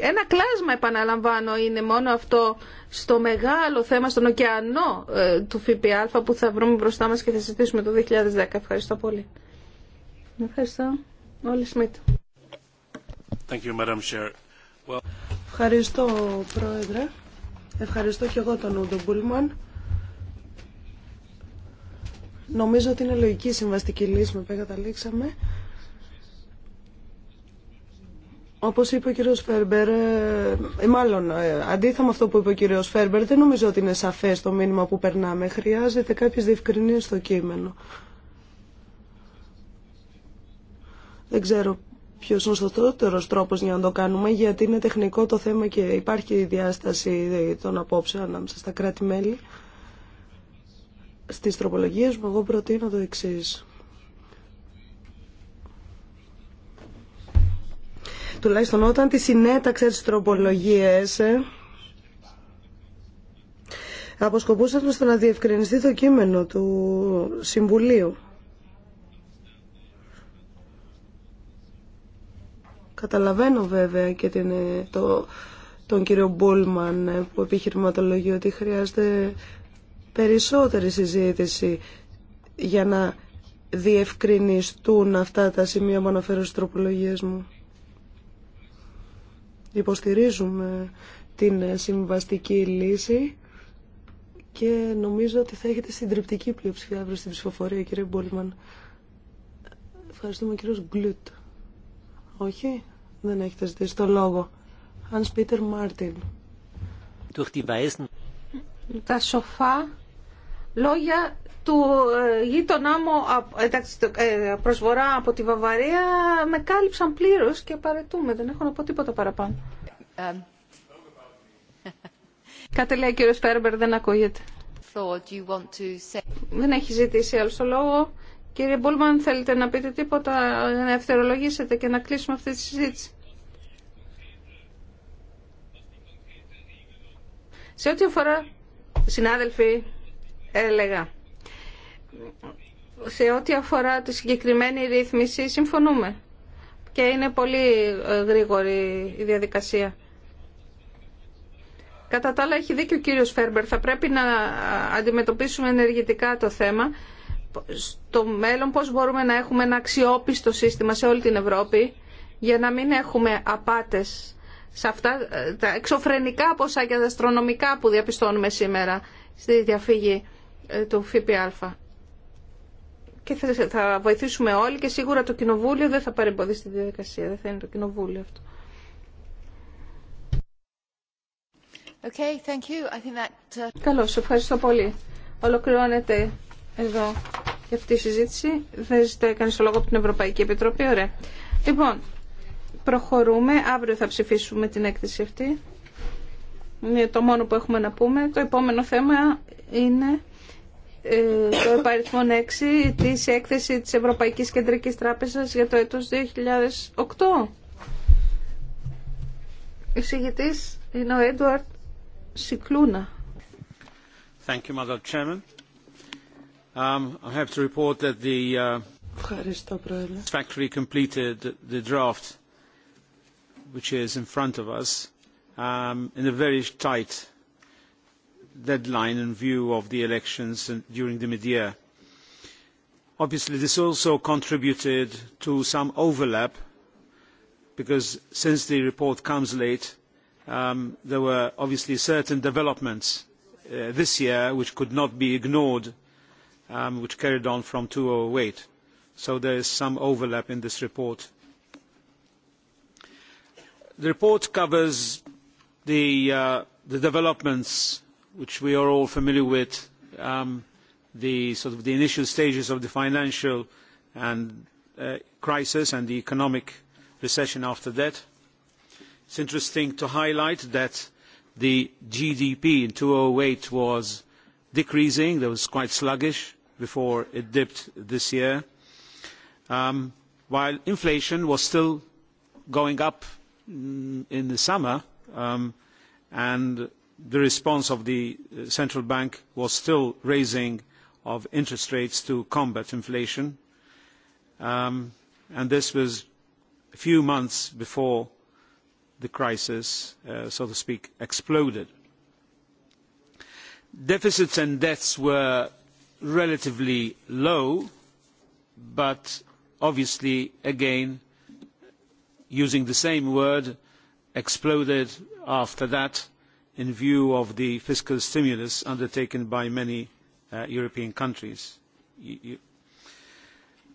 Ένα κλάσμα, επαναλαμβάνω, είναι μόνο αυτό στο μεγάλο θέμα, στον ωκεανό ε, του ΦΠΑ που θα βρούμε μπροστά μας και θα συζητήσουμε το 2010. Ευχαριστώ πολύ. Ευχαριστώ. Όλοι Σμίτ. Ευχαριστώ, Πρόεδρε. Ευχαριστώ και εγώ τον Ούντο Μπούλμαν. Νομίζω ότι είναι λογική συμβαστική λύση που καταλήξαμε. Όπω είπε ο κύριο Φέρμπερ, ε, ε, μάλλον ε, αντίθετα με αυτό που είπε ο κύριο Φέρμπερ, δεν νομίζω ότι είναι σαφές το μήνυμα που περνάμε. Χρειάζεται κάποιε διευκρινίες στο κείμενο. Δεν ξέρω ποιο είναι ο σωστότερο τρόπος για να το κάνουμε, γιατί είναι τεχνικό το θέμα και υπάρχει η διάσταση ε, των απόψεων ανάμεσα στα κράτη-μέλη. στι τροπολογίε μου εγώ προτείνω το εξή. τουλάχιστον όταν τη συνέταξε τις τροπολογίες ε, αποσκοπούσαμε στο να διευκρινιστεί το κείμενο του Συμβουλίου. Καταλαβαίνω βέβαια και την, ε, το, τον κύριο Μπούλμαν ε, που επιχειρηματολογεί ότι χρειάζεται περισσότερη συζήτηση για να διευκρινιστούν αυτά τα σημεία που αναφέρω στις τροπολογίες μου. Υποστηρίζουμε την συμβαστική λύση και νομίζω ότι θα έχετε συντριπτική πλειοψηφία αύριο στην ψηφοφορία, κύριε Μπόλμαν. Ευχαριστούμε, κύριο Γκλουτ. Όχι, δεν έχετε ζητήσει το λόγο. Hans Peter Martin. Τα σοφά λόγια του ε, γείτονά μου ε, ε, προσβορά από τη Βαβαρία με κάλυψαν πλήρως και παρετούμε. Δεν έχω να πω τίποτα παραπάνω. Um. Κάτι λέει ο κύριος Φέρμπερ, δεν ακούγεται. You Δεν έχει ζητήσει άλλο το λόγο. Κύριε Μπούλμαν, θέλετε να πείτε τίποτα, να ευθερολογήσετε και να κλείσουμε αυτή τη συζήτηση. Σε ό,τι αφορά, συνάδελφοι, έλεγα. Σε ό,τι αφορά τη συγκεκριμένη ρύθμιση συμφωνούμε και είναι πολύ ε, γρήγορη η διαδικασία. Κατά τα άλλα έχει δίκιο ο κύριος Φέρμπερ. Θα πρέπει να ε, αντιμετωπίσουμε ενεργητικά το θέμα. Στο μέλλον πώς μπορούμε να έχουμε ένα αξιόπιστο σύστημα σε όλη την Ευρώπη για να μην έχουμε απάτες σε αυτά ε, τα εξωφρενικά ποσά και τα αστρονομικά που διαπιστώνουμε σήμερα στη διαφύγη. Ε, του ΦΠΑ. Και θα βοηθήσουμε όλοι και σίγουρα το Κοινοβούλιο δεν θα παρεμποδίσει τη διαδικασία. Δεν θα είναι το Κοινοβούλιο αυτό. Okay, thank you. I think that... Uh, Καλώς, ευχαριστώ πολύ. Ολοκληρώνεται εδώ για αυτή η συζήτηση. Δεν ζητάει κανείς το λόγο από την Ευρωπαϊκή Επιτροπή. Ωραία. Λοιπόν, προχωρούμε. Αύριο θα ψηφίσουμε την έκθεση αυτή. Είναι το μόνο που έχουμε να πούμε. Το επόμενο θέμα είναι ε, το επαριθμό 6 της έκθεση της Ευρωπαϊκής Κεντρικής Τράπεζας για το έτος 2008. Εισηγητής είναι ο Έντουαρτ Σικλούνα. Um, uh, Ευχαριστώ, Πρόεδρε. which is in front of us um, in a very tight deadline in view of the elections during the mid-year. Obviously, this also contributed to some overlap because since the report comes late, there were obviously certain developments this year which could not be ignored, which carried on from 2008. So there is some overlap in this report. The report covers the developments which we are all familiar with, the sort of the initial stages of the financial crisis and the economic recession after that. It's interesting to highlight that the GDP in 2008 was decreasing. That was quite sluggish before it dipped this year, while inflation was still going up in the summer and the response of the central bank was still raising of interest rates to combat inflation and this was a few months before the crisis so to speak exploded. deficits and debts were relatively low but obviously again using the same word exploded after that in view of the fiscal stimulus undertaken by many European countries.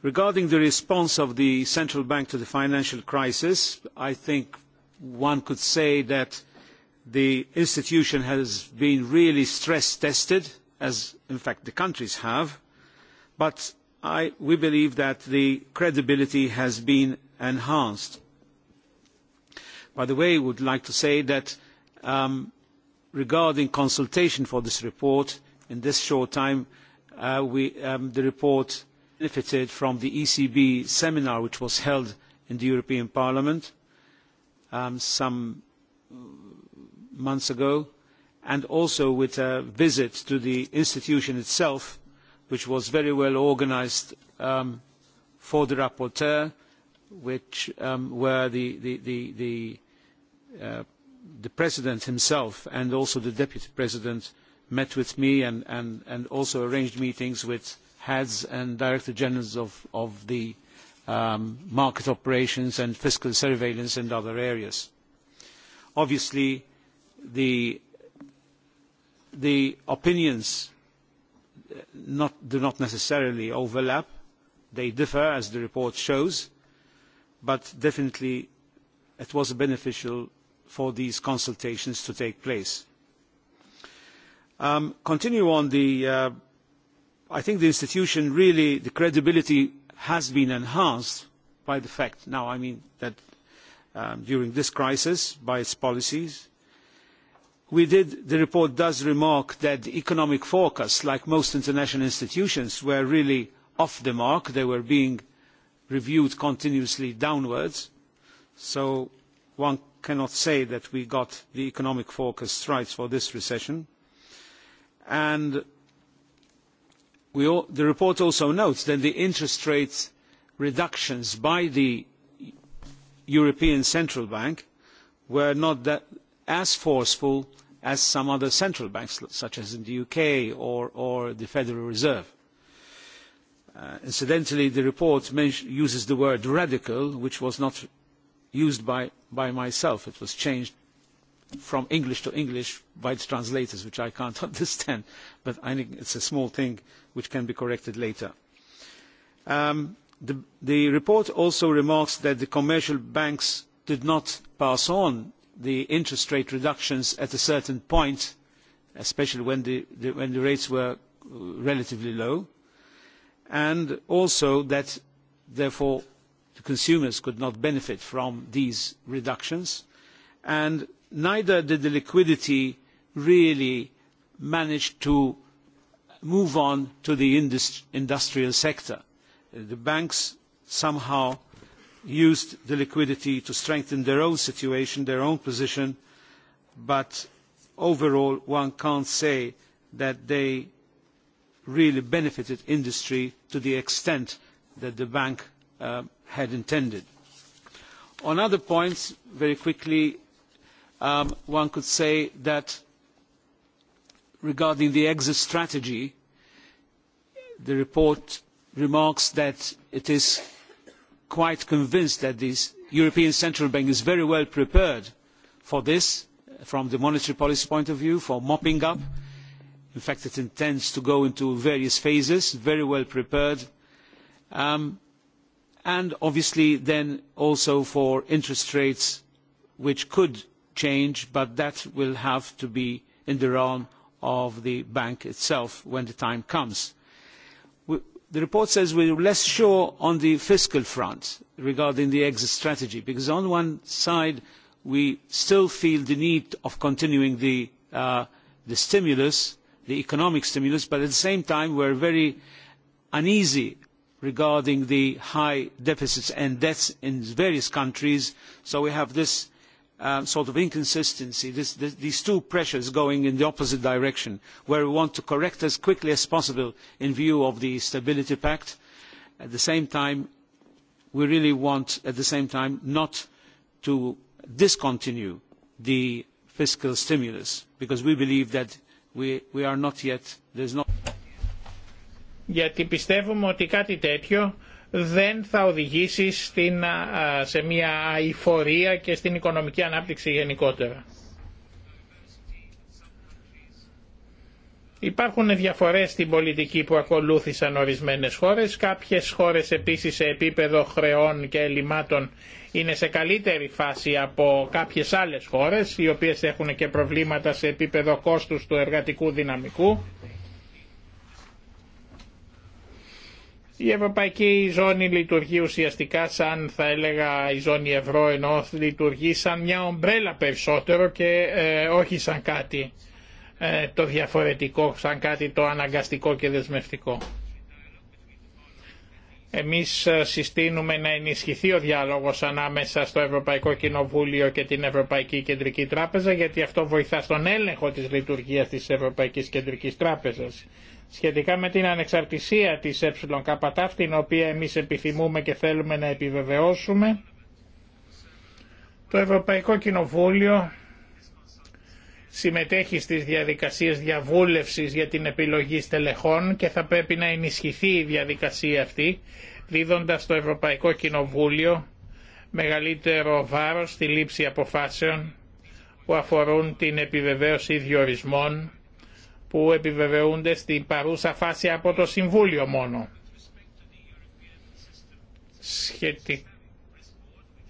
Regarding the response of the Central Bank to the financial crisis, I think one could say that the institution has been really stress tested, as in fact the countries have, but we believe that the credibility has been enhanced. By the way, I would like to say that regarding consultation for this report in this short time the report benefited from the ecb seminar which was held in the european parliament some months ago and also with a visit to the institution itself which was very well organised for the rapporteur which were the the President himself and also the Deputy President met with me and also arranged meetings with heads and Director Generals of the market operations and fiscal surveillance and other areas. Obviously, the opinions do not necessarily overlap. They differ, as the report shows, but definitely it was a beneficial for these consultations to take place. Continue on the, I think the institution really, the credibility has been enhanced by the fact, now I mean that during this crisis, by its policies. We did, the report does remark that the economic forecasts, like most international institutions, were really off the mark. They were being reviewed continuously downwards. So one cannot say that we got the economic forecast right for this recession. And the report also notes that the interest rate reductions by the European Central Bank were not as forceful as some other central banks, such as in the UK or the Federal Reserve. Incidentally, the report uses the word radical, which was not used by by myself. It was changed from English to English by the translators, which I can't understand, but I think it's a small thing which can be corrected later. The report also remarks that the commercial banks did not pass on the interest rate reductions at a certain point, especially when the rates were relatively low, and also that, therefore, the consumers could not benefit from these reductions, and neither did the liquidity really manage to move on to the industrial sector. The banks somehow used the liquidity to strengthen their own situation, their own position, but overall one can't say that they really benefited industry to the extent that the bank had intended. On other points, very quickly, one could say that regarding the exit strategy, the report remarks that it is quite convinced that the European Central Bank is very well prepared for this, from the monetary policy point of view, for mopping up. In fact, it intends to go into various phases, very well prepared and obviously then also for interest rates which could change but that will have to be in the realm of the bank itself when the time comes. The report says we are less sure on the fiscal front regarding the exit strategy because on one side we still feel the need of continuing the stimulus, the economic stimulus, but at the same time we are very uneasy regarding the high deficits and debts in various countries. So we have this sort of inconsistency, these two pressures going in the opposite direction, where we want to correct as quickly as possible in view of the Stability Pact. At the same time, we really want, at the same time, not to discontinue the fiscal stimulus, because we believe that we are not yet, there is not γιατί πιστεύουμε ότι κάτι τέτοιο δεν θα οδηγήσει στην, σε μια αηφορία και στην οικονομική ανάπτυξη γενικότερα. Υπάρχουν διαφορές στην πολιτική που ακολούθησαν ορισμένες χώρες. Κάποιες χώρες επίσης σε επίπεδο χρεών και ελλημάτων είναι σε καλύτερη φάση από κάποιες άλλες χώρες, οι οποίες έχουν και προβλήματα σε επίπεδο κόστους του εργατικού δυναμικού. Η Ευρωπαϊκή Ζώνη λειτουργεί ουσιαστικά σαν θα έλεγα η Ζώνη Ευρώ ενώ λειτουργεί σαν μια ομπρέλα περισσότερο και ε, όχι σαν κάτι ε, το διαφορετικό, σαν κάτι το αναγκαστικό και δεσμευτικό. Εμείς ε, συστήνουμε να ενισχυθεί ο διάλογος ανάμεσα στο Ευρωπαϊκό Κοινοβούλιο και την Ευρωπαϊκή Κεντρική Τράπεζα γιατί αυτό βοηθά στον έλεγχο της λειτουργίας της Ευρωπαϊκής Κεντρικής Τράπεζας. Σχετικά με την ανεξαρτησία της ΕΚΤ, την οποία εμείς επιθυμούμε και θέλουμε να επιβεβαιώσουμε, το Ευρωπαϊκό Κοινοβούλιο συμμετέχει στις διαδικασίες διαβούλευσης για την επιλογή στελεχών και θα πρέπει να ενισχυθεί η διαδικασία αυτή δίδοντας το Ευρωπαϊκό Κοινοβούλιο μεγαλύτερο βάρος στη λήψη αποφάσεων που αφορούν την επιβεβαίωση διορισμών που επιβεβαιούνται στην παρούσα φάση από το Συμβούλιο μόνο.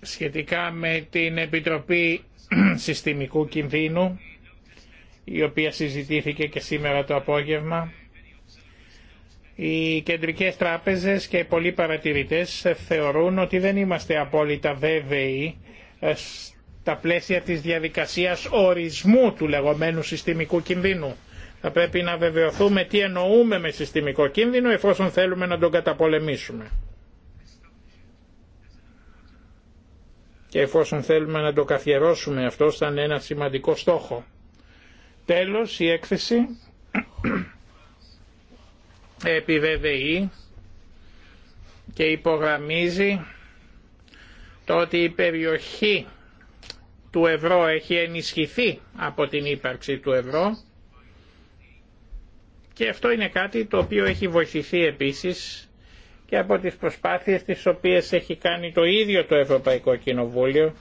Σχετικά με την Επιτροπή Συστημικού Κινδύνου η οποία συζητήθηκε και σήμερα το απόγευμα. Οι κεντρικές τράπεζες και πολλοί παρατηρητές θεωρούν ότι δεν είμαστε απόλυτα βέβαιοι ε, στα πλαίσια της διαδικασίας ορισμού του λεγόμενου συστημικού κινδύνου. Θα πρέπει να βεβαιωθούμε τι εννοούμε με συστημικό κίνδυνο εφόσον θέλουμε να τον καταπολεμήσουμε. Και εφόσον θέλουμε να το καθιερώσουμε αυτό σαν ένα σημαντικό στόχο. Τέλος η έκθεση επιβεβαιεί και υπογραμμίζει το ότι η περιοχή του ευρώ έχει ενισχυθεί από την ύπαρξη του ευρώ και αυτό είναι κάτι το οποίο έχει βοηθηθεί επίσης και από τις προσπάθειες τις οποίες έχει κάνει το ίδιο το Ευρωπαϊκό Κοινοβούλιο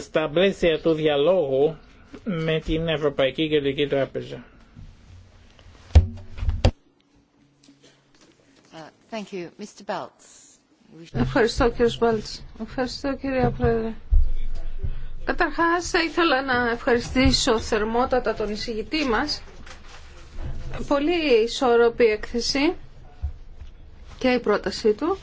στα πλαίσια του διαλόγου με την Ευρωπαϊκή Κεντρική Τράπεζα. Uh, thank you. Mr. Ευχαριστώ κύριε Μπάλτς. Ευχαριστώ κύριε Πρόεδρε. Καταρχάς θα ήθελα να ευχαριστήσω θερμότατα τον εισηγητή μας. Πολύ ισορροπή έκθεση και η πρότασή του.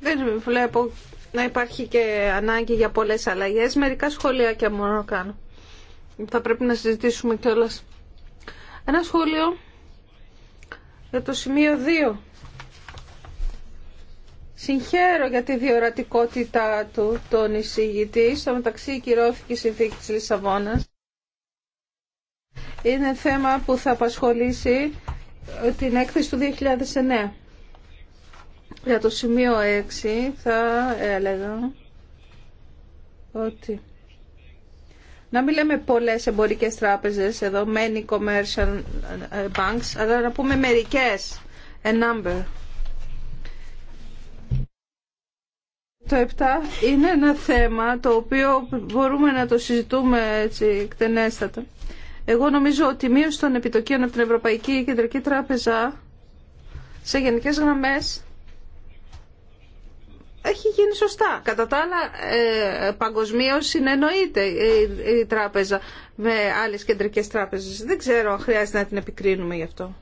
Δεν βλέπω να υπάρχει και ανάγκη για πολλές αλλαγές. Μερικά σχόλια και μόνο κάνω. Θα πρέπει να συζητήσουμε κιόλα. Ένα σχόλιο για το σημείο 2. Συγχαίρω για τη διορατικότητα του τον εισηγητή. Στο μεταξύ κυρώθηκε η συνθήκη της Λισαβόνας. Είναι θέμα που θα απασχολήσει την έκθεση του 2009. Για το σημείο 6 θα ε, έλεγα ότι να μην λέμε πολλές εμπορικές τράπεζες εδώ, many commercial ε, banks, αλλά να πούμε μερικές, a number. Το 7 είναι ένα θέμα το οποίο μπορούμε να το συζητούμε έτσι εκτενέστατα. Εγώ νομίζω ότι η μείωση των επιτοκίων από την Ευρωπαϊκή Κεντρική Τράπεζα σε γενικές γραμμές έχει γίνει σωστά. Κατά τα άλλα, ε, παγκοσμίω συνεννοείται η, τράπεζα με άλλες κεντρικές τράπεζες. Δεν ξέρω αν χρειάζεται να την επικρίνουμε γι' αυτό.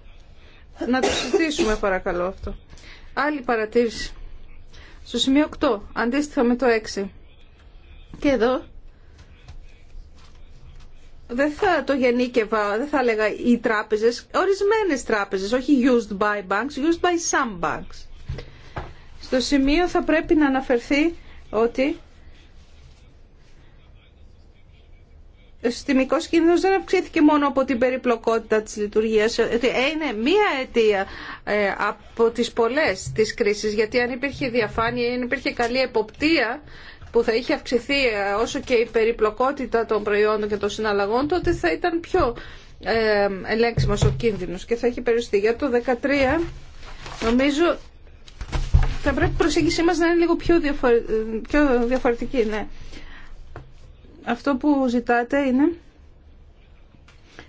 Να το συζητήσουμε παρακαλώ αυτό. Άλλη παρατήρηση. Στο σημείο 8, αντίστοιχα με το 6. Και εδώ δεν θα το γεννήκευα, δεν θα έλεγα οι τράπεζες, ορισμένες τράπεζες, όχι used by banks, used by some banks. Στο σημείο θα πρέπει να αναφερθεί ότι ο συστημικός κίνδυνος δεν αυξήθηκε μόνο από την περιπλοκότητα της λειτουργίας. Είναι μία αιτία ε, από τις πολλές της κρίσης, γιατί αν υπήρχε διαφάνεια, αν υπήρχε καλή εποπτεία, που θα είχε αυξηθεί ε, όσο και η περιπλοκότητα των προϊόντων και των συναλλαγών, τότε θα ήταν πιο ε, ελέγξιμος ο κίνδυνος και θα είχε περιοριστεί. Για το 2013 νομίζω θα πρέπει η προσέγγιση μας να είναι λίγο πιο, διαφορετική. Ναι. Αυτό που ζητάτε είναι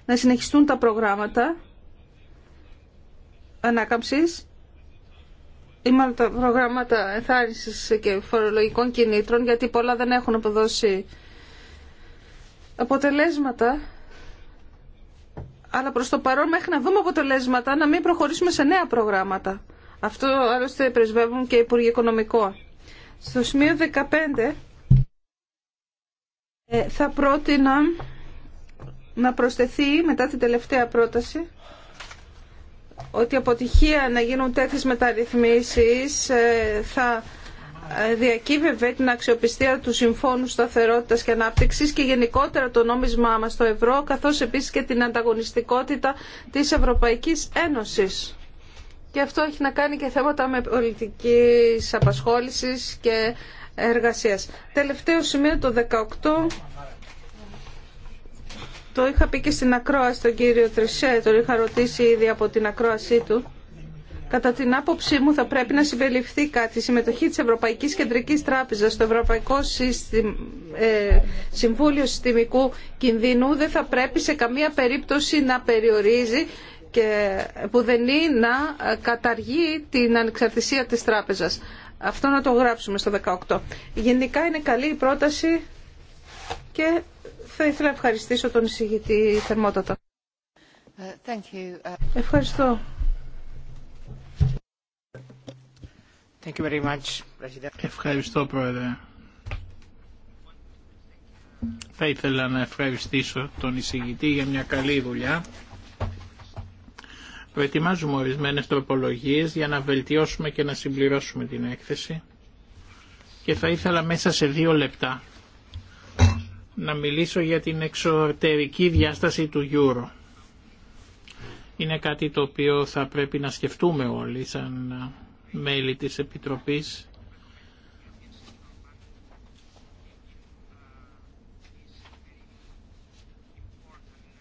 να συνεχιστούν τα προγράμματα ανάκαμψης ή μάλλον τα προγράμματα εθάρρυνσης και φορολογικών κινήτρων γιατί πολλά δεν έχουν αποδώσει αποτελέσματα αλλά προς το παρόν μέχρι να δούμε αποτελέσματα να μην προχωρήσουμε σε νέα προγράμματα. Αυτό άλλωστε πρεσβεύουν και οι Υπουργοί Οικονομικών. Στο σημείο 15 ε, θα πρότεινα να προσθεθεί μετά την τελευταία πρόταση ότι η αποτυχία να γίνουν τέτοιες μεταρρυθμίσεις ε, θα ε, διακύβευε την αξιοπιστία του Συμφώνου Σταθερότητας και Ανάπτυξης και γενικότερα το νόμισμά μας στο ευρώ καθώς επίσης και την ανταγωνιστικότητα της Ευρωπαϊκής Ένωσης και αυτό έχει να κάνει και θέματα με πολιτική απασχόληση και εργασία. Τελευταίο σημείο το 18 το είχα πει και στην ακρόαση τον κύριο Τρισέ, τον είχα ρωτήσει ήδη από την ακρόασή του. Κατά την άποψή μου θα πρέπει να συμπεριληφθεί κάτι η συμμετοχή της Ευρωπαϊκής Κεντρικής Τράπεζας στο Ευρωπαϊκό ε, Συμβούλιο Συστημικού Κινδύνου δεν θα πρέπει σε καμία περίπτωση να περιορίζει και που δεν είναι να καταργεί την ανεξαρτησία της τράπεζας. Αυτό να το γράψουμε στο 18. Γενικά είναι καλή η πρόταση και θα ήθελα να ευχαριστήσω τον εισηγητή θερμότατα. Ευχαριστώ. Ευχαριστώ, Πρόεδρε. Θα ήθελα να ευχαριστήσω τον εισηγητή για μια καλή δουλειά. Προετοιμάζουμε ορισμένες τροπολογίες για να βελτιώσουμε και να συμπληρώσουμε την έκθεση και θα ήθελα μέσα σε δύο λεπτά να μιλήσω για την εξωτερική διάσταση του Euro. Είναι κάτι το οποίο θα πρέπει να σκεφτούμε όλοι σαν μέλη της Επιτροπής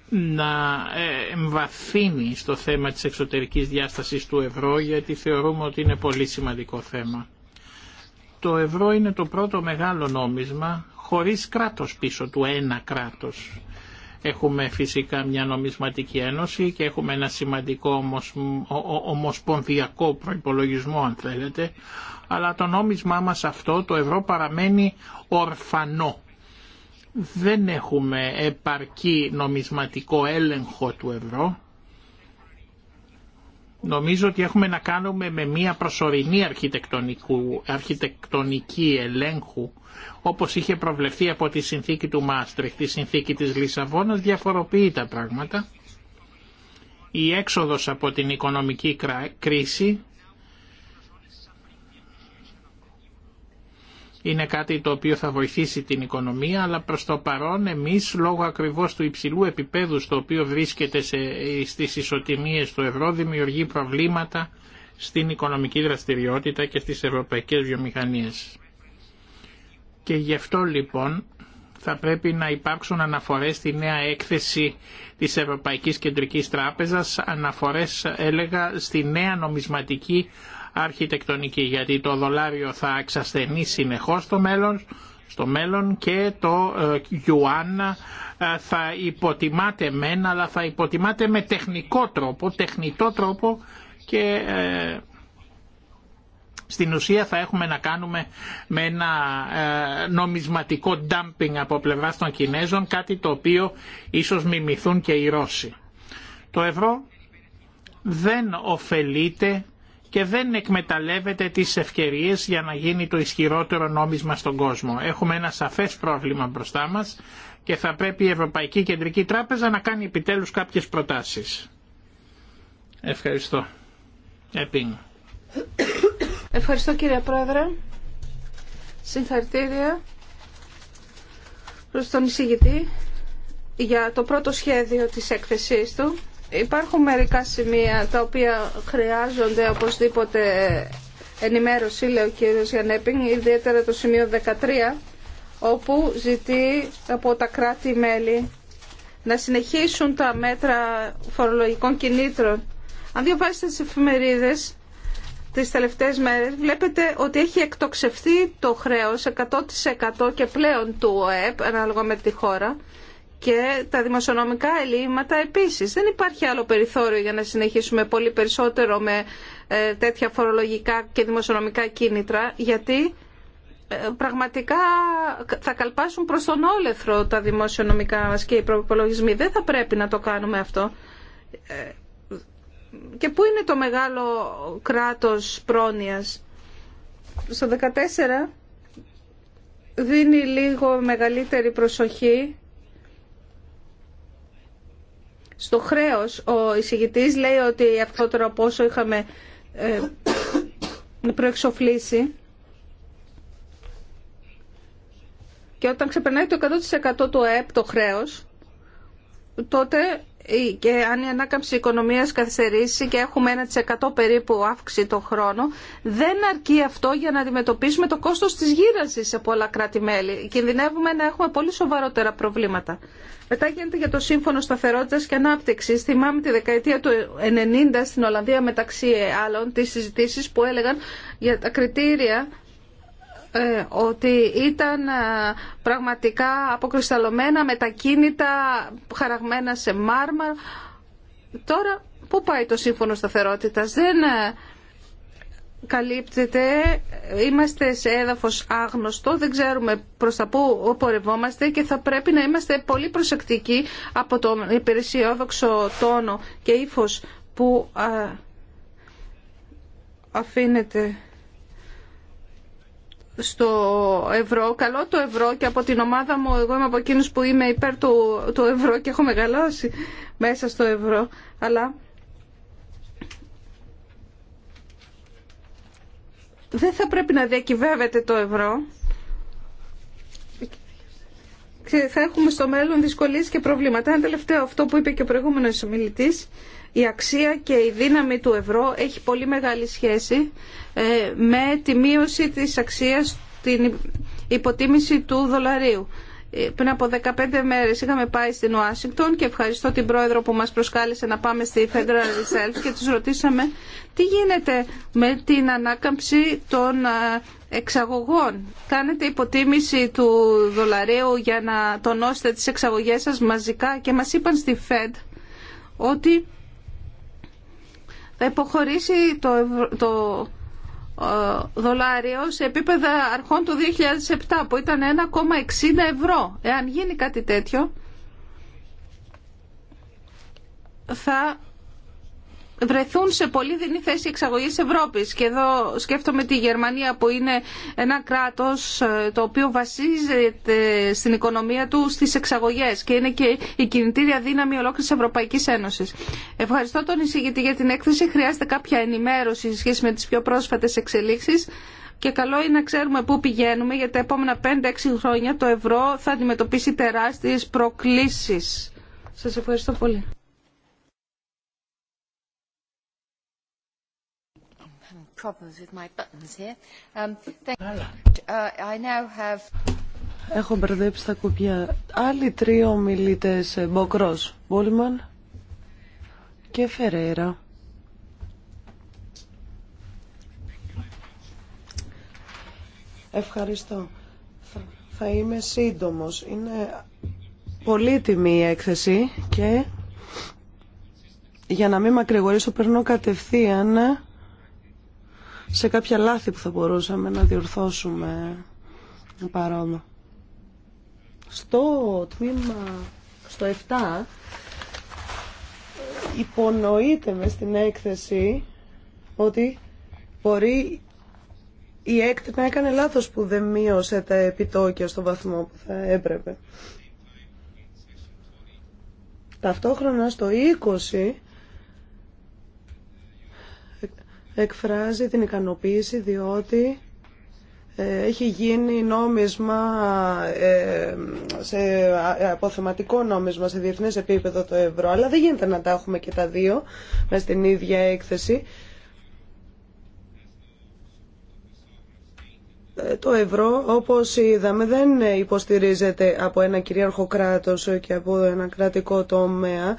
να ε, εμβαθύνει στο θέμα της εξωτερικής διάστασης του ευρώ γιατί θεωρούμε ότι είναι πολύ σημαντικό θέμα. Το ευρώ είναι το πρώτο μεγάλο νόμισμα χωρίς κράτος πίσω του, ένα κράτος. Έχουμε φυσικά μια νομισματική ένωση και έχουμε ένα σημαντικό ομοσ... ομοσπονδιακό προϋπολογισμό αν θέλετε, αλλά το νόμισμά μας αυτό, το ευρώ παραμένει ορφανό δεν έχουμε επαρκή νομισματικό έλεγχο του ευρώ. Νομίζω ότι έχουμε να κάνουμε με μια προσωρινή αρχιτεκτονική ελέγχου, όπως είχε προβλεφθεί από τη συνθήκη του Μάστρεχ, τη συνθήκη της Λισαβόνας, διαφοροποιεί τα πράγματα. Η έξοδος από την οικονομική κρίση είναι κάτι το οποίο θα βοηθήσει την οικονομία, αλλά προς το παρόν εμείς λόγω ακριβώς του υψηλού επίπεδου στο οποίο βρίσκεται σε, στις ισοτιμίες του ευρώ δημιουργεί προβλήματα στην οικονομική δραστηριότητα και στις ευρωπαϊκές βιομηχανίες. Και γι' αυτό λοιπόν θα πρέπει να υπάρξουν αναφορές στη νέα έκθεση της Ευρωπαϊκής Κεντρικής Τράπεζας, αναφορές έλεγα στη νέα νομισματική αρχιτεκτονική γιατί το δολάριο θα εξασθενεί συνεχώς στο μέλλον, στο μέλλον και το γιουάν ε, ε, θα υποτιμάται μεν αλλά θα υποτιμάται με τεχνικό τρόπο, τεχνητό τρόπο και ε, στην ουσία θα έχουμε να κάνουμε με ένα νομισματικό dumping από πλευράς των Κινέζων, κάτι το οποίο ίσως μιμηθούν και οι Ρώσοι. Το ευρώ δεν ωφελείται και δεν εκμεταλλεύεται τις ευκαιρίες για να γίνει το ισχυρότερο νόμισμα στον κόσμο. Έχουμε ένα σαφές πρόβλημα μπροστά μας και θα πρέπει η Ευρωπαϊκή Κεντρική Τράπεζα να κάνει επιτέλους κάποιες προτάσεις. Ευχαριστώ. Επίν. Ευχαριστώ κύριε Πρόεδρε. Συγχαρητήρια προς τον εισηγητή για το πρώτο σχέδιο της έκθεσής του Υπάρχουν μερικά σημεία τα οποία χρειάζονται οπωσδήποτε ενημέρωση, λέει ο κύριος Γιανέπινγκ, ιδιαίτερα το σημείο 13, όπου ζητεί από τα κράτη-μέλη να συνεχίσουν τα μέτρα φορολογικών κινήτρων. Αν διαβάσετε τις εφημερίδες τις τελευταίες μέρες, βλέπετε ότι έχει εκτοξευθεί το χρέος 100% και πλέον του ΟΕΠ, ανάλογα με τη χώρα, και τα δημοσιονομικά ελλείμματα επίσης. Δεν υπάρχει άλλο περιθώριο για να συνεχίσουμε πολύ περισσότερο με ε, τέτοια φορολογικά και δημοσιονομικά κίνητρα, γιατί ε, πραγματικά θα καλπάσουν προς τον όλεθρο τα δημοσιονομικά μας και οι προπολογισμοί. Δεν θα πρέπει να το κάνουμε αυτό. Ε, και πού είναι το μεγάλο κράτος πρόνοιας. Στο 14 δίνει λίγο μεγαλύτερη προσοχή στο χρέος ο εισηγητής λέει ότι αυτό από όσο είχαμε ε, προεξοφλήσει και όταν ξεπερνάει το 100% του ΑΕΠ το χρέος τότε και αν η ανάκαμψη οικονομία καθυστερήσει και έχουμε 1% περίπου αύξηση το χρόνο, δεν αρκεί αυτό για να αντιμετωπίσουμε το κόστος τη γύρανση σε πολλά κράτη-μέλη. Κινδυνεύουμε να έχουμε πολύ σοβαρότερα προβλήματα. Μετά γίνεται για το Σύμφωνο Σταθερότητας και ανάπτυξη. Θυμάμαι τη δεκαετία του 90 στην Ολλανδία μεταξύ άλλων τις συζητήσεις που έλεγαν για τα κριτήρια ε, ότι ήταν ε, πραγματικά αποκρισταλωμένα, μετακίνητα, χαραγμένα σε μάρμα. Τώρα πού πάει το σύμφωνο σταθερότητας. Δεν ε, καλύπτεται, είμαστε σε έδαφος άγνωστο, δεν ξέρουμε προς τα πού πορευόμαστε και θα πρέπει να είμαστε πολύ προσεκτικοί από το υπηρεσιόδοξο τόνο και ύφος που αφήνεται στο ευρώ. Καλό το ευρώ και από την ομάδα μου, εγώ είμαι από εκείνους που είμαι υπέρ του, του ευρώ και έχω μεγαλώσει μέσα στο ευρώ. Αλλά δεν θα πρέπει να διακυβεύεται το ευρώ. Θα έχουμε στο μέλλον δυσκολίες και προβλήματα. Ένα τελευταίο αυτό που είπε και ο προηγούμενος ομιλητής η αξία και η δύναμη του ευρώ έχει πολύ μεγάλη σχέση ε, με τη μείωση της αξίας την υποτίμηση του δολαρίου. Ε, πριν από 15 μέρες είχαμε πάει στην Ουάσιγκτον και ευχαριστώ την πρόεδρο που μας προσκάλεσε να πάμε στη Federal Reserve και τους ρωτήσαμε τι γίνεται με την ανάκαμψη των ε, εξαγωγών. Κάνετε υποτίμηση του δολαρίου για να τονώσετε τι εξαγωγέ σα μαζικά και μα είπαν στη Fed ότι θα υποχωρήσει το, το ε, δολάριο σε επίπεδα αρχών του 2007 που ήταν 1,60 ευρώ. Εάν γίνει κάτι τέτοιο θα βρεθούν σε πολύ δινή θέση εξαγωγής Ευρώπης. Και εδώ σκέφτομαι τη Γερμανία που είναι ένα κράτος ε, το οποίο βασίζεται στην οικονομία του στις εξαγωγές και είναι και η κινητήρια δύναμη ολόκληρης Ευρωπαϊκής Ένωσης. Ευχαριστώ τον εισηγητή για την έκθεση. Χρειάζεται κάποια ενημέρωση σε σχέση με τις πιο πρόσφατες εξελίξεις. Και καλό είναι να ξέρουμε πού πηγαίνουμε, γιατί τα επόμενα 5-6 χρόνια το ευρώ θα αντιμετωπίσει τεράστιες προκλήσεις. Σας ευχαριστώ πολύ. Έχω μπερδέψει τα κουπιά. Άλλοι τρει ομιλητέ. Ε, Μποκρό, Μπόλμαν και Φερέρα. Ευχαριστώ. Θα είμαι σύντομος. Είναι πολύτιμη η έκθεση και για να μην μακρηγορήσω περνώ κατευθείαν σε κάποια λάθη που θα μπορούσαμε να διορθώσουμε παρόμο. Στο τμήμα, στο 7, υπονοείται με στην έκθεση ότι μπορεί η έκτη να έκανε λάθος που δεν μείωσε τα επιτόκια στο βαθμό που θα έπρεπε. Ταυτόχρονα στο 20 εκφράζει την ικανοποίηση διότι ε, έχει γίνει νόμισμα ε, σε ε, αποθεματικό νόμισμα σε διεθνές επίπεδο το ευρώ αλλά δεν γίνεται να τα έχουμε και τα δύο με στην ίδια έκθεση το ευρώ όπως είδαμε δεν υποστηρίζεται από ένα κυρίαρχο κράτος και από ένα κρατικό τομέα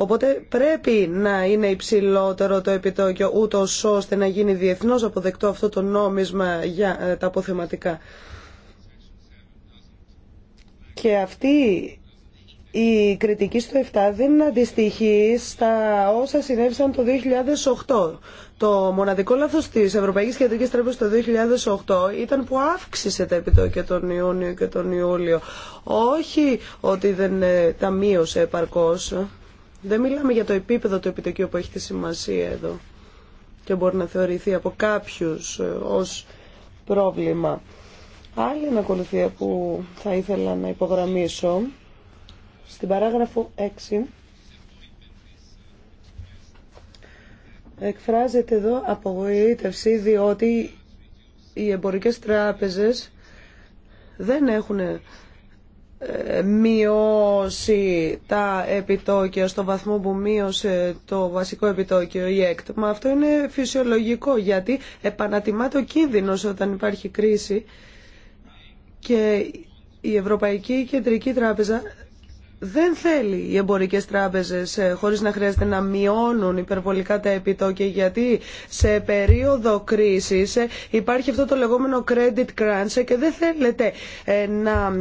Οπότε πρέπει να είναι υψηλότερο το επιτόκιο ούτω ώστε να γίνει διεθνώς αποδεκτό αυτό το νόμισμα για ε, τα αποθεματικά. Και αυτή η κριτική στο 7 δεν αντιστοιχεί στα όσα συνέβησαν το 2008. Το μοναδικό λάθος της Ευρωπαϊκής Κεντρικής Τράπεζας το 2008 ήταν που αύξησε τα επιτόκια τον Ιούνιο και τον Ιούλιο. Όχι ότι δεν ε, τα μείωσε επαρκώς. Δεν μιλάμε για το επίπεδο του επιτοκίου που έχει τη σημασία εδώ και μπορεί να θεωρηθεί από κάποιους ε, ως πρόβλημα. Άλλη ανακολουθία που θα ήθελα να υπογραμμίσω στην παράγραφο 6 εκφράζεται εδώ απογοήτευση διότι οι εμπορικές τράπεζες δεν έχουν μειώσει τα επιτόκια στο βαθμό που μείωσε το βασικό επιτόκιο η Μα Αυτό είναι φυσιολογικό γιατί επανατιμά το κίνδυνο όταν υπάρχει κρίση και η Ευρωπαϊκή Κεντρική Τράπεζα δεν θέλει οι εμπορικές τράπεζες ε, χωρίς να χρειάζεται να μειώνουν υπερβολικά τα επιτόκια γιατί σε περίοδο κρίσης ε, υπάρχει αυτό το λεγόμενο credit crunch ε, και δεν θέλετε να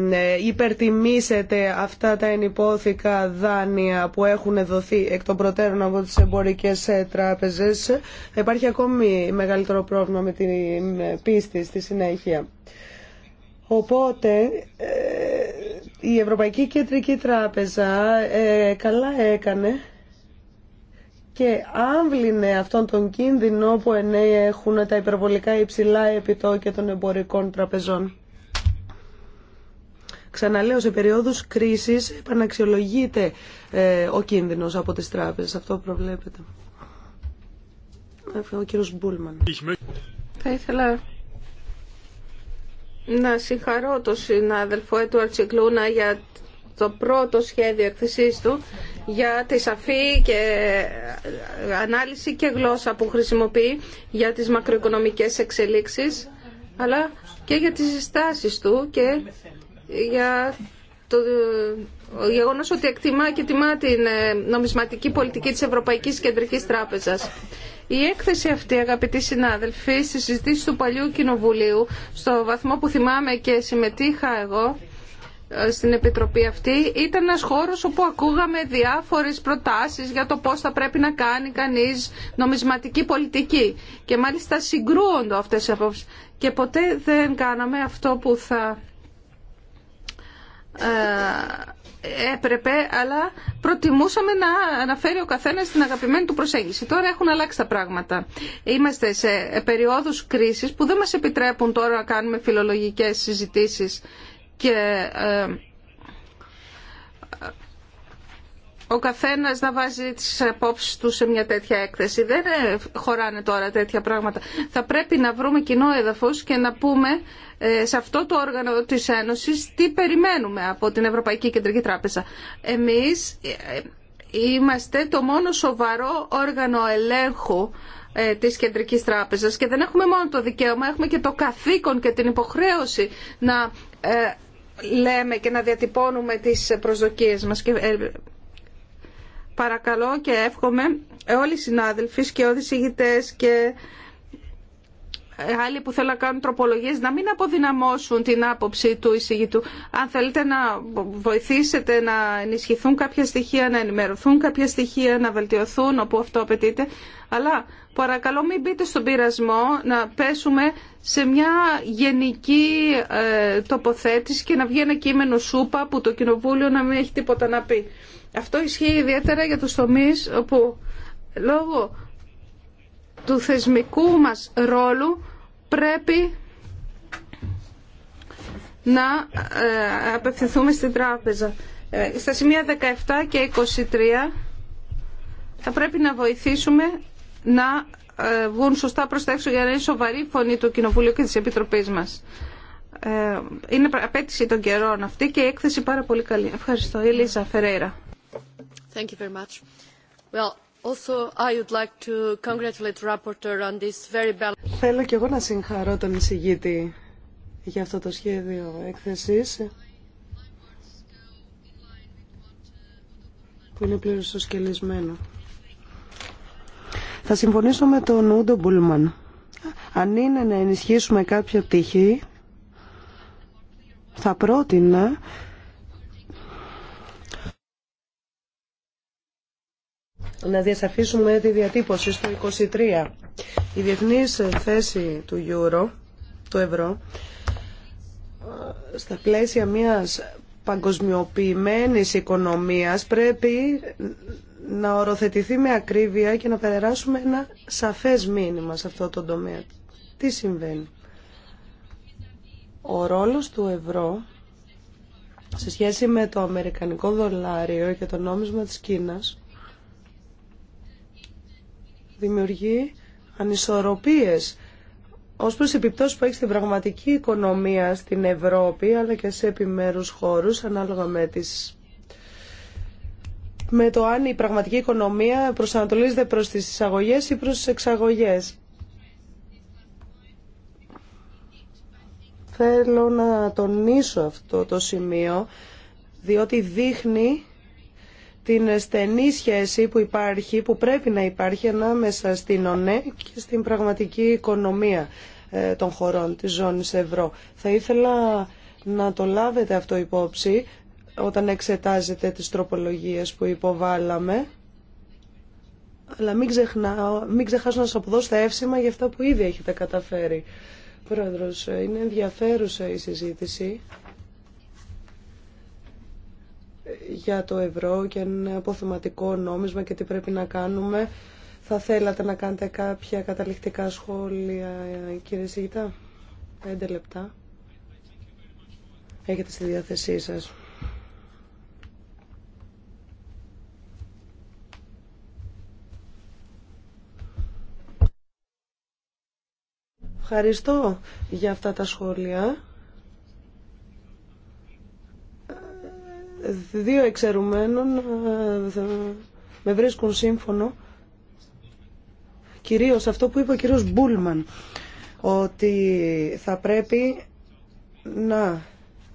υπερτιμήσετε αυτά τα ενυπόθηκα δάνεια που έχουν δοθεί εκ των προτέρων από τις εμπορικές τράπεζες. Υπάρχει ακόμη μεγαλύτερο πρόβλημα με την πίστη στη συνέχεια. Οπότε η Ευρωπαϊκή Κεντρική Τράπεζα ε, καλά έκανε και άμβλυνε αυτόν τον κίνδυνο που ενέχουν τα υπερβολικά υψηλά επιτόκια των εμπορικών τραπεζών. Ξαναλέω, σε περίοδους κρίσης επαναξιολογείται ε, ο κίνδυνος από τις τράπεζες. Αυτό προβλέπετε. Ο κύριος Μπούλμαν. Θα ήθελα να συγχαρώ τον συνάδελφο Έτουαρτ Τσικλούνα για το πρώτο σχέδιο εκθεσής του για τη σαφή και ανάλυση και γλώσσα που χρησιμοποιεί για τις μακροοικονομικές εξελίξεις αλλά και για τις συστάσεις του και για το γεγονό ότι εκτιμά και τιμά την ε, νομισματική πολιτική της Ευρωπαϊκής Κεντρικής Τράπεζας. Η έκθεση αυτή, αγαπητοί συνάδελφοι, στη συζήτηση του παλιού κοινοβουλίου, στο βαθμό που θυμάμαι και συμμετείχα εγώ, ε, στην Επιτροπή αυτή ήταν ένας χώρος όπου ακούγαμε διάφορες προτάσεις για το πώς θα πρέπει να κάνει κανείς νομισματική πολιτική και μάλιστα συγκρούονται αυτές οι απόψεις και ποτέ δεν κάναμε αυτό που θα ε, έπρεπε, αλλά προτιμούσαμε να αναφέρει ο καθένα την αγαπημένη του προσέγγιση. Τώρα έχουν αλλάξει τα πράγματα. Είμαστε σε περιόδους κρίσης που δεν μας επιτρέπουν τώρα να κάνουμε φιλολογικές συζητήσεις και ε, ο καθένα να βάζει τις απόψει του σε μια τέτοια έκθεση. Δεν ε, χωράνε τώρα τέτοια πράγματα. Θα πρέπει να βρούμε κοινό έδαφος και να πούμε ε, σε αυτό το όργανο της Ένωσης τι περιμένουμε από την Ευρωπαϊκή Κεντρική Τράπεζα. Εμείς ε, είμαστε το μόνο σοβαρό όργανο ελέγχου της Κεντρικής Τράπεζας και δεν έχουμε μόνο το δικαίωμα, έχουμε και το καθήκον και την υποχρέωση να λέμε και να διατυπώνουμε τις προσδοκίες μας παρακαλώ και εύχομαι όλοι οι συνάδελφοι και όλοι οι και άλλοι που θέλουν να κάνουν τροπολογίες να μην αποδυναμώσουν την άποψη του εισηγητού. Αν θέλετε να βοηθήσετε να ενισχυθούν κάποια στοιχεία, να ενημερωθούν κάποια στοιχεία, να βελτιωθούν όπου αυτό απαιτείται. Αλλά παρακαλώ μην μπείτε στον πειρασμό να πέσουμε σε μια γενική ε, τοποθέτηση και να βγει ένα κείμενο σούπα που το κοινοβούλιο να μην έχει τίποτα να πει. Αυτό ισχύει ιδιαίτερα για τους τομείς όπου λόγω του θεσμικού μας ρόλου πρέπει να ε, απευθυνθούμε στην τράπεζα. Ε, στα σημεία 17 και 23 θα πρέπει να βοηθήσουμε να ε, βγουν σωστά προς τα έξω για να είναι σοβαρή φωνή του Κοινοβουλίου και της Επιτροπής μας. Είναι απέτηση των καιρών αυτή και η έκθεση πάρα πολύ καλή. Ευχαριστώ. Ελίζα Φερέιρα. Thank you very much. Well, Θέλω και εγώ να συγχαρώ τον εισηγήτη για αυτό το σχέδιο έκθεσης που είναι πλήρως σοσκελισμένο. Θα συμφωνήσω με τον Ούντο Μπούλμαν. Αν είναι να ενισχύσουμε κάποιο τύχη, θα πρότεινα να διασαφίσουμε τη διατύπωση στο 23. Η διεθνής θέση του Euro, του ευρώ, στα πλαίσια μιας παγκοσμιοποιημένης οικονομίας πρέπει να οροθετηθεί με ακρίβεια και να περάσουμε ένα σαφές μήνυμα σε αυτό το τομέα. Τι συμβαίνει. Ο ρόλος του ευρώ σε σχέση με το αμερικανικό δολάριο και το νόμισμα της Κίνας δημιουργεί ανισορροπίες ως προς επιπτώσεις που έχει στην πραγματική οικονομία στην Ευρώπη αλλά και σε επιμέρους χώρους ανάλογα με με το αν η πραγματική οικονομία προσανατολίζεται προς τις εισαγωγές ή προς τις εξαγωγές. Θέλω να τονίσω αυτό το σημείο, διότι δείχνει την στενή σχέση που υπάρχει, που πρέπει να υπάρχει ανάμεσα στην ΟΝΕ και στην πραγματική οικονομία ε, των χωρών της ζώνης ευρώ. Θα ήθελα να το λάβετε αυτό υπόψη όταν εξετάζετε τις τροπολογίες που υποβάλαμε. Αλλά μην, ξεχνάω μην ξεχάσω να σας αποδώσω τα εύσημα για αυτά που ήδη έχετε καταφέρει. Πρόεδρος, ε, είναι ενδιαφέρουσα η συζήτηση για το ευρώ και ένα αποθεματικό νόμισμα και τι πρέπει να κάνουμε. Θα θέλατε να κάνετε κάποια καταληκτικά σχόλια, κύριε Σίγητα. Πέντε λεπτά. Έχετε στη διάθεσή σας. Ευχαριστώ για αυτά τα σχόλια. δύο εξαιρουμένων ε, με βρίσκουν σύμφωνο κυρίως αυτό που είπε ο κύριος Μπούλμαν ότι θα πρέπει να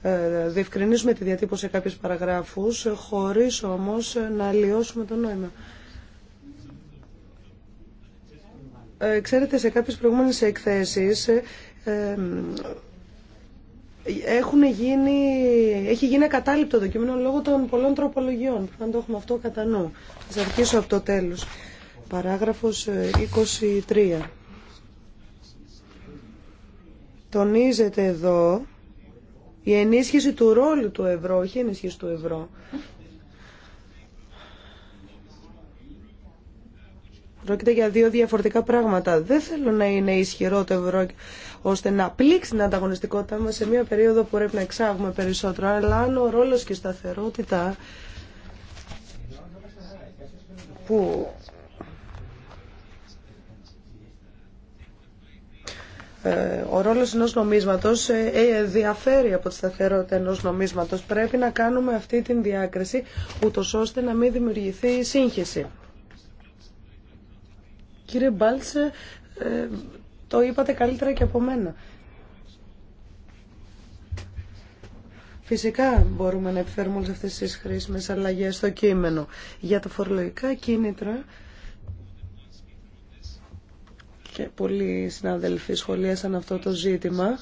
ε, διευκρινίσουμε τη διατύπωση σε κάποιες παραγράφους χωρίς όμως να αλλοιώσουμε το νόημα. Ε, ξέρετε, σε κάποιες προηγούμενες εκθέσεις έχουν γίνει, έχει γίνει ακατάληπτο το κείμενο λόγω των πολλών τροπολογιών. Αν το έχουμε αυτό κατά νου. Θα αρχίσω από το τέλος. Παράγραφος 23. Ε, Τονίζεται εδώ η ενίσχυση του ρόλου του ευρώ, όχι η ενίσχυση του ευρώ. Πρόκειται για δύο διαφορετικά πράγματα. Δεν θέλω να είναι ισχυρό το ευρώ ώστε να πλήξει την ανταγωνιστικότητά μα σε μια περίοδο που πρέπει να εξάγουμε περισσότερο. Αλλά αν ο ρόλος και η σταθερότητα που ε, ο ρόλος ενός νομίσματος ε, ε, διαφέρει από τη σταθερότητα ενός νομίσματος. Πρέπει να κάνουμε αυτή την διάκριση, ούτω ώστε να μην δημιουργηθεί σύγχυση. Κύριε Μπάλτσε, το είπατε καλύτερα και από μένα. Φυσικά μπορούμε να επιφέρουμε όλες αυτές τις χρήσιμες αλλαγές στο κείμενο. Για τα φορολογικά κίνητρα και πολλοί συναδελφοί σχολίασαν αυτό το ζήτημα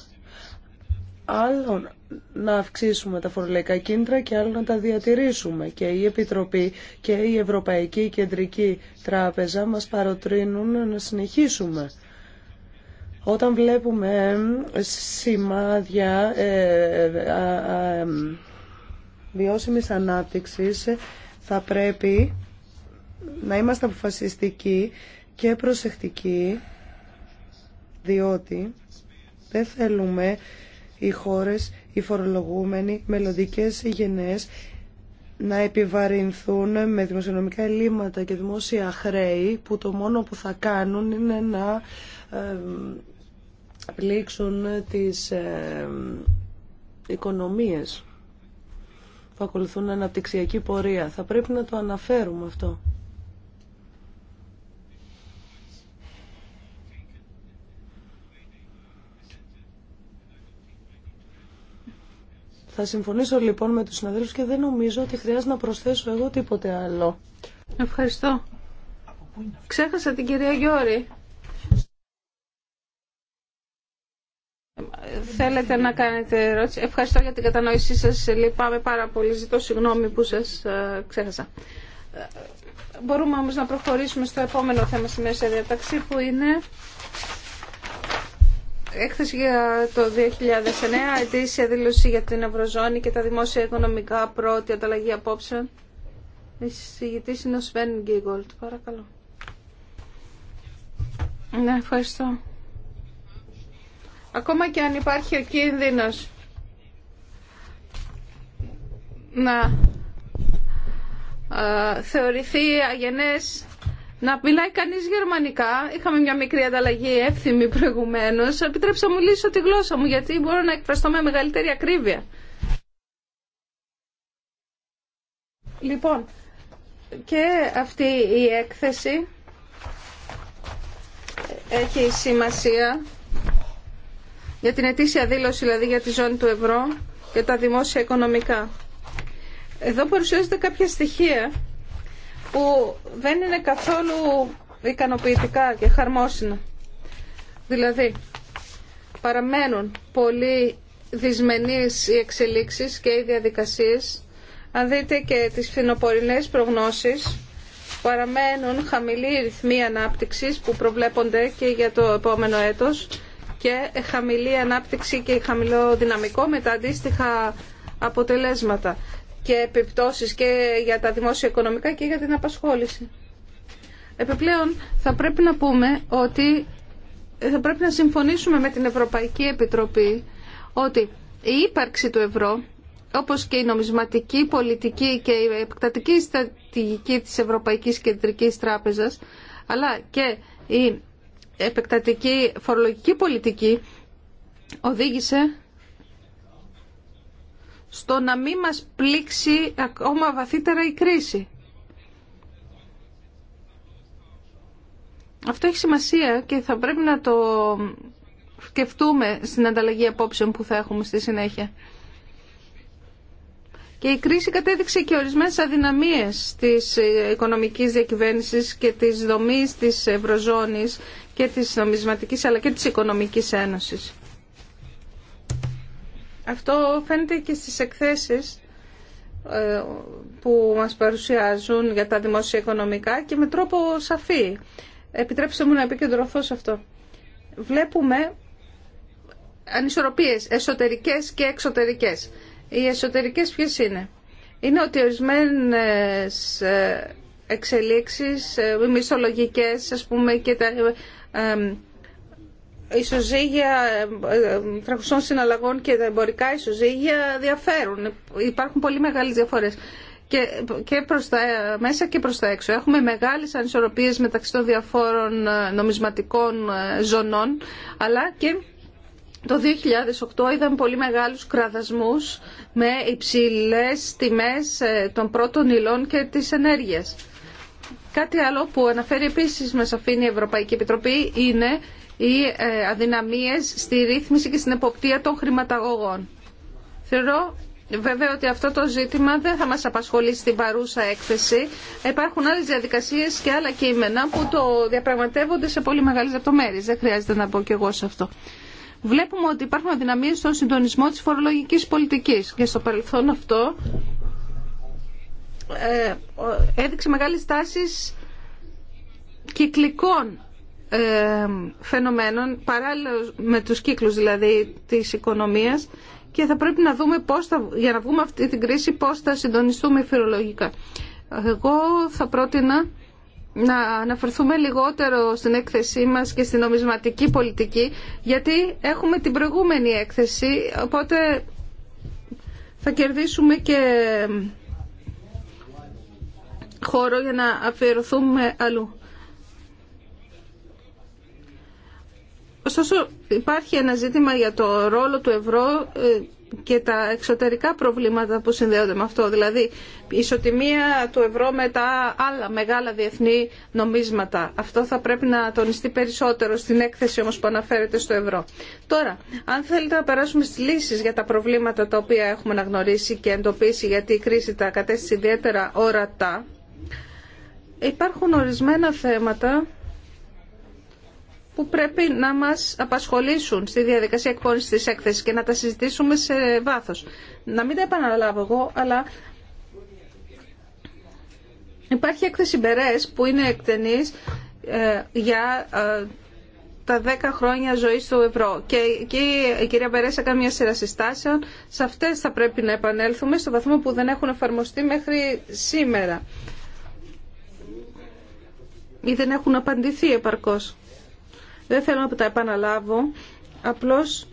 Άλλο να αυξήσουμε τα φορολογικά κίνητρα και άλλο να τα διατηρήσουμε. Και η Επιτροπή και η Ευρωπαϊκή Κεντρική Τράπεζα μας παροτρύνουν να συνεχίσουμε όταν βλέπουμε σημάδια ε, ε, βιώσιμης ανάπτυξης θα πρέπει να είμαστε αποφασιστικοί και προσεκτικοί διότι δεν θέλουμε οι χώρες, οι φορολογούμενοι, μελλοντικές γενναίες να επιβαρυνθούν με δημοσιονομικά ελλείμματα και δημόσια χρέη που το μόνο που θα κάνουν είναι να ε, πλήξουν τις ε, οικονομίες που ακολουθούν αναπτυξιακή πορεία. Θα πρέπει να το αναφέρουμε αυτό. Θα συμφωνήσω λοιπόν με τους συναδέλφους και δεν νομίζω ότι χρειάζεται να προσθέσω εγώ τίποτε άλλο. Ευχαριστώ. Ξέχασα την κυρία Γιώρη. θέλετε να κάνετε ερώτηση. Ευχαριστώ για την κατανόησή σας. Λυπάμαι πάρα πολύ. Ζητώ συγγνώμη που σας ε, ξέχασα. Ε, μπορούμε όμως να προχωρήσουμε στο επόμενο θέμα στη μέσα διαταξή που είναι έκθεση για το 2009, ετήσια δήλωση για την Ευρωζώνη και τα δημόσια οικονομικά πρώτη ανταλλαγή απόψε. Η συζητής είναι ο Σβέν Γκίγολτ. Παρακαλώ. Ναι, ευχαριστώ. Ακόμα και αν υπάρχει ο κίνδυνος να θεωρηθεί αγενές να μιλάει κανείς γερμανικά. Είχαμε μια μικρή ανταλλαγή εύθυμη προηγουμένως. Επιτρέψα μου λύσω τη γλώσσα μου γιατί μπορώ να εκφραστώ με μεγαλύτερη ακρίβεια. Λοιπόν, και αυτή η έκθεση έχει σημασία για την ετήσια δήλωση δηλαδή για τη ζώνη του ευρώ και τα δημόσια οικονομικά. Εδώ παρουσιάζονται κάποια στοιχεία που δεν είναι καθόλου ικανοποιητικά και χαρμόσυνα. Δηλαδή, παραμένουν πολύ δυσμενείς οι εξελίξεις και οι διαδικασίες. Αν δείτε και τις φθινοπορεινές προγνώσεις, παραμένουν χαμηλοί ρυθμοί ανάπτυξης που προβλέπονται και για το επόμενο έτος και χαμηλή ανάπτυξη και χαμηλό δυναμικό με τα αντίστοιχα αποτελέσματα και επιπτώσεις και για τα δημόσια-οικονομικά και για την απασχόληση. Επιπλέον, θα πρέπει να πούμε ότι θα πρέπει να συμφωνήσουμε με την Ευρωπαϊκή Επιτροπή ότι η ύπαρξη του ευρώ, όπως και η νομισματική πολιτική και η επεκτατική στρατηγική της Ευρωπαϊκής Κεντρικής Τράπεζας, αλλά και η επεκτατική φορολογική πολιτική οδήγησε στο να μην μας πλήξει ακόμα βαθύτερα η κρίση. Αυτό έχει σημασία και θα πρέπει να το σκεφτούμε στην ανταλλαγή απόψεων που θα έχουμε στη συνέχεια. Και η κρίση κατέδειξε και ορισμένες αδυναμίες της οικονομικής διακυβέρνησης και της δομής της Ευρωζώνης και της νομισματικής αλλά και της οικονομικής ένωσης. Αυτό φαίνεται και στις εκθέσεις ε, που μας παρουσιάζουν για τα δημόσια οικονομικά και με τρόπο σαφή. Επιτρέψτε μου να επικεντρωθώ σε αυτό. Βλέπουμε ανισορροπίες εσωτερικές και εξωτερικές. Οι εσωτερικές ποιες είναι. Είναι ότι ορισμένες ε, εξελίξεις ε, μισολογικές ας πούμε και τα ισοζύγια τραχουσών συναλλαγών και τα εμπορικά ισοζύγια διαφέρουν. Υπάρχουν πολύ μεγάλες διαφορές και, μέσα και προς τα έξω. Έχουμε μεγάλες ανισορροπίες μεταξύ των διαφόρων ε, νομισματικών ε, ζωνών, αλλά και το 2008 είδαμε πολύ μεγάλους κραδασμούς με υψηλές τιμές ε, των πρώτων υλών και της ενέργειας. Κάτι άλλο που αναφέρει επίσης μας αφήνει η Ευρωπαϊκή Επιτροπή είναι οι ε, αδυναμίες στη ρύθμιση και στην εποπτεία των χρηματαγωγών. Θεωρώ βέβαια ότι αυτό το ζήτημα δεν θα μας απασχολήσει στην παρούσα έκθεση. Υπάρχουν άλλες διαδικασίες και άλλα κείμενα που το διαπραγματεύονται σε πολύ μεγάλες λεπτομέρειες. Δεν χρειάζεται να πω κι εγώ σε αυτό. Βλέπουμε ότι υπάρχουν αδυναμίες στον συντονισμό της φορολογικής πολιτικής και στο παρελθόν αυτό ε, έδειξε μεγάλες τάσεις κυκλικών ε, φαινομένων, παράλληλα με τους κύκλους δηλαδή της οικονομίας και θα πρέπει να δούμε πώς για να βγούμε αυτή την κρίση πώς θα συντονιστούμε φυρολογικά. Εγώ θα πρότεινα να αναφερθούμε λιγότερο στην έκθεσή μας και στην νομισματική πολιτική γιατί έχουμε την προηγούμενη έκθεση οπότε θα κερδίσουμε και χώρο για να αφιερωθούμε αλλού. Ωστόσο υπάρχει ένα ζήτημα για το ρόλο του ευρώ ε, και τα εξωτερικά προβλήματα που συνδέονται με αυτό. Δηλαδή η ισοτιμία του ευρώ με τα άλλα μεγάλα διεθνή νομίσματα. Αυτό θα πρέπει να τονιστεί περισσότερο στην έκθεση όμως που αναφέρεται στο ευρώ. Τώρα, αν θέλετε να περάσουμε στις λύσεις για τα προβλήματα τα οποία έχουμε αναγνωρίσει και εντοπίσει γιατί η κρίση τα κατέστησε ιδιαίτερα ορατά, Υπάρχουν ορισμένα θέματα που πρέπει να μας απασχολήσουν στη διαδικασία εκπόνησης της έκθεσης και να τα συζητήσουμε σε βάθος. Να μην τα επαναλάβω εγώ, αλλά υπάρχει έκθεση Μπερές που είναι εκτενής ε, για ε, τα 10 χρόνια ζωής του ευρώ. Και εκεί η κυρία Μπερές έκανε μια σειρά συστάσεων. Σε αυτές θα πρέπει να επανέλθουμε στο βαθμό που δεν έχουν εφαρμοστεί μέχρι σήμερα ή δεν έχουν απαντηθεί επαρκώς. Δεν θέλω να τα επαναλάβω, απλώς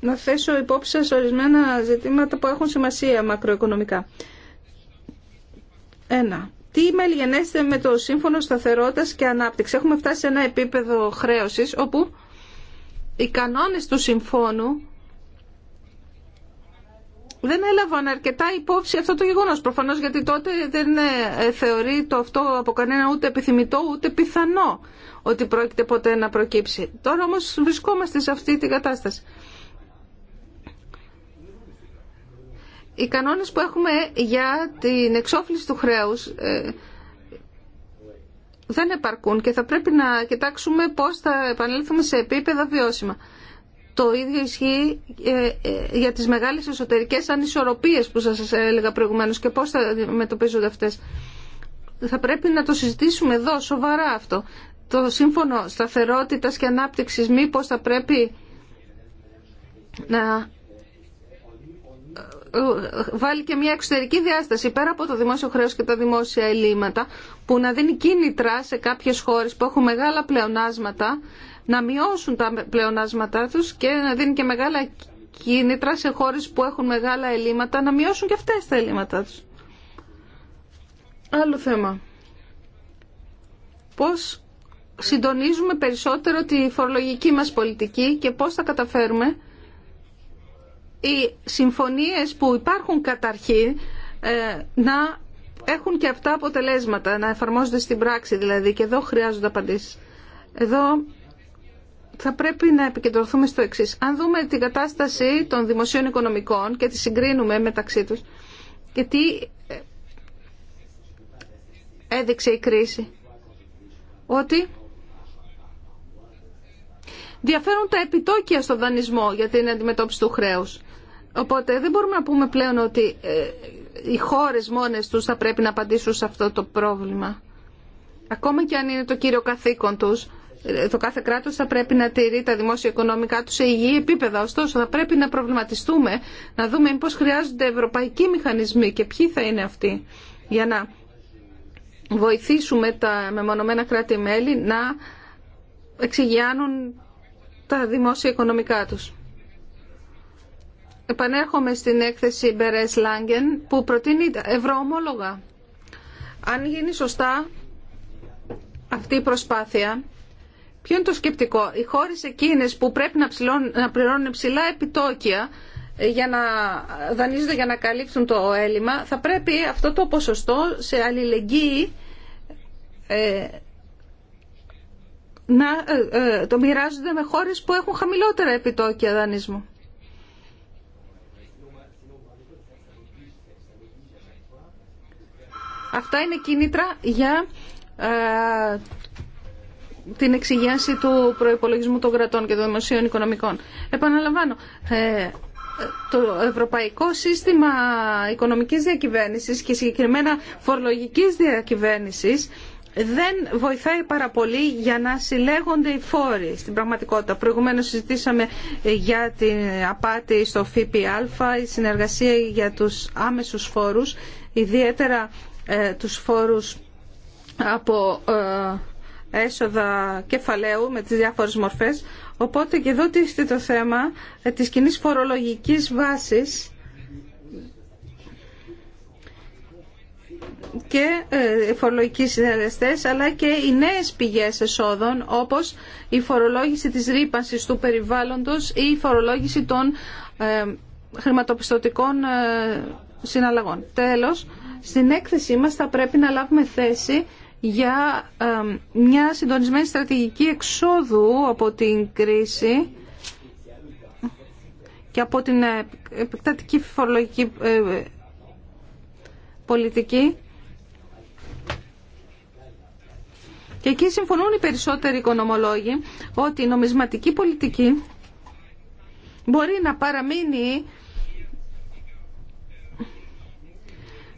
να θέσω υπόψη σας ορισμένα ζητήματα που έχουν σημασία μακροοικονομικά. Ένα. Τι μελγενέστε με το Σύμφωνο Σταθερότητας και Ανάπτυξη. Έχουμε φτάσει σε ένα επίπεδο χρέωσης όπου οι κανόνες του συμφώνου δεν έλαβαν αρκετά υπόψη αυτό το γεγονός. Προφανώς γιατί τότε δεν ε, ε, θεωρεί το αυτό από κανένα ούτε επιθυμητό ούτε πιθανό ότι πρόκειται ποτέ να προκύψει. Τώρα όμως βρισκόμαστε σε αυτή την κατάσταση. Οι κανόνες που έχουμε για την εξόφληση του χρέους ε, δεν επαρκούν και θα πρέπει να κοιτάξουμε πώς θα επανέλθουμε σε επίπεδα βιώσιμα. Το ίδιο ισχύει ε, ε, για τις μεγάλες εσωτερικές ανισορροπίες που σας έλεγα προηγουμένως και πώς θα αντιμετωπίζονται αυτές. Θα πρέπει να το συζητήσουμε εδώ σοβαρά αυτό. Το Σύμφωνο Σταθερότητας και Ανάπτυξης μήπως θα πρέπει να ε, βάλει και μια εξωτερική διάσταση πέρα από το δημόσιο χρέος και τα δημόσια ελλείμματα που να δίνει κίνητρα σε κάποιες χώρες που έχουν μεγάλα πλεονάσματα να μειώσουν τα πλεονάσματά τους και να δίνει και μεγάλα κίνητρα σε χώρες που έχουν μεγάλα ελλείμματα να μειώσουν και αυτές τα ελλείμματα τους. Άλλο θέμα. Πώς συντονίζουμε περισσότερο τη φορολογική μας πολιτική και πώς θα καταφέρουμε οι συμφωνίες που υπάρχουν καταρχή ε, να έχουν και αυτά αποτελέσματα, να εφαρμόζονται στην πράξη δηλαδή και εδώ χρειάζονται απαντήσεις. Εδώ θα πρέπει να επικεντρωθούμε στο εξή. Αν δούμε την κατάσταση των δημοσίων οικονομικών και τη συγκρίνουμε μεταξύ τους, τι ε, έδειξε η κρίση ότι διαφέρουν τα επιτόκια στον δανεισμό για την αντιμετώπιση του χρέους. Οπότε δεν μπορούμε να πούμε πλέον ότι ε, οι χώρες μόνες τους θα πρέπει να απαντήσουν σε αυτό το πρόβλημα. Ακόμα και αν είναι το κύριο καθήκον τους, το κάθε κράτος θα πρέπει να τηρεί τα δημόσια οικονομικα του σε υγιή επίπεδα. Ωστόσο, θα πρέπει να προβληματιστούμε, να δούμε πώς χρειάζονται ευρωπαϊκοί μηχανισμοί και ποιοι θα είναι αυτοί για να βοηθήσουμε τα μεμονωμένα κράτη-μέλη να εξηγιάνουν τα δημόσια-οικονομικά τους. Επανέρχομαι στην έκθεση Μπερές Λάγκεν που προτείνει ευρωομόλογα. Αν γίνει σωστά αυτή η προσπάθεια Ποιο είναι το σκεπτικό. Οι χώρε εκείνες που πρέπει να, ψηλών, να πληρώνουν ψηλά επιτόκια ε, για να δανείζονται για να καλύψουν το έλλειμμα, θα πρέπει αυτό το ποσοστό σε αλληλεγγύη ε, να ε, ε, το μοιράζονται με χώρες που έχουν χαμηλότερα επιτόκια δανεισμού. Αυτά είναι κίνητρα για την εξηγίαση του προπολογισμού των κρατών και των δημοσίων οικονομικών. Επαναλαμβάνω, ε, το ευρωπαϊκό σύστημα οικονομικής διακυβέρνησης και συγκεκριμένα φορολογικής διακυβέρνησης δεν βοηθάει πάρα πολύ για να συλλέγονται οι φόροι στην πραγματικότητα. Προηγουμένως συζητήσαμε για την απάτη στο ΦΠΑ, η συνεργασία για τους άμεσους φόρους, ιδιαίτερα ε, τους φόρους από ε, έσοδα κεφαλαίου με τις διάφορες μορφές. Οπότε και εδώ τίθεται το θέμα ε, της κοινή φορολογικής βάσης και ε, φορολογικοί συνεργαστές αλλά και οι νέες πηγές εσόδων όπως η φορολόγηση της ρήπανσης του περιβάλλοντος ή η φορολόγηση των ε, χρηματοπιστωτικών ε, συναλλαγών. Τέλος, στην έκθεσή μας θα πρέπει να λάβουμε θέση για μια συντονισμένη στρατηγική εξόδου από την κρίση και από την ε, επεκτατική φορολογική ε, πολιτική. Και εκεί συμφωνούν οι περισσότεροι οικονομολόγοι ότι η νομισματική πολιτική μπορεί να παραμείνει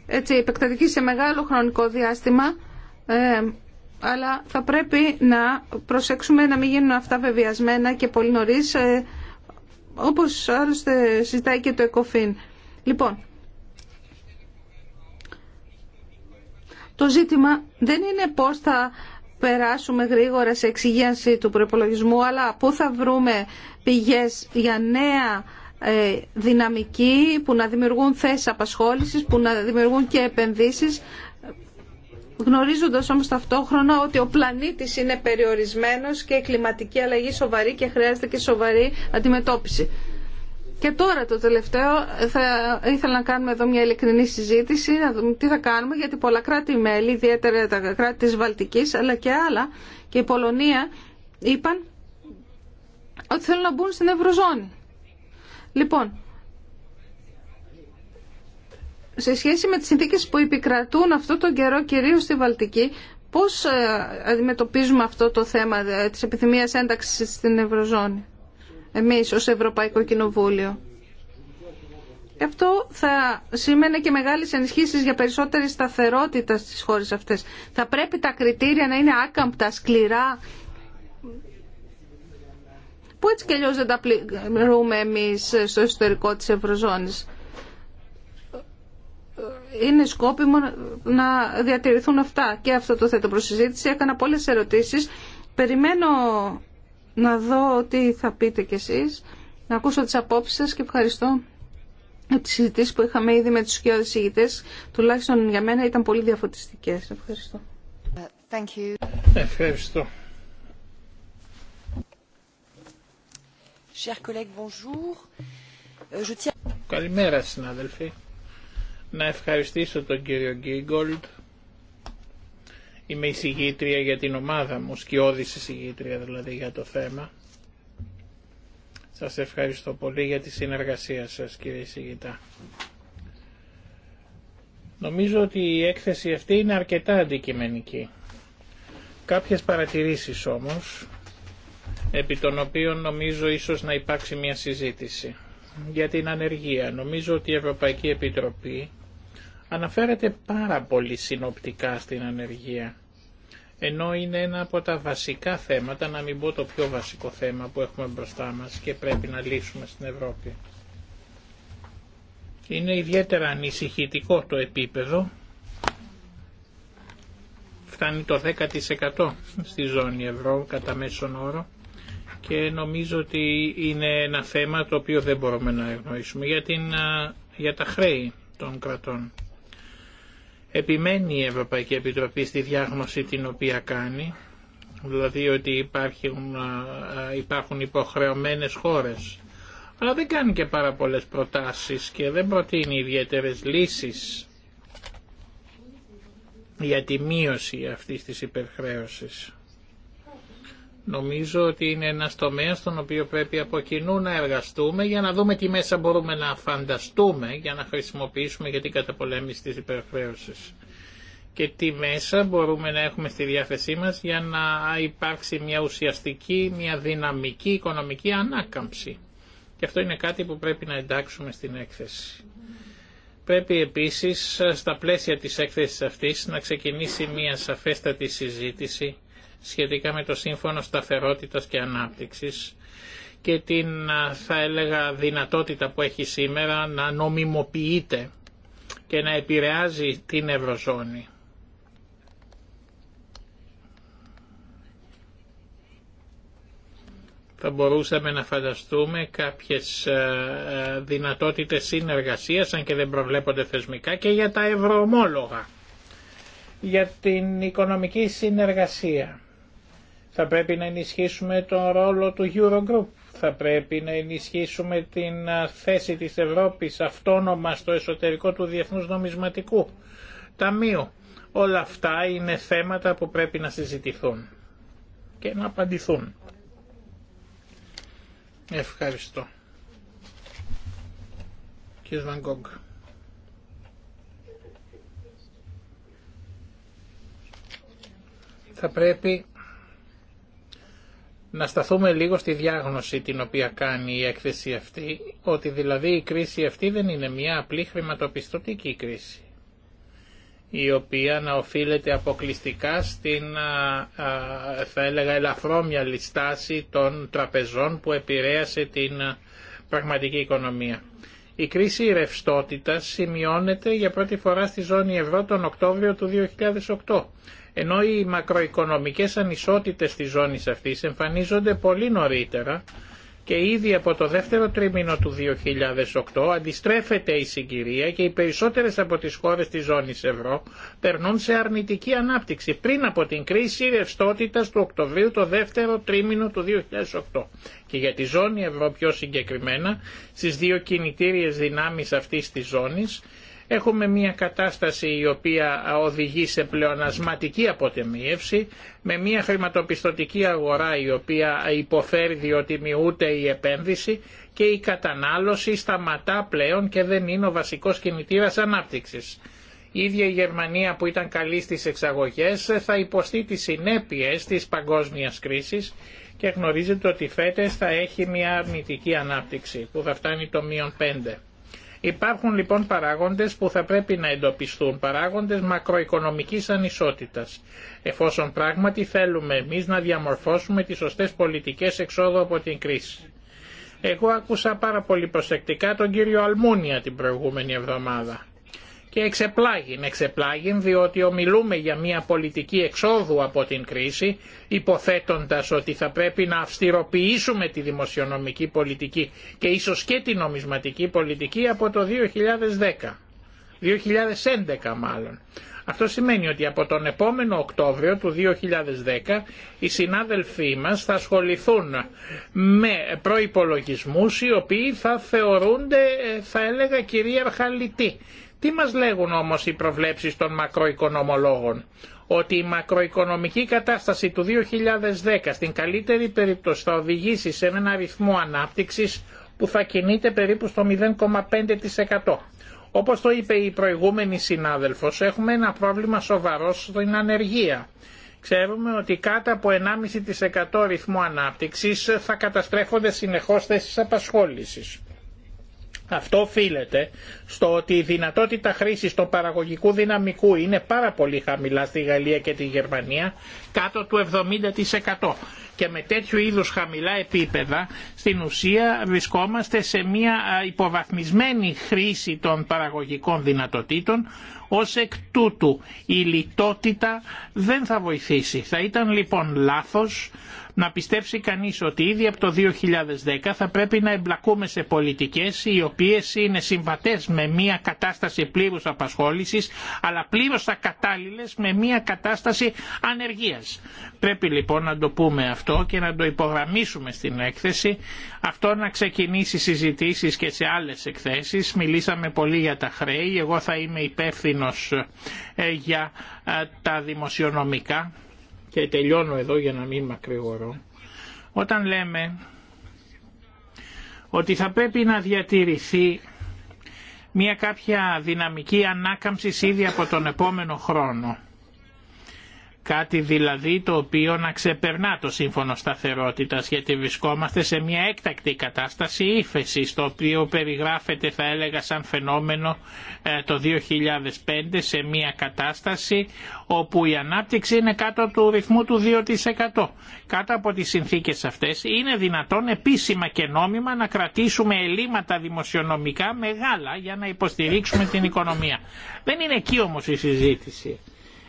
έτσι, επεκτατική σε μεγάλο χρονικό διάστημα ε, αλλά θα πρέπει να προσέξουμε να μην γίνουν αυτά βεβαιασμένα και πολύ νωρίς, ε, όπως άλλωστε συζητάει και το ΕΚΟΦΗΝ. Λοιπόν, το ζήτημα δεν είναι πώς θα περάσουμε γρήγορα σε εξυγίανση του προπολογισμού, αλλά πού θα βρούμε πηγές για νέα ε, δυναμική που να δημιουργούν θέσεις απασχόλησης, που να δημιουργούν και επενδύσεις γνωρίζοντας όμως ταυτόχρονα ότι ο πλανήτης είναι περιορισμένος και η κλιματική αλλαγή σοβαρή και χρειάζεται και σοβαρή αντιμετώπιση. Και τώρα το τελευταίο, θα ήθελα να κάνουμε εδώ μια ειλικρινή συζήτηση, να δούμε τι θα κάνουμε, γιατί πολλά κράτη-μέλη, ιδιαίτερα τα κράτη της Βαλτικής, αλλά και άλλα, και η Πολωνία, είπαν ότι θέλουν να μπουν στην Ευρωζώνη. Λοιπόν, σε σχέση με τις συνθήκες που επικρατούν αυτό τον καιρό κυρίως στη Βαλτική, πώς ε, αντιμετωπίζουμε αυτό το θέμα ε, της επιθυμίας ένταξης στην Ευρωζώνη, εμείς ως Ευρωπαϊκό Κοινοβούλιο. Αυτό θα σημαίνει και μεγάλες ενισχύσεις για περισσότερη σταθερότητα στις χώρες αυτές. Θα πρέπει τα κριτήρια να είναι άκαμπτα, σκληρά, που έτσι κι αλλιώς δεν τα πληρούμε εμείς στο εσωτερικό της Ευρωζώνης είναι σκόπιμο να διατηρηθούν αυτά. Και αυτό το θέτω προσυζήτηση. Έκανα πολλέ ερωτήσει. Περιμένω να δω τι θα πείτε κι εσείς, να ακούσω τις απόψει σα και ευχαριστώ για τις συζητήσεις που είχαμε ήδη με τους σκιώδες ηγητέ. Τουλάχιστον για μένα ήταν πολύ διαφωτιστικές. Ευχαριστώ. Thank you. Ευχαριστώ. Chers collègues, bonjour. Euh, je tiens... Καλημέρα συνάδελφοι να ευχαριστήσω τον κύριο Γκίγκολτ. Είμαι εισηγήτρια για την ομάδα μου, σκιώδης εισηγήτρια δηλαδή για το θέμα. Σας ευχαριστώ πολύ για τη συνεργασία σας κύριε εισηγητά. Νομίζω ότι η έκθεση αυτή είναι αρκετά αντικειμενική. Κάποιες παρατηρήσεις όμως, επί των οποίων νομίζω ίσως να υπάρξει μια συζήτηση για την ανεργία. Νομίζω ότι η Ευρωπαϊκή Επιτροπή αναφέρεται πάρα πολύ συνοπτικά στην ανεργία. Ενώ είναι ένα από τα βασικά θέματα, να μην πω το πιο βασικό θέμα που έχουμε μπροστά μας και πρέπει να λύσουμε στην Ευρώπη. Είναι ιδιαίτερα ανησυχητικό το επίπεδο. Φτάνει το 10% στη ζώνη ευρώ κατά μέσον όρο και νομίζω ότι είναι ένα θέμα το οποίο δεν μπορούμε να εγνοήσουμε για, για τα χρέη των κρατών. Επιμένει η Ευρωπαϊκή Επιτροπή στη διάγνωση την οποία κάνει, δηλαδή ότι υπάρχουν, υπάρχουν υποχρεωμένες χώρες, αλλά δεν κάνει και πάρα πολλές προτάσεις και δεν προτείνει ιδιαίτερες λύσεις για τη μείωση αυτής της υπερχρέωσης. Νομίζω ότι είναι ένα τομέα στον οποίο πρέπει από κοινού να εργαστούμε για να δούμε τι μέσα μπορούμε να φανταστούμε για να χρησιμοποιήσουμε για την καταπολέμηση της υπερφρέωσης και τι μέσα μπορούμε να έχουμε στη διάθεσή μας για να υπάρξει μια ουσιαστική, μια δυναμική οικονομική ανάκαμψη. Και αυτό είναι κάτι που πρέπει να εντάξουμε στην έκθεση. Πρέπει επίσης στα πλαίσια της έκθεσης αυτής να ξεκινήσει μια σαφέστατη συζήτηση σχετικά με το Σύμφωνο Σταθερότητας και Ανάπτυξης και την θα έλεγα δυνατότητα που έχει σήμερα να νομιμοποιείται και να επηρεάζει την Ευρωζώνη. θα μπορούσαμε να φανταστούμε κάποιες δυνατότητες συνεργασίας, αν και δεν προβλέπονται θεσμικά, και για τα ευρωομόλογα, για την οικονομική συνεργασία. Θα πρέπει να ενισχύσουμε τον ρόλο του Eurogroup. Θα πρέπει να ενισχύσουμε την θέση της Ευρώπης αυτόνομα στο εσωτερικό του Διεθνούς Νομισματικού Ταμείου. Όλα αυτά είναι θέματα που πρέπει να συζητηθούν και να απαντηθούν. Ευχαριστώ. Κύριε Θα πρέπει να σταθούμε λίγο στη διάγνωση την οποία κάνει η έκθεση αυτή, ότι δηλαδή η κρίση αυτή δεν είναι μια απλή χρηματοπιστωτική κρίση, η οποία να οφείλεται αποκλειστικά στην, θα έλεγα, ελαφρώμια λιστάση των τραπεζών που επηρέασε την πραγματική οικονομία. Η κρίση ρευστότητας σημειώνεται για πρώτη φορά στη ζώνη ευρώ τον Οκτώβριο του 2008 ενώ οι μακροοικονομικές ανισότητες της ζώνης αυτής εμφανίζονται πολύ νωρίτερα και ήδη από το δεύτερο τρίμηνο του 2008 αντιστρέφεται η συγκυρία και οι περισσότερες από τις χώρες της ζώνης ευρώ περνούν σε αρνητική ανάπτυξη πριν από την κρίση ρευστότητα του Οκτωβρίου το δεύτερο τρίμηνο του 2008. Και για τη ζώνη ευρώ πιο συγκεκριμένα, στις δύο κινητήριες δυνάμεις αυτής της ζώνης, Έχουμε μια κατάσταση η οποία οδηγεί σε πλεονασματική αποτεμίευση με μια χρηματοπιστωτική αγορά η οποία υποφέρει διότι μειούται η επένδυση και η κατανάλωση σταματά πλέον και δεν είναι ο βασικός κινητήρας ανάπτυξης. Η ίδια η Γερμανία που ήταν καλή στις εξαγωγές θα υποστεί τις συνέπειες της παγκόσμιας κρίσης και γνωρίζετε ότι φέτες θα έχει μια αρνητική ανάπτυξη που θα φτάνει το μείον 5. Υπάρχουν λοιπόν παράγοντες που θα πρέπει να εντοπιστούν, παράγοντες μακροοικονομικής ανισότητας. Εφόσον πράγματι θέλουμε εμείς να διαμορφώσουμε τις σωστές πολιτικές εξόδου από την κρίση. Εγώ άκουσα πάρα πολύ προσεκτικά τον κύριο Αλμούνια την προηγούμενη εβδομάδα και εξεπλάγην. Εξεπλάγην διότι ομιλούμε για μια πολιτική εξόδου από την κρίση υποθέτοντας ότι θα πρέπει να αυστηροποιήσουμε τη δημοσιονομική πολιτική και ίσως και τη νομισματική πολιτική από το 2010. 2011 μάλλον. Αυτό σημαίνει ότι από τον επόμενο Οκτώβριο του 2010 οι συνάδελφοί μας θα ασχοληθούν με προϋπολογισμούς οι οποίοι θα θεωρούνται ε, θα έλεγα κυρίαρχα λυτοί τι μας λέγουν όμως οι προβλέψεις των μακροοικονομολόγων. Ότι η μακροοικονομική κατάσταση του 2010 στην καλύτερη περίπτωση θα οδηγήσει σε έναν αριθμό ανάπτυξης που θα κινείται περίπου στο 0,5%. Όπως το είπε η προηγούμενη συνάδελφος, έχουμε ένα πρόβλημα σοβαρό στην ανεργία. Ξέρουμε ότι κάτω από 1,5% ρυθμό ανάπτυξης θα καταστρέφονται συνεχώς θέσεις απασχόλησης. Αυτό οφείλεται στο ότι η δυνατότητα χρήσης του παραγωγικού δυναμικού είναι πάρα πολύ χαμηλά στη Γαλλία και τη Γερμανία, κάτω του 70%. Και με τέτοιου είδους χαμηλά επίπεδα, στην ουσία βρισκόμαστε σε μια υποβαθμισμένη χρήση των παραγωγικών δυνατοτήτων, ως εκ τούτου η λιτότητα δεν θα βοηθήσει. Θα ήταν λοιπόν λάθος να πιστέψει κανείς ότι ήδη από το 2010 θα πρέπει να εμπλακούμε σε πολιτικές οι οποίες είναι συμβατές με μια κατάσταση πλήρους απασχόλησης αλλά πλήρως ακατάλληλες με μια κατάσταση ανεργίας. Πρέπει λοιπόν να το πούμε αυτό και να το υπογραμμίσουμε στην έκθεση. Αυτό να ξεκινήσει συζητήσεις και σε άλλες εκθέσεις. Μιλήσαμε πολύ για τα χρέη. Εγώ θα είμαι υπεύθυνο ε, για ε, τα δημοσιονομικά και τελειώνω εδώ για να μην μακρηγορώ, όταν λέμε ότι θα πρέπει να διατηρηθεί μια κάποια δυναμική ανάκαμψη ήδη από τον επόμενο χρόνο. Κάτι δηλαδή το οποίο να ξεπερνά το σύμφωνο σταθερότητας γιατί βρισκόμαστε σε μια έκτακτη κατάσταση ύφεση, το οποίο περιγράφεται θα έλεγα σαν φαινόμενο ε, το 2005 σε μια κατάσταση όπου η ανάπτυξη είναι κάτω του ρυθμού του 2%. Κάτω από τις συνθήκες αυτές είναι δυνατόν επίσημα και νόμιμα να κρατήσουμε ελλείμματα δημοσιονομικά μεγάλα για να υποστηρίξουμε την οικονομία. Δεν είναι εκεί όμως η συζήτηση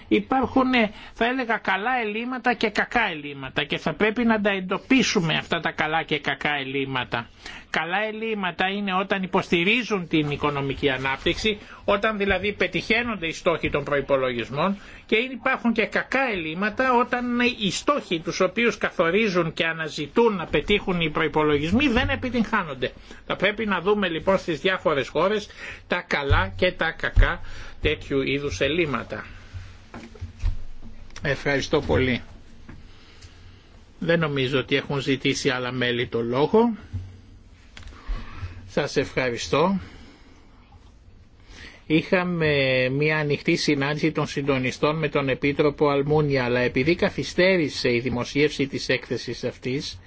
υπάρχουν ε, θα έλεγα καλά ελλείμματα και κακά ελλείμματα και θα πρέπει να τα εντοπίσουμε αυτά τα καλά και κακά ελλείμματα. Καλά ελλείμματα είναι όταν υποστηρίζουν την οικονομική ανάπτυξη, όταν δηλαδή πετυχαίνονται οι στόχοι των προϋπολογισμών και υπάρχουν και κακά ελλείμματα όταν οι στόχοι τους οποίους καθορίζουν και αναζητούν να πετύχουν οι προϋπολογισμοί δεν επιτυγχάνονται. Θα πρέπει να δούμε λοιπόν στις διάφορες χώρες τα καλά και τα κακά τέτοιου είδους ελλείμματα. Ευχαριστώ πολύ. Δεν νομίζω ότι έχουν ζητήσει άλλα μέλη το λόγο. Σας ευχαριστώ. Είχαμε μια ανοιχτή συνάντηση των συντονιστών με τον Επίτροπο Αλμούνια, αλλά επειδή καθυστέρησε η δημοσίευση της έκθεσης αυτής,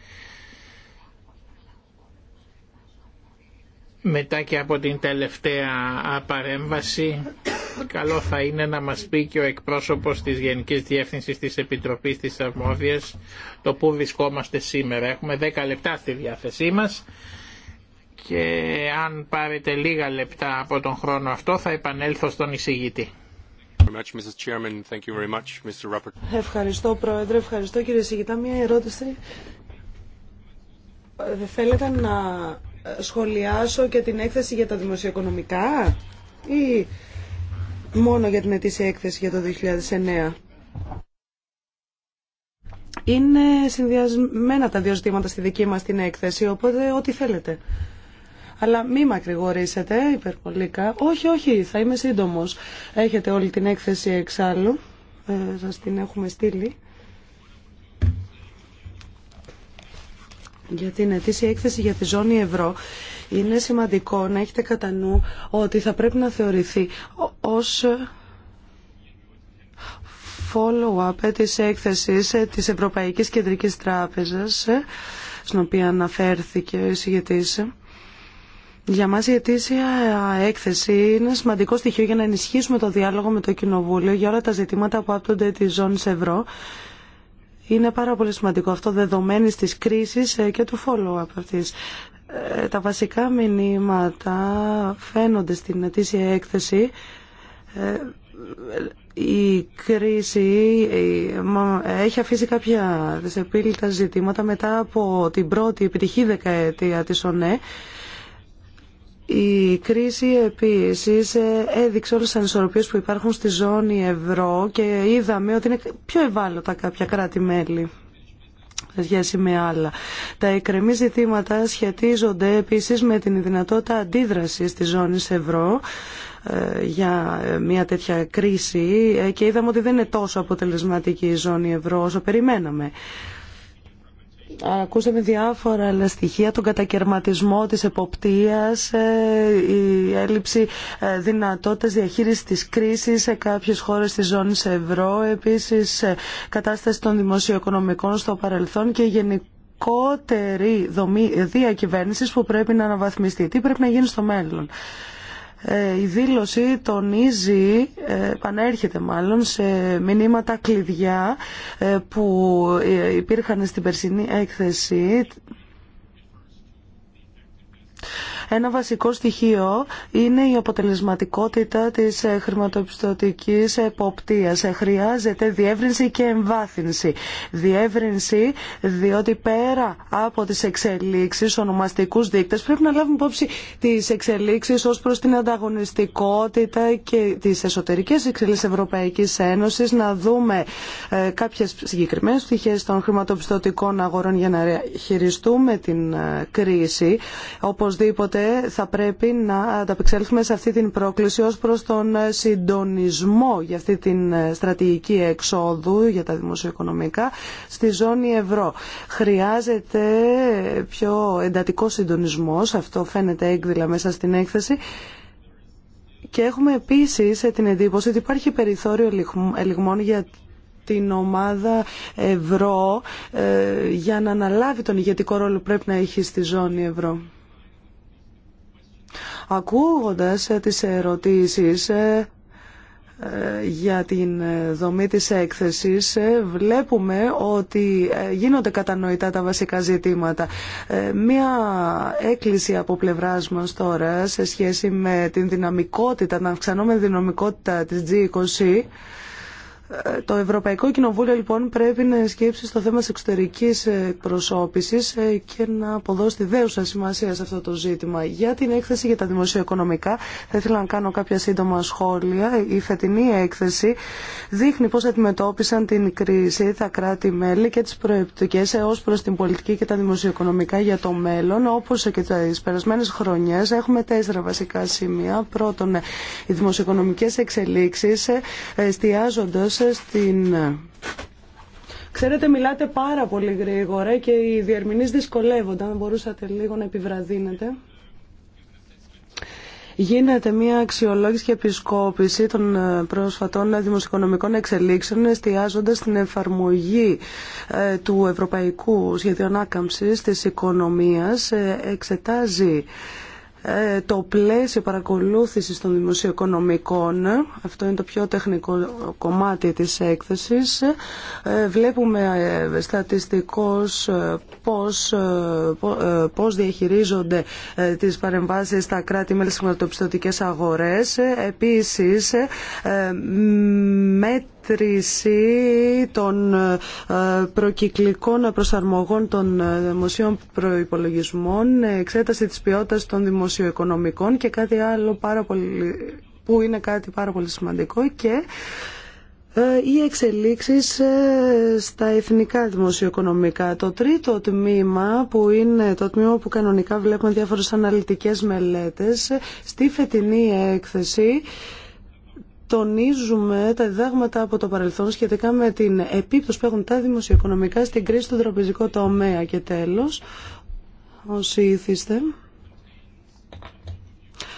μετά και από την τελευταία παρέμβαση καλό θα είναι να μας πει και ο εκπρόσωπος της Γενικής Διεύθυνσης της Επιτροπής της Αρμόδιας το που βρισκόμαστε σήμερα. Έχουμε 10 λεπτά στη διάθεσή μας και αν πάρετε λίγα λεπτά από τον χρόνο αυτό θα επανέλθω στον εισηγητή. Ευχαριστώ Πρόεδρε, ευχαριστώ κύριε εισηγητά. Μια ερώτηση. Ε, θέλετε να σχολιάσω και την έκθεση για τα δημοσιοοικονομικά ή μόνο για την ετήσια έκθεση για το 2009. Είναι συνδυασμένα τα δύο ζητήματα στη δική μας την έκθεση, οπότε ό,τι θέλετε. Αλλά μη μακρηγορήσετε υπερβολικά. Όχι, όχι, θα είμαι σύντομος. Έχετε όλη την έκθεση εξάλλου. Ε, σας την έχουμε στείλει. για την ετήσια έκθεση για τη ζώνη ευρώ είναι σημαντικό να έχετε κατά νου ότι θα πρέπει να θεωρηθεί ως follow-up της έκθεσης της Ευρωπαϊκής Κεντρικής Τράπεζας στην οποία αναφέρθηκε ο εισηγητής. Για μας η ετήσια έκθεση είναι σημαντικό στοιχείο για να ενισχύσουμε το διάλογο με το Κοινοβούλιο για όλα τα ζητήματα που άπτονται τη ζώνης ευρώ είναι πάρα πολύ σημαντικό αυτό δεδομένης της κρίσης ε, και του follow-up αυτής. Ε, τα βασικά μηνύματα φαίνονται στην ετήσια έκθεση ε, η κρίση έχει αφήσει κάποια δυσεπίλητα ζητήματα μετά από την πρώτη επιτυχή δεκαετία της ΟΝΕ η κρίση επίσης ε, έδειξε όλες τις ανισορροπίες που υπάρχουν στη ζώνη ευρώ και είδαμε ότι είναι πιο ευάλωτα κάποια κράτη-μέλη σε σχέση με άλλα. Τα εκκρεμή ζητήματα σχετίζονται επίσης με την δυνατότητα αντίδρασης της ζώνη ευρώ ε, για ε, μια τέτοια κρίση και είδαμε ότι δεν είναι τόσο αποτελεσματική η ζώνη ευρώ όσο περιμέναμε. Ακούσαμε διάφορα άλλα στοιχεία, τον κατακαιρματισμό της εποπτείας, ε, η έλλειψη ε, δυνατότητας διαχείρισης της κρίσης σε κάποιες χώρες της ζώνης ευρώ, επίσης ε, κατάσταση των δημοσιοοικονομικών στο παρελθόν και γενικότερη δομή διακυβέρνησης που πρέπει να αναβαθμιστεί. Τι πρέπει να γίνει στο μέλλον. Ε, η δήλωση τονίζει, ε, πανέρχεται μάλλον, σε μηνύματα κλειδιά ε, που υπήρχαν στην περσινή έκθεση ένα βασικό στοιχείο είναι η αποτελεσματικότητα της ε, χρηματοπιστωτικής εποπτείας. Ε, χρειάζεται διεύρυνση και εμβάθυνση. Διεύρυνση διότι πέρα από τις εξελίξεις, ονομαστικούς δείκτες, πρέπει να λάβουμε υπόψη τις εξελίξεις ως προς την ανταγωνιστικότητα και τις εσωτερικές εξελίξεις Ευρωπαϊκής Ένωσης, να δούμε ε, κάποιες συγκεκριμένες των χρηματοπιστωτικών αγορών για να χειριστούμε την ε, κρίση. Οπωσδήποτε θα πρέπει να ανταπεξέλθουμε σε αυτή την πρόκληση ως προς τον συντονισμό για αυτή την στρατηγική εξόδου για τα δημοσιοοικονομικά στη ζώνη ευρώ. Χρειάζεται πιο εντατικό συντονισμός, αυτό φαίνεται έκδηλα μέσα στην έκθεση, και έχουμε επίσης την εντύπωση ότι υπάρχει περιθώριο ελιγμών για την ομάδα ευρώ ε, για να αναλάβει τον ηγετικό ρόλο που πρέπει να έχει στη ζώνη ευρώ. Ακούγοντας ε, τις ερωτήσεις ε, ε, για την δομή της έκθεσης βλέπουμε ότι γίνονται κατανοητά τα βασικά ζητήματα. Μία έκκληση από πλευράς μας τώρα σε σχέση με την δυναμικότητα, την αυξανόμενη δυναμικότητα της G20 ε, το Ευρωπαϊκό Κοινοβούλιο λοιπόν πρέπει να σκέψει στο θέμα της εξωτερικής εκπροσώπησης ε, και να αποδώσει τη δέουσα σημασία σε αυτό το ζήτημα. Για την έκθεση για τα δημοσιοοικονομικά θα ήθελα να κάνω κάποια σύντομα σχόλια. Η φετινή έκθεση δείχνει πώς αντιμετώπισαν την κρίση τα κράτη-μέλη και τις προεπτικές έως προς την πολιτική και τα δημοσιοοικονομικά για το μέλλον. Όπως και τις περασμένες χρονιές έχουμε τέσσερα βασικά σημεία. Πρώτον, οι δημοσιοοικονομικές εξελίξεις ε, εστιάζοντας στην... Ξέρετε, μιλάτε πάρα πολύ γρήγορα και οι διερμηνείς δυσκολεύονται. Αν μπορούσατε λίγο να επιβραδύνετε. Γίνεται μια αξιολόγηση και επισκόπηση των ε, πρόσφατων δημοσιονομικών εξελίξεων εστιάζοντας την εφαρμογή ε, του Ευρωπαϊκού Σχεδίου της Οικονομίας. Ε, εξετάζει ε, το πλαίσιο παρακολούθησης των δημοσιοοικονομικών, αυτό είναι το πιο τεχνικό κομμάτι της έκθεσης, ε, βλέπουμε ε, στατιστικώς πώς, πώς διαχειρίζονται τις παρεμβάσεις στα κράτη-μέλη στις αγορές. Επίσης, με μέτρηση των ε, προκυκλικών προσαρμογών των ε, δημοσίων προϋπολογισμών, εξέταση της ποιότητας των δημοσιοοικονομικών και κάτι άλλο που είναι κάτι πάρα πολύ σημαντικό και ε, οι εξελίξεις στα εθνικά δημοσιοοικονομικά. Το τρίτο τμήμα που είναι το τμήμα που κανονικά βλέπουμε διάφορες αναλυτικές μελέτες στη φετινή έκθεση τονίζουμε τα διδάγματα από το παρελθόν σχετικά με την επίπτωση που έχουν τα δημοσιοοικονομικά στην κρίση του τραπεζικού τομέα. Και τέλος, όσοι ήθιστε,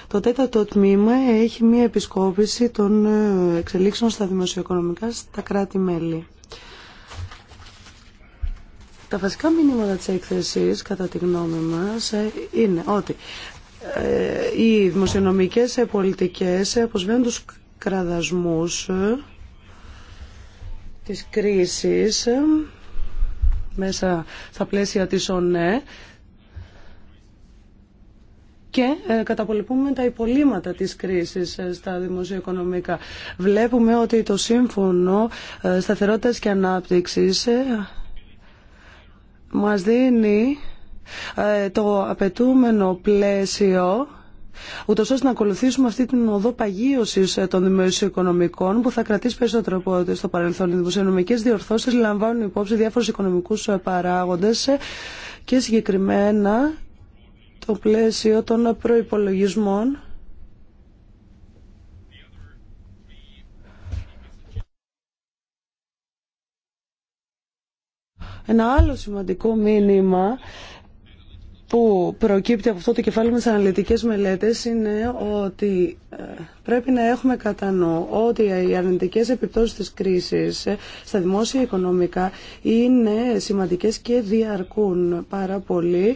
το τέταρτο τμήμα έχει μία επισκόπηση των ε, εξελίξεων στα δημοσιοοικονομικά στα κράτη-μέλη. Τα βασικά μηνύματα της έκθεσης, κατά τη γνώμη μας, ε, είναι ότι ε, οι δημοσιονομικές πολιτικές αποσβαίνουν τους κραδασμούς ε, της κρίσης ε, μέσα στα πλαίσια της ΟΝΕ και ε, καταπολεμούμε τα υπολείμματα της κρίσης στα δημοσιοοικονομικά. Βλέπουμε ότι το Σύμφωνο Σταθερότητας και Ανάπτυξης μας δίνει το απαιτούμενο πλαίσιο ούτως ώστε να ακολουθήσουμε αυτή την οδό παγίωσης ε, των δημοσιοοικονομικών που θα κρατήσει περισσότερο από στο παρελθόν. Οι δημοσιονομικές διορθώσεις λαμβάνουν υπόψη διάφορους οικονομικούς ε, παράγοντες ε, και συγκεκριμένα το πλαίσιο των προϋπολογισμών Ένα άλλο σημαντικό μήνυμα που προκύπτει από αυτό το κεφάλαιο με τις αναλυτικές μελέτες είναι ότι ε, πρέπει να έχουμε κατά ότι οι αρνητικές επιπτώσεις της κρίσης ε, στα δημόσια οικονομικά είναι σημαντικές και διαρκούν πάρα πολύ.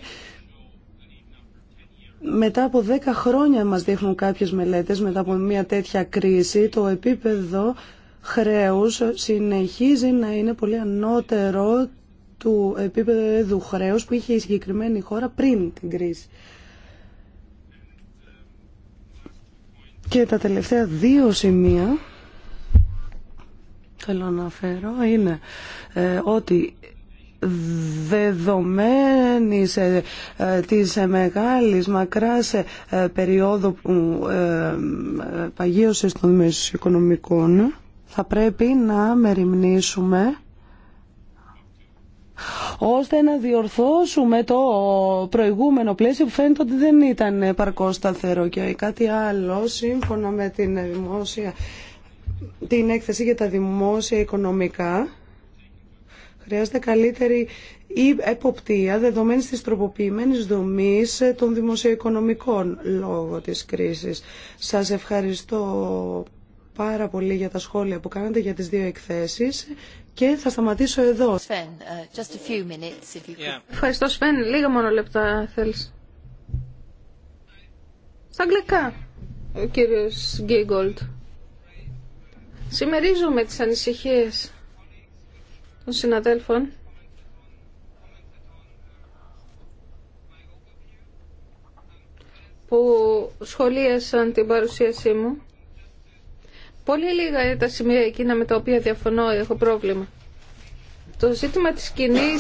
Μετά από 10 χρόνια μας δείχνουν κάποιες μελέτες μετά από μια τέτοια κρίση το επίπεδο χρέους συνεχίζει να είναι πολύ ανώτερο του επίπεδου χρέους που είχε η συγκεκριμένη χώρα πριν την κρίση. Και τα τελευταία δύο σημεία θέλω να φέρω είναι ε, ότι δεδομένης ε, ε, της μεγάλης μακράς ε, περίοδου που παγίωσε των μέσων θα πρέπει να μεριμνήσουμε ώστε να διορθώσουμε το προηγούμενο πλαίσιο που φαίνεται ότι δεν ήταν παρκώς σταθερό και κάτι άλλο σύμφωνα με την, δημόσια, την έκθεση για τα δημόσια οικονομικά Χρειάζεται καλύτερη η εποπτεία δεδομένη της τροποποιημένης δομής των δημοσιοοικονομικών λόγω της κρίσης. Σας ευχαριστώ πάρα πολύ για τα σχόλια που κάνατε για τις δύο εκθέσεις και θα σταματήσω εδώ. Sven, uh, just a few minutes, if you could. Ευχαριστώ, Σφεν. Λίγα μόνο λεπτά θέλεις. Στα αγγλικά, ο κύριος Γκίγκολτ. Σημερίζομαι τις ανησυχίες των συναδέλφων. που σχολίασαν την παρουσίασή μου. Πολύ λίγα είναι τα σημεία εκείνα με τα οποία διαφωνώ, έχω πρόβλημα. Το ζήτημα της κοινή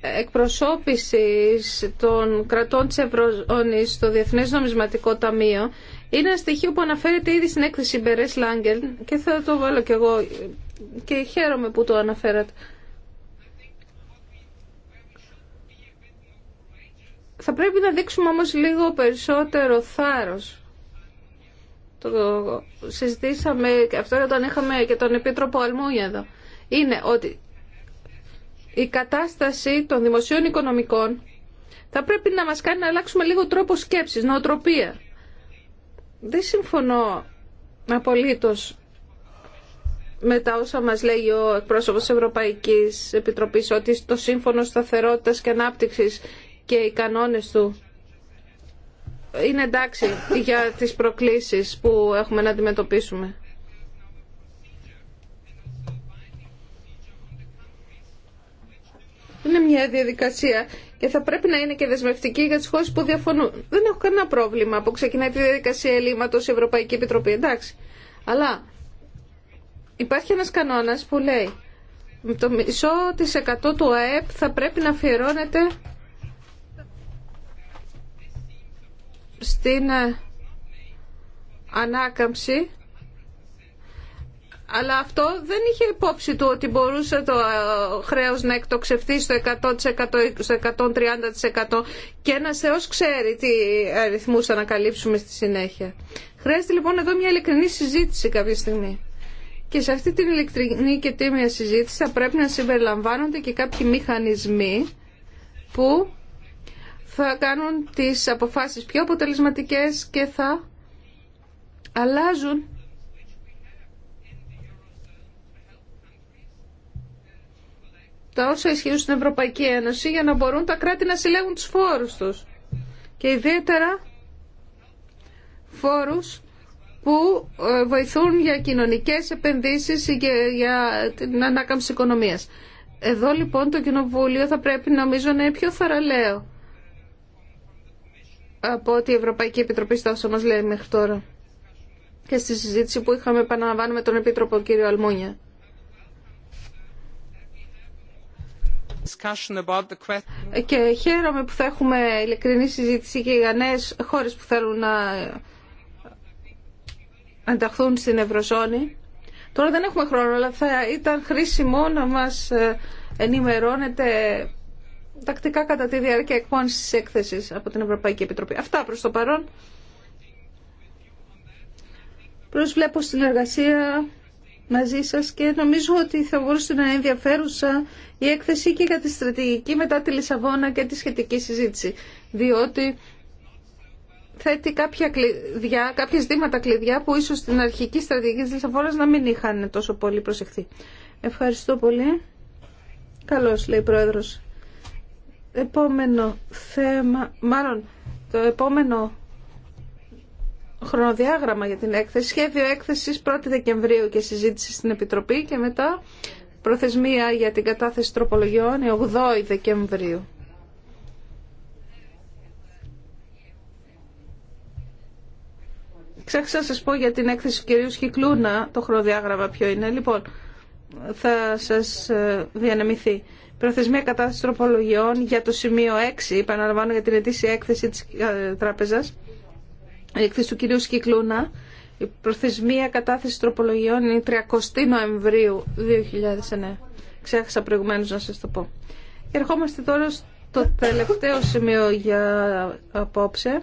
εκπροσώπησης των κρατών της Ευρωζώνης στο Διεθνές Νομισματικό Ταμείο είναι ένα στοιχείο που αναφέρεται ήδη στην έκθεση Μπερές Λάγκελ και θα το βάλω κι εγώ και χαίρομαι που το αναφέρατε. Θα πρέπει να δείξουμε όμως λίγο περισσότερο θάρρος το συζητήσαμε και αυτό όταν είχαμε και τον Επίτροπο Αλμούνια εδώ, είναι ότι η κατάσταση των δημοσίων οικονομικών θα πρέπει να μας κάνει να αλλάξουμε λίγο τρόπο σκέψης, νοοτροπία. Δεν συμφωνώ απολύτως με τα όσα μας λέει ο εκπρόσωπος της Ευρωπαϊκής Επιτροπής ότι το Σύμφωνο Σταθερότητας και Ανάπτυξης και οι κανόνες του είναι εντάξει για τις προκλήσεις που έχουμε να αντιμετωπίσουμε. Είναι μια διαδικασία και θα πρέπει να είναι και δεσμευτική για τις χώρες που διαφωνούν. Δεν έχω κανένα πρόβλημα που ξεκινάει τη διαδικασία ελλείμματος η Ευρωπαϊκή Επιτροπή, εντάξει. Αλλά υπάρχει ένας κανόνας που λέει το μισό της εκατό του ΑΕΠ θα πρέπει να αφιερώνεται στην ε, ανάκαμψη αλλά αυτό δεν είχε υπόψη του ότι μπορούσε το ε, χρέος να εκτοξευθεί στο 100%, στο 130% και ένας θεός ξέρει τι αριθμούς θα ανακαλύψουμε στη συνέχεια. Χρειάζεται λοιπόν εδώ μια ειλικρινή συζήτηση κάποια στιγμή. Και σε αυτή την ηλεκτρική και τίμια συζήτηση θα πρέπει να συμπεριλαμβάνονται και κάποιοι μηχανισμοί που θα κάνουν τις αποφάσεις πιο αποτελεσματικές και θα αλλάζουν τα όσα ισχύουν στην Ευρωπαϊκή Ένωση για να μπορούν τα κράτη να συλλέγουν τους φόρους τους και ιδιαίτερα φόρους που ε, βοηθούν για κοινωνικές επενδύσεις και για την ανάκαμψη οικονομίας. Εδώ λοιπόν το Κοινοβούλιο θα πρέπει νομίζω να είναι πιο θαραλέο από ό,τι η Ευρωπαϊκή Επιτροπή στα όσα μας λέει μέχρι τώρα και στη συζήτηση που είχαμε επαναλαμβάνει με τον Επίτροπο κύριο Αλμούνια. Ε, και χαίρομαι που θα έχουμε ειλικρινή συζήτηση και για νέες χώρες που θέλουν να ανταχθούν στην Ευρωζώνη. Τώρα δεν έχουμε χρόνο, αλλά θα ήταν χρήσιμο να μας ε, ενημερώνετε τακτικά κατά τη διάρκεια εκπόνησης τη έκθεση από την Ευρωπαϊκή Επιτροπή. Αυτά προς το παρόν. Προσβλέπω στην εργασία μαζί σας και νομίζω ότι θα μπορούσε να είναι ενδιαφέρουσα η έκθεση και για τη στρατηγική μετά τη Λισαβόνα και τη σχετική συζήτηση. Διότι θέτει κάποια, κλειδιά, κάποια ζητήματα κλειδιά που ίσως στην αρχική στρατηγική της Λισαβόνας να μην είχαν τόσο πολύ προσεχθεί. Ευχαριστώ πολύ. Καλώς λέει η Πρόεδρος επόμενο θέμα, μάλλον το επόμενο χρονοδιάγραμμα για την έκθεση, σχέδιο έκθεσης 1η Δεκεμβρίου και συζήτηση στην Επιτροπή και μετά προθεσμία για την κατάθεση τροπολογιών 8η Δεκεμβρίου. Ξέχασα να σας πω για την έκθεση του κυρίου Σχικλούνα το χρονοδιάγραμμα ποιο είναι. Λοιπόν, θα σας ε, διανεμηθεί. Προθεσμία κατάθεση τροπολογιών για το σημείο 6, επαναλαμβάνω για την ετήσια έκθεση της ε, τράπεζας, η έκθεση του κυρίου Σκυκλούνα. Η προθεσμία κατάθεση τροπολογιών είναι 30 Νοεμβρίου 2009. Ξέχασα προηγουμένω να σα το πω. ερχόμαστε τώρα στο τελευταίο σημείο για απόψε.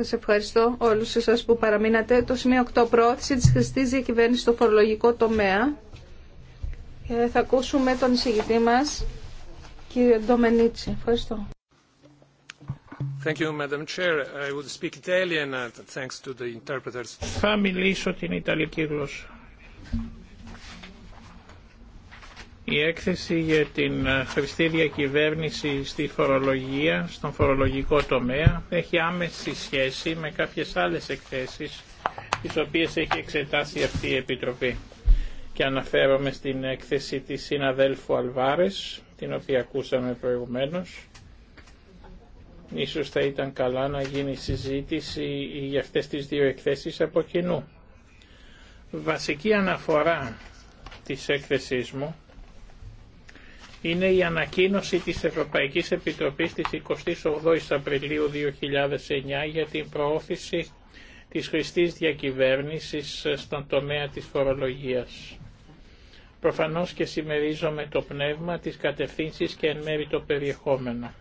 Σα ευχαριστώ όλους εσά που παραμείνατε. Το σημείο 8 πρόθεση τη χρηστή διακυβέρνηση στο φορολογικό τομέα. Ε, θα ακούσουμε τον εισηγητή μας, κύριε Ντομενίτσι. Ευχαριστώ. Thank you, Madam Chair. I would speak Italian, uh, thanks to the interpreters. Θα μιλήσω την Ιταλική γλώσσα. Η έκθεση για την ε, χρηστή διακυβέρνηση στη φορολογία, στον φορολογικό τομέα, έχει άμεση σχέση με κάποιες άλλες εκθέσεις, τις οποίες έχει εξετάσει αυτή η Επιτροπή και αναφέρομαι στην έκθεση της συναδέλφου Αλβάρες, την οποία ακούσαμε προηγουμένως. Ίσως θα ήταν καλά να γίνει συζήτηση για αυτές τις δύο εκθέσεις από κοινού. Βασική αναφορά της έκθεσής μου είναι η ανακοίνωση της Ευρωπαϊκής Επιτροπής της 28 Απριλίου 2009 για την προώθηση της χρηστής διακυβέρνησης στον τομέα της φορολογίας. Προφανώς και συμμερίζομαι το πνεύμα, της κατευθύνσεις και εν μέρει το περιεχόμενο.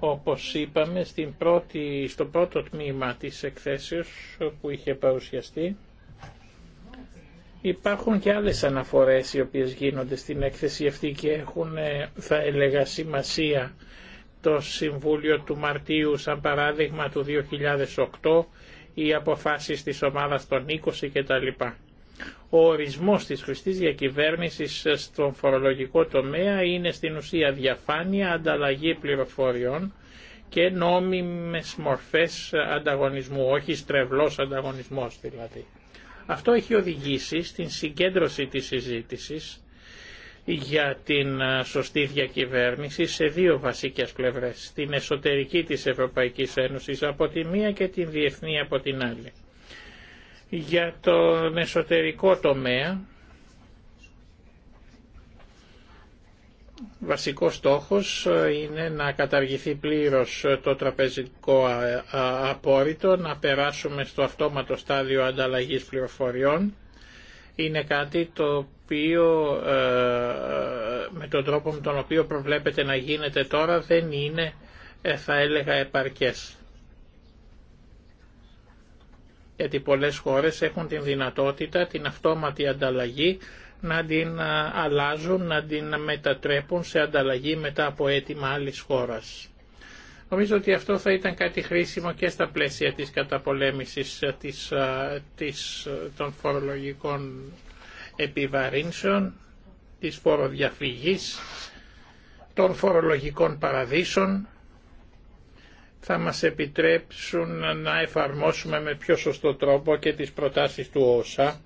Όπως είπαμε στην στο πρώτο τμήμα της εκθέσεως που είχε παρουσιαστεί, Υπάρχουν και άλλες αναφορές οι οποίες γίνονται στην έκθεση αυτή και έχουν, θα έλεγα, σημασία το Συμβούλιο του Μαρτίου, σαν παράδειγμα του 2008, οι αποφάσεις της ομάδας των 20 κτλ. Ο ορισμός της χρηστής διακυβέρνησης στον φορολογικό τομέα είναι στην ουσία διαφάνεια, ανταλλαγή πληροφοριών και νόμιμες μορφές ανταγωνισμού, όχι στρεβλός ανταγωνισμός δηλαδή. Αυτό έχει οδηγήσει στην συγκέντρωση της συζήτησης για την σωστή διακυβέρνηση σε δύο βασικές πλευρές, την εσωτερική της Ευρωπαϊκής Ένωσης από τη μία και την διεθνή από την άλλη. Για το εσωτερικό τομέα, βασικός στόχος είναι να καταργηθεί πλήρως το τραπεζικό απόρριτο, να περάσουμε στο αυτόματο στάδιο ανταλλαγής πληροφοριών. Είναι κάτι το οποίο, ε, με τον τρόπο με τον οποίο προβλέπεται να γίνεται τώρα, δεν είναι, ε, θα έλεγα, επαρκές γιατί πολλές χώρες έχουν την δυνατότητα την αυτόματη ανταλλαγή να την αλλάζουν, να την μετατρέπουν σε ανταλλαγή μετά από αίτημα άλλης χώρας. Νομίζω ότι αυτό θα ήταν κάτι χρήσιμο και στα πλαίσια της καταπολέμησης ε, της, της, ε, των φορολογικών επιβαρύνσεων, της φοροδιαφυγής, των φορολογικών παραδείσων θα μας επιτρέψουν να εφαρμόσουμε με πιο σωστό τρόπο και τις προτάσεις του ΩΣΑ,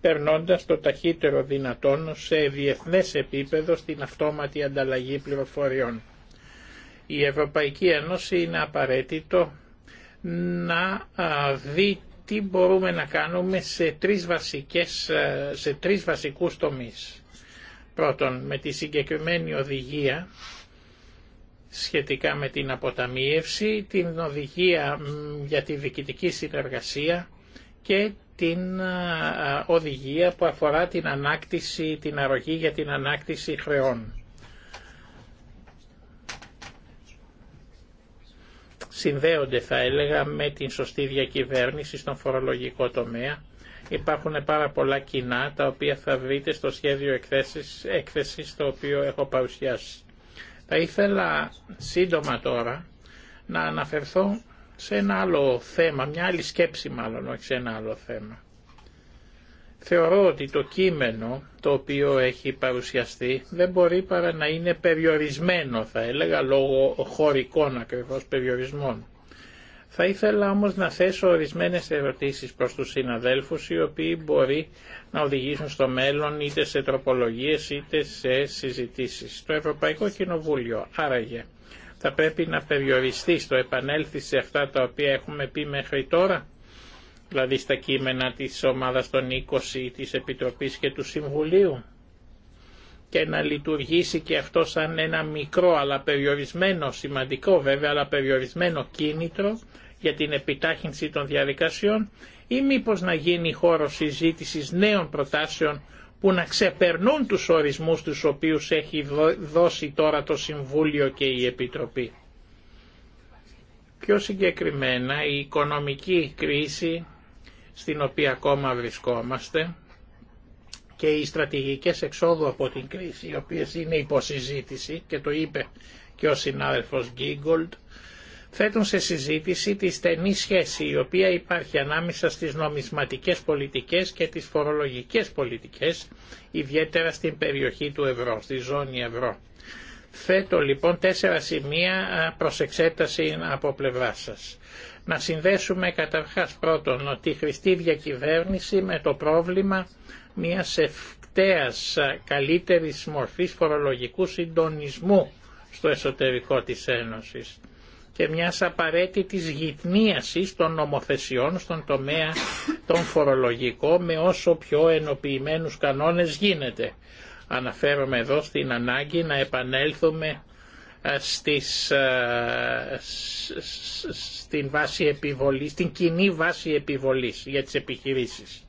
περνώντας το ταχύτερο δυνατόν σε διεθνές επίπεδο στην αυτόματη ανταλλαγή πληροφοριών. Η Ευρωπαϊκή Ένωση είναι απαραίτητο να δει τι μπορούμε να κάνουμε σε τρεις, βασικές, σε τρεις βασικούς τομείς. Πρώτον, με τη συγκεκριμένη οδηγία σχετικά με την αποταμίευση, την οδηγία για τη διοικητική συνεργασία και την οδηγία που αφορά την ανάκτηση, την αρρωγή για την ανάκτηση χρεών. Συνδέονται θα έλεγα με την σωστή διακυβέρνηση στον φορολογικό τομέα. Υπάρχουν πάρα πολλά κοινά τα οποία θα βρείτε στο σχέδιο εκθέσεις, έκθεσης το οποίο έχω παρουσιάσει. Θα ήθελα σύντομα τώρα να αναφερθώ σε ένα άλλο θέμα, μια άλλη σκέψη μάλλον, όχι σε ένα άλλο θέμα. Θεωρώ ότι το κείμενο το οποίο έχει παρουσιαστεί δεν μπορεί παρά να είναι περιορισμένο θα έλεγα λόγω χωρικών ακριβώς περιορισμών. Θα ήθελα όμως να θέσω ορισμένες ερωτήσεις προς τους συναδέλφους οι οποίοι μπορεί να οδηγήσουν στο μέλλον είτε σε τροπολογίες είτε σε συζητήσεις. Το Ευρωπαϊκό Κοινοβούλιο άραγε θα πρέπει να περιοριστεί στο επανέλθει σε αυτά τα οποία έχουμε πει μέχρι τώρα δηλαδή στα κείμενα της ομάδας των 20 της Επιτροπής και του Συμβουλίου και να λειτουργήσει και αυτό σαν ένα μικρό αλλά περιορισμένο, σημαντικό βέβαια αλλά περιορισμένο κίνητρο για την επιτάχυνση των διαδικασιών ή μήπως να γίνει χώρο συζήτησης νέων προτάσεων που να ξεπερνούν τους ορισμούς τους οποίους έχει δώσει τώρα το Συμβούλιο και η Επιτροπή. Πιο συγκεκριμένα η οικονομική κρίση στην οποία ακόμα βρισκόμαστε και οι στρατηγικές εξόδου από την κρίση, οι οποίες είναι υποσυζήτηση και το είπε και ο συνάδελφος Γκίγκολτ, θέτουν σε συζήτηση τη στενή σχέση η οποία υπάρχει ανάμεσα στις νομισματικές πολιτικές και τις φορολογικές πολιτικές, ιδιαίτερα στην περιοχή του ευρώ, στη ζώνη ευρώ. Θέτω λοιπόν τέσσερα σημεία προς εξέταση από πλευρά σας. Να συνδέσουμε καταρχάς πρώτον τη χρηστή διακυβέρνηση με το πρόβλημα μιας ευκταίας καλύτερης μορφής φορολογικού συντονισμού στο εσωτερικό της Ένωσης και μιας απαραίτητης γυτνίασης των νομοθεσιών στον τομέα των φορολογικών με όσο πιο ενοποιημένους κανόνες γίνεται. Αναφέρομαι εδώ στην ανάγκη να επανέλθουμε ε, στις, ε, στην, βάση επιβολής, στην κοινή βάση επιβολής για τις επιχειρήσεις.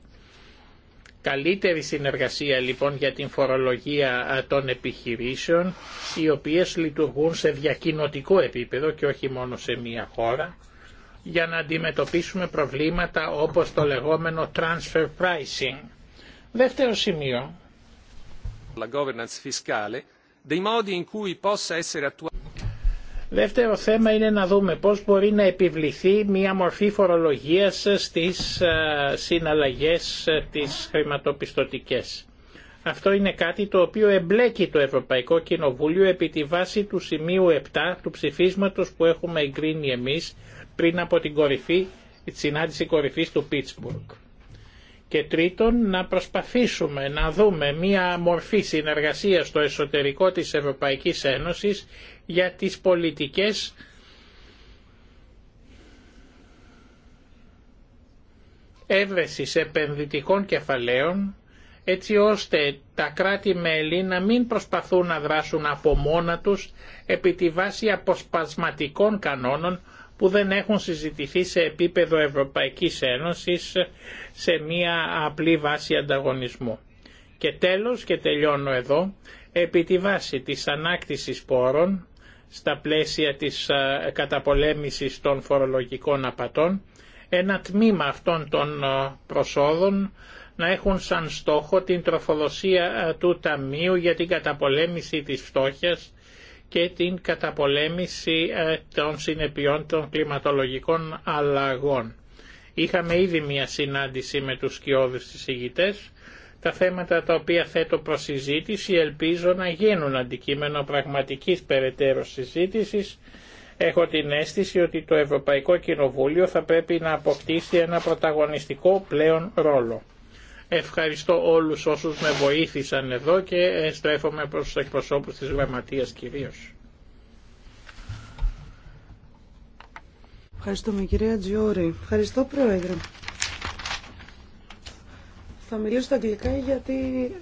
Καλύτερη συνεργασία λοιπόν για την φορολογία των επιχειρήσεων οι οποίες λειτουργούν σε διακοινωτικό επίπεδο και όχι μόνο σε μία χώρα για να αντιμετωπίσουμε προβλήματα όπως το λεγόμενο transfer pricing. Δεύτερο σημείο. La governance fiscale, dei modi in cui possa essere attuata Δεύτερο θέμα είναι να δούμε πώς μπορεί να επιβληθεί μια μορφή φορολογίας στις ε, συναλλαγές ε, τις χρηματοπιστωτικές. Αυτό είναι κάτι το οποίο εμπλέκει το Ευρωπαϊκό Κοινοβούλιο επί τη βάση του σημείου 7 του ψηφίσματος που έχουμε εγκρίνει εμείς πριν από την κορυφή, τη συνάντηση κορυφής του Πίτσμπουργκ. Και τρίτον, να προσπαθήσουμε να δούμε μία μορφή συνεργασίας στο εσωτερικό της Ευρωπαϊκής Ένωσης για τις πολιτικές έβρεσης επενδυτικών κεφαλαίων έτσι ώστε τα κράτη-μέλη να μην προσπαθούν να δράσουν από μόνα τους επί τη βάση αποσπασματικών κανόνων που δεν έχουν συζητηθεί σε επίπεδο Ευρωπαϊκής Ένωσης σε μία απλή βάση ανταγωνισμού. Και τέλος, και τελειώνω εδώ, επί τη βάση της ανάκτησης πόρων στα πλαίσια της καταπολέμησης των φορολογικών απατών, ένα τμήμα αυτών των προσόδων να έχουν σαν στόχο την τροφοδοσία του Ταμείου για την καταπολέμηση της φτώχειας και την καταπολέμηση ε, των συνεπειών των κλιματολογικών αλλαγών. Είχαμε ήδη μια συνάντηση με τους σκιώδους συζητητές. Τα θέματα τα οποία θέτω προς συζήτηση ελπίζω να γίνουν αντικείμενο πραγματικής περαιτέρω συζήτησης. Έχω την αίσθηση ότι το Ευρωπαϊκό Κοινοβούλιο θα πρέπει να αποκτήσει ένα πρωταγωνιστικό πλέον ρόλο. Ευχαριστώ όλους όσους με βοήθησαν εδώ και στρέφομαι προς τους εκπροσώπους της Γραμματείας κυρίως. Ευχαριστούμε κυρία Τζιόρη. Ευχαριστώ πρόεδρε. Θα μιλήσω στα αγγλικά γιατί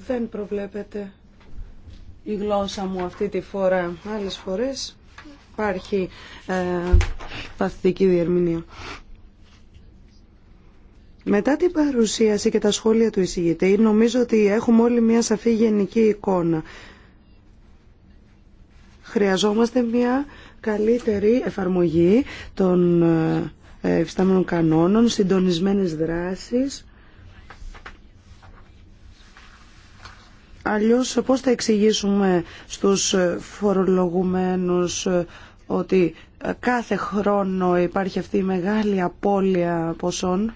δεν προβλέπεται η γλώσσα μου αυτή τη φορά. Άλλες φορές υπάρχει ε, παθητική διερμηνία. Μετά την παρουσίαση και τα σχόλια του εισηγητή, νομίζω ότι έχουμε όλοι μια σαφή γενική εικόνα. Χρειαζόμαστε μια καλύτερη εφαρμογή των ε, εφιστάμενων κανόνων, συντονισμένες δράσεις. Αλλιώς πώς θα εξηγήσουμε στους φορολογουμένους ε, ότι ε, κάθε χρόνο υπάρχει αυτή η μεγάλη απώλεια ποσών.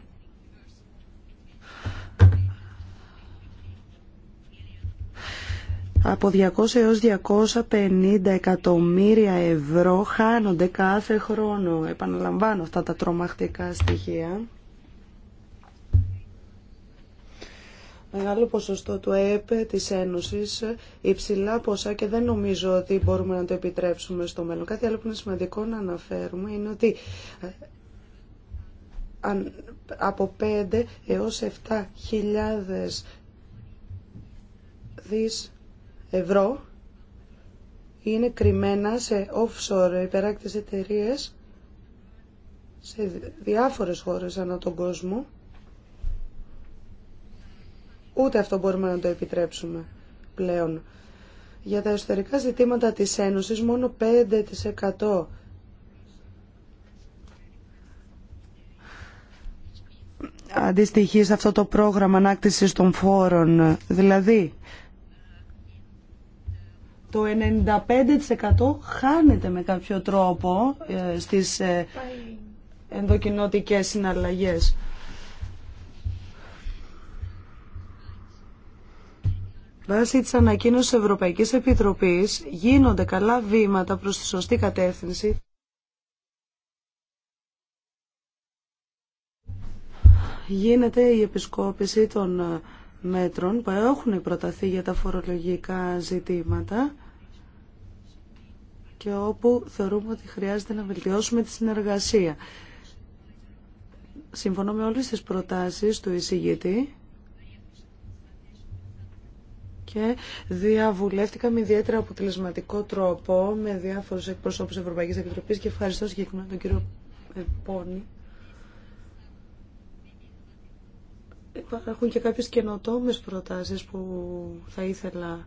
από 200 έως 250 εκατομμύρια ευρώ χάνονται κάθε χρόνο. Επαναλαμβάνω αυτά τα τρομακτικά στοιχεία. Μεγάλο ποσοστό του ΕΕ της Ένωσης, υψηλά ποσά και δεν νομίζω ότι μπορούμε να το επιτρέψουμε στο μέλλον. Κάτι άλλο που είναι σημαντικό να αναφέρουμε είναι ότι ε, από 5 έως 7 χιλιάδες δις ευρώ είναι κρυμμένα σε offshore υπεράκτης εταιρείε σε διάφορες χώρες ανά τον κόσμο. Ούτε αυτό μπορούμε να το επιτρέψουμε πλέον. Για τα εσωτερικά ζητήματα της Ένωσης μόνο 5% αντιστοιχεί σε αυτό το πρόγραμμα ανάκτησης των φόρων. Δηλαδή, το 95% χάνεται με κάποιο τρόπο ε, στις ε, ενδοκινοτικές συναλλαγές. Βάσει της ανακοίνωσης Ευρωπαϊκής Επιτροπής γίνονται καλά βήματα προς τη σωστή κατεύθυνση. Γίνεται η επισκόπηση των ε, μέτρων που έχουν προταθεί για τα φορολογικά ζητήματα και όπου θεωρούμε ότι χρειάζεται να βελτιώσουμε τη συνεργασία. Συμφωνώ με όλες τις προτάσεις του εισηγητή και διαβουλεύτηκα με ιδιαίτερα αποτελεσματικό τρόπο με διάφορους εκπροσώπους Ευρωπαϊκής Επιτροπής και ευχαριστώ συγκεκριμένα τον κύριο Πόνη. Υπάρχουν και κάποιες καινοτόμες προτάσεις που θα ήθελα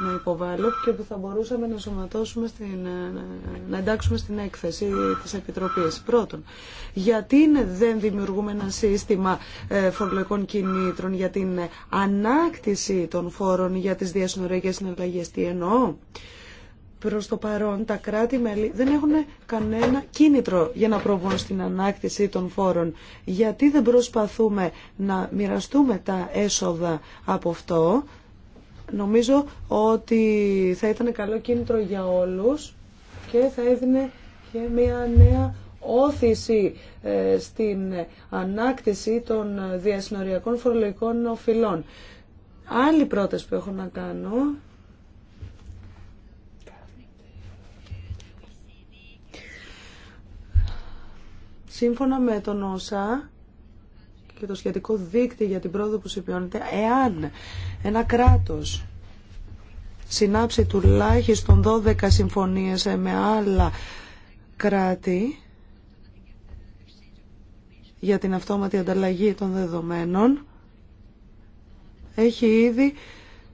να υποβάλω και που θα μπορούσαμε να σωματώσουμε ε, να εντάξουμε στην έκθεση της Επιτροπής. Πρώτον, γιατί δεν δημιουργούμε ένα σύστημα ε, φορολογικών κινήτρων για την ανάκτηση των φόρων για τις διασυνοριακές συναλλαγές. Τι εννοώ. Προς το παρόν τα κράτη-μέλη δεν έχουν κανένα κίνητρο για να προβούν στην ανάκτηση των φόρων. Γιατί δεν προσπαθούμε να μοιραστούμε τα έσοδα από αυτό Νομίζω ότι θα ήταν καλό κίνητρο για όλους και θα έδινε και μια νέα όθηση ε, στην ανάκτηση των διασυνοριακών φορολογικών οφειλών. Άλλη πρόταση που έχω να κάνω σύμφωνα με τον ΩΣΑ και το σχετικό δίκτυο για την πρόοδο που συμπιώνεται, εάν ένα κράτος συνάψει τουλάχιστον 12 συμφωνίες ε, με άλλα κράτη για την αυτόματη ανταλλαγή των δεδομένων έχει ήδη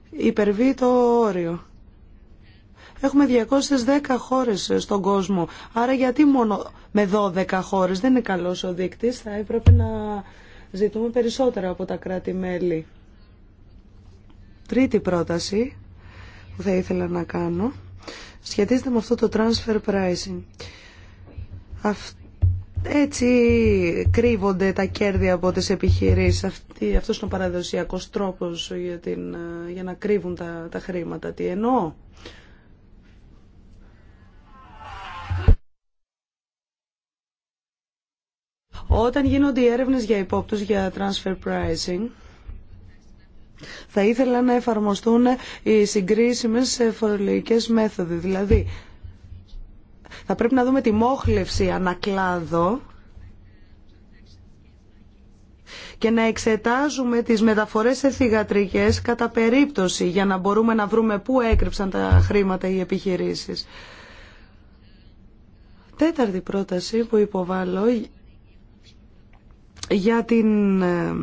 υπερβεί το όριο. Έχουμε 210 χώρες στον κόσμο, άρα γιατί μόνο με 12 χώρες δεν είναι καλός ο δείκτης, θα έπρεπε να ζητούμε περισσότερα από τα κράτη-μέλη. Τρίτη πρόταση που θα ήθελα να κάνω σχετίζεται με αυτό το transfer pricing. Έτσι κρύβονται τα κέρδη από τις επιχειρήσεις. Αυτή, αυτός είναι ο παραδοσιακός τρόπος για, την, για να κρύβουν τα, τα χρήματα. Τι εννοώ. Όταν γίνονται οι έρευνες για υπόπτους για transfer pricing, θα ήθελα να εφαρμοστούν οι συγκρίσιμες φορολογικές μέθοδοι. Δηλαδή, θα πρέπει να δούμε τη μόχλευση ανακλάδο και να εξετάζουμε τις μεταφορές σε θυγατρικές κατά περίπτωση για να μπορούμε να βρούμε πού έκρυψαν τα χρήματα οι επιχειρήσεις. Τέταρτη πρόταση που υποβάλλω για την ε,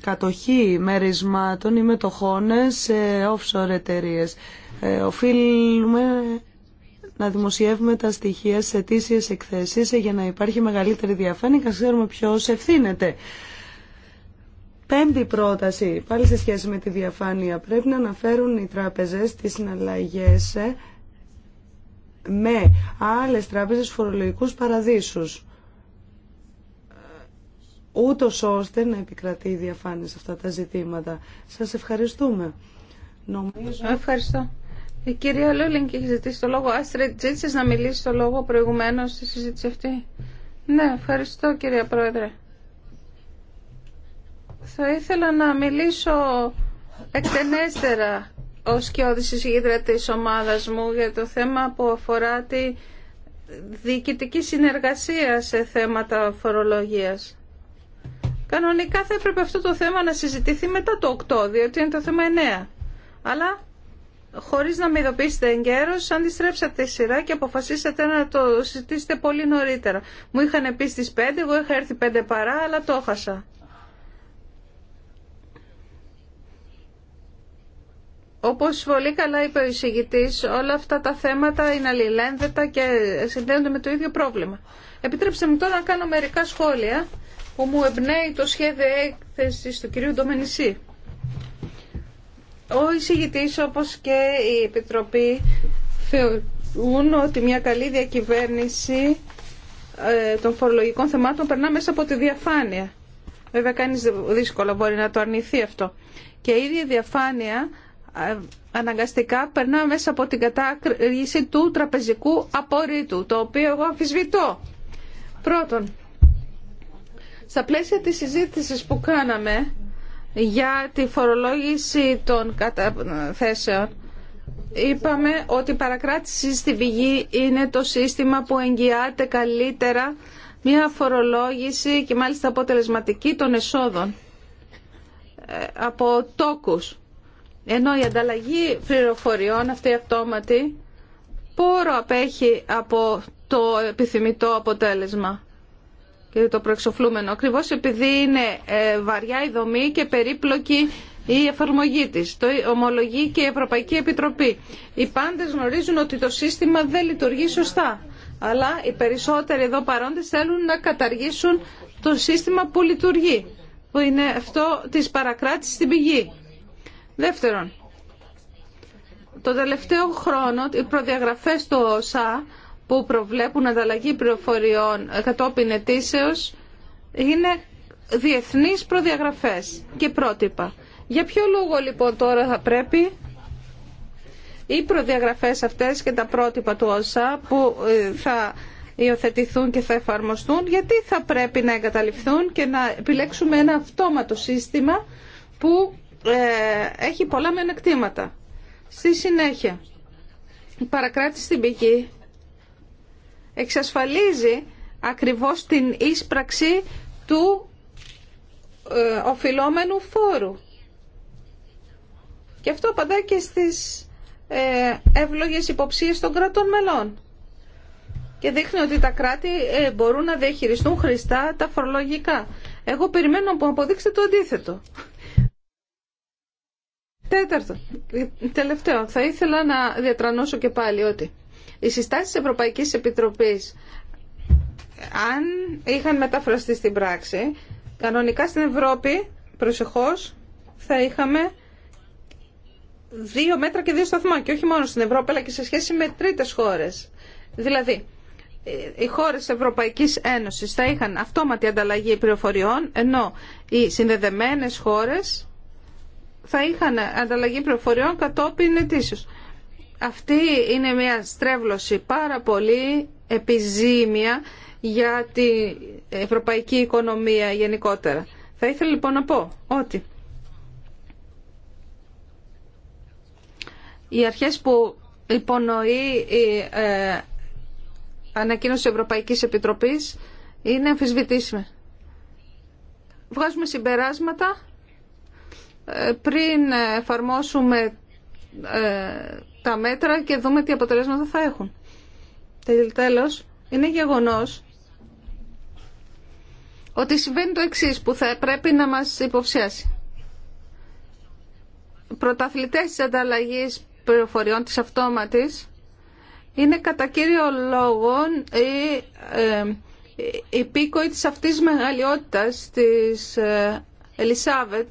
κατοχή μερισμάτων ή μετοχών σε offshore εταιρείε. Ε, οφείλουμε να δημοσιεύουμε τα στοιχεία σε αιτήσιε εκθέσεις ε, για να υπάρχει μεγαλύτερη διαφάνεια και να ξέρουμε ποιος ευθύνεται. Πέμπτη πρόταση, πάλι σε σχέση με τη διαφάνεια, πρέπει να αναφέρουν οι τράπεζες τις συναλλαγές με άλλες τράπεζες φορολογικούς παραδείσους ούτω ώστε να επικρατεί η διαφάνεια σε αυτά τα ζητήματα. Σας ευχαριστούμε. Νομίζω... Ευχαριστώ. Η κυρία Λούλινγκ έχει ζητήσει το λόγο. Άστρε, ζήτησε να μιλήσει το λόγο προηγουμένω στη συζήτηση αυτή. Ναι, ευχαριστώ κυρία Πρόεδρε. Θα ήθελα να μιλήσω εκτενέστερα ως και ίδρα της ομάδας μου για το θέμα που αφορά τη διοικητική συνεργασία σε θέματα φορολογίας. Κανονικά θα έπρεπε αυτό το θέμα να συζητηθεί μετά το 8, διότι είναι το θέμα 9. Αλλά χωρίς να με ειδοποιήσετε εγκαίρως, αντιστρέψατε τη σειρά και αποφασίσατε να το συζητήσετε πολύ νωρίτερα. Μου είχαν πει στις 5, εγώ είχα έρθει 5 παρά, αλλά το έχασα. Όπως πολύ καλά είπε ο εισηγητής, όλα αυτά τα θέματα είναι αλληλένδετα και συνδέονται με το ίδιο πρόβλημα. Επιτρέψτε μου τώρα να κάνω μερικά σχόλια που μου εμπνέει το σχέδιο έκθεση του κυρίου Ντομενισή. Ο εισηγητή, όπως και η Επιτροπή θεωρούν ότι μια καλή διακυβέρνηση ε, των φορολογικών θεμάτων περνά μέσα από τη διαφάνεια. Βέβαια κανεί δύσκολο μπορεί να το αρνηθεί αυτό. Και η ίδια διαφάνεια ε, αναγκαστικά περνά μέσα από την κατάκριση του τραπεζικού απορρίτου, το οποίο εγώ αμφισβητώ. Πρώτον, στα πλαίσια της συζήτησης που κάναμε για τη φορολόγηση των καταθέσεων, είπαμε ότι η παρακράτηση στη Βυγή είναι το σύστημα που εγγυάται καλύτερα μια φορολόγηση και μάλιστα αποτελεσματική των εσόδων ε, από τόκους. Ενώ η ανταλλαγή πληροφοριών αυτή η αυτόματη πόρο απέχει από το επιθυμητό αποτέλεσμα και το προεξοφλούμενο. Ακριβώ επειδή είναι ε, βαριά η δομή και περίπλοκη η εφαρμογή της. Το ομολογεί και η Ευρωπαϊκή Επιτροπή. Οι πάντες γνωρίζουν ότι το σύστημα δεν λειτουργεί σωστά. Αλλά οι περισσότεροι εδώ παρόντες θέλουν να καταργήσουν το σύστημα που λειτουργεί. Που είναι αυτό της παρακράτησης στην πηγή. Δεύτερον, το τελευταίο χρόνο οι προδιαγραφές του ΩΣΑ που προβλέπουν ανταλλαγή πληροφοριών κατόπιν ετήσεως είναι διεθνείς προδιαγραφές και πρότυπα. Για ποιο λόγο λοιπόν τώρα θα πρέπει οι προδιαγραφές αυτές και τα πρότυπα του ΩΣΑ που ε, θα υιοθετηθούν και θα εφαρμοστούν, γιατί θα πρέπει να εγκαταληφθούν και να επιλέξουμε ένα αυτόματο σύστημα που ε, έχει πολλά μενεκτήματα. Στη συνέχεια, η παρακράτηση στην πηγή εξασφαλίζει ακριβώς την ίσπραξη του ε, οφειλόμενου φόρου. Και αυτό απαντά και στις ε, εύλογες υποψίες των κρατών μελών. Και δείχνει ότι τα κράτη ε, μπορούν να διαχειριστούν χρηστά τα φορολογικά. Εγώ περιμένω να αποδείξετε το αντίθετο. Τέταρτο, ε, τελευταίο, θα ήθελα να διατρανώσω και πάλι ότι οι συστάσει τη Ευρωπαϊκής Επιτροπής, αν είχαν μεταφραστεί στην πράξη, κανονικά στην Ευρώπη, προσεχώς, θα είχαμε δύο μέτρα και δύο σταθμά και όχι μόνο στην Ευρώπη αλλά και σε σχέση με τρίτε χώρες. Δηλαδή, οι χώρες Ευρωπαϊκή Ένωση θα είχαν αυτόματη ανταλλαγή πληροφοριών ενώ οι συνδεδεμένε χώρε θα είχαν ανταλλαγή πληροφοριών κατόπιν αιτήσεω. Αυτή είναι μια στρέβλωση πάρα πολύ επιζήμια για την ευρωπαϊκή οικονομία γενικότερα. Θα ήθελα λοιπόν να πω ότι οι αρχές που υπονοεί η ε, ανακοίνωση Ευρωπαϊκής Επιτροπής είναι αμφισβητήσιμες. Βγάζουμε συμπεράσματα ε, πριν εφαρμόσουμε ε, τα μέτρα και δούμε τι αποτελέσματα θα έχουν. Τέλος, είναι γεγονός ότι συμβαίνει το εξής που θα πρέπει να μας υποψιάσει. Πρωταθλητές της ανταλλαγής πληροφοριών της αυτόματης είναι κατά κύριο λόγο οι ε, υπήκοοι της αυτής μεγαλειότητας της ε, Ελισάβετ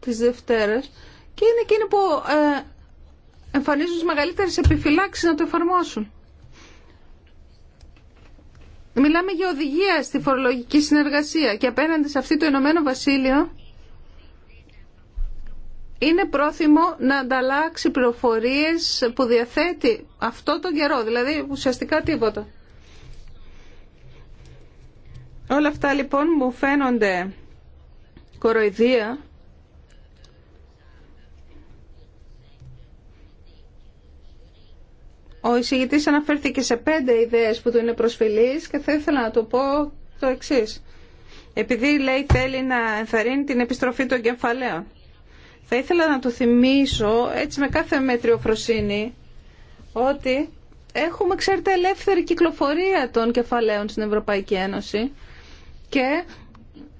της Δευτέρας και είναι εκείνοι που ε, εμφανίζουν τι μεγαλύτερες επιφυλάξεις να το εφαρμόσουν. Μιλάμε για οδηγία στη φορολογική συνεργασία και απέναντι σε αυτή το Ηνωμένο Βασίλειο είναι πρόθυμο να ανταλλάξει πληροφορίες που διαθέτει αυτό τον καιρό, δηλαδή ουσιαστικά τίποτα. Όλα αυτά λοιπόν μου φαίνονται κοροϊδία Ο εισηγητή αναφέρθηκε σε πέντε ιδέες που του είναι προσφυλή και θα ήθελα να το πω το εξής. Επειδή λέει θέλει να ενθαρρύνει την επιστροφή των κεφαλαίων. Θα ήθελα να του θυμίσω έτσι με κάθε μέτριο φροσύνη ότι έχουμε ξέρετε ελεύθερη κυκλοφορία των κεφαλαίων στην Ευρωπαϊκή Ένωση και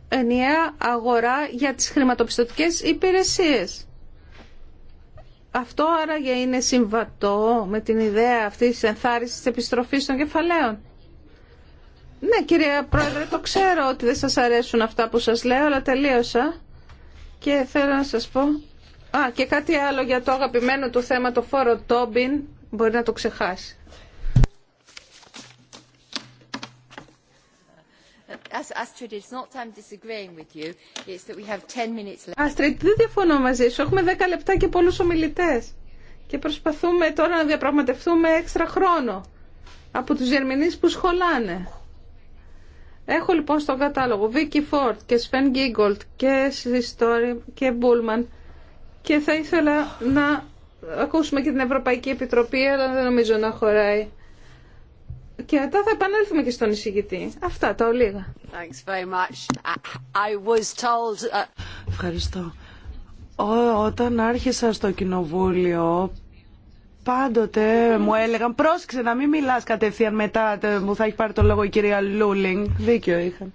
ενιαία αγορά για τις χρηματοπιστωτικές υπηρεσίες. Αυτό άραγε είναι συμβατό με την ιδέα αυτής της ενθάρρυνσης της επιστροφής των κεφαλαίων. Ναι, κυρία Πρόεδρε, το ξέρω ότι δεν σας αρέσουν αυτά που σας λέω, αλλά τελείωσα. Και θέλω να σας πω... Α, και κάτι άλλο για το αγαπημένο του θέμα, το φόρο Τόμπιν, μπορεί να το ξεχάσει. Άστριτ, δεν διαφωνώ μαζί σου. Έχουμε δέκα λεπτά και πολλούς ομιλητές. Και προσπαθούμε τώρα να διαπραγματευτούμε έξτρα χρόνο από τους Γερμηνείς που σχολάνε. Έχω λοιπόν στον κατάλογο Βίκυ Φόρτ και Σφεν Γκίγκολτ και Σιστόρι και Μπούλμαν και θα ήθελα να ακούσουμε και την Ευρωπαϊκή Επιτροπή αλλά δεν νομίζω να χωράει. Και μετά θα επανέλθουμε και στον εισηγητή. Αυτά τα ολίγα. Uh, Ευχαριστώ. όταν άρχισα στο κοινοβούλιο πάντοτε μου έλεγαν πρόσεξε να μην μιλά κατευθείαν μετά που θα έχει πάρει το λόγο η κυρία Λούλινγκ. Δίκιο είχα.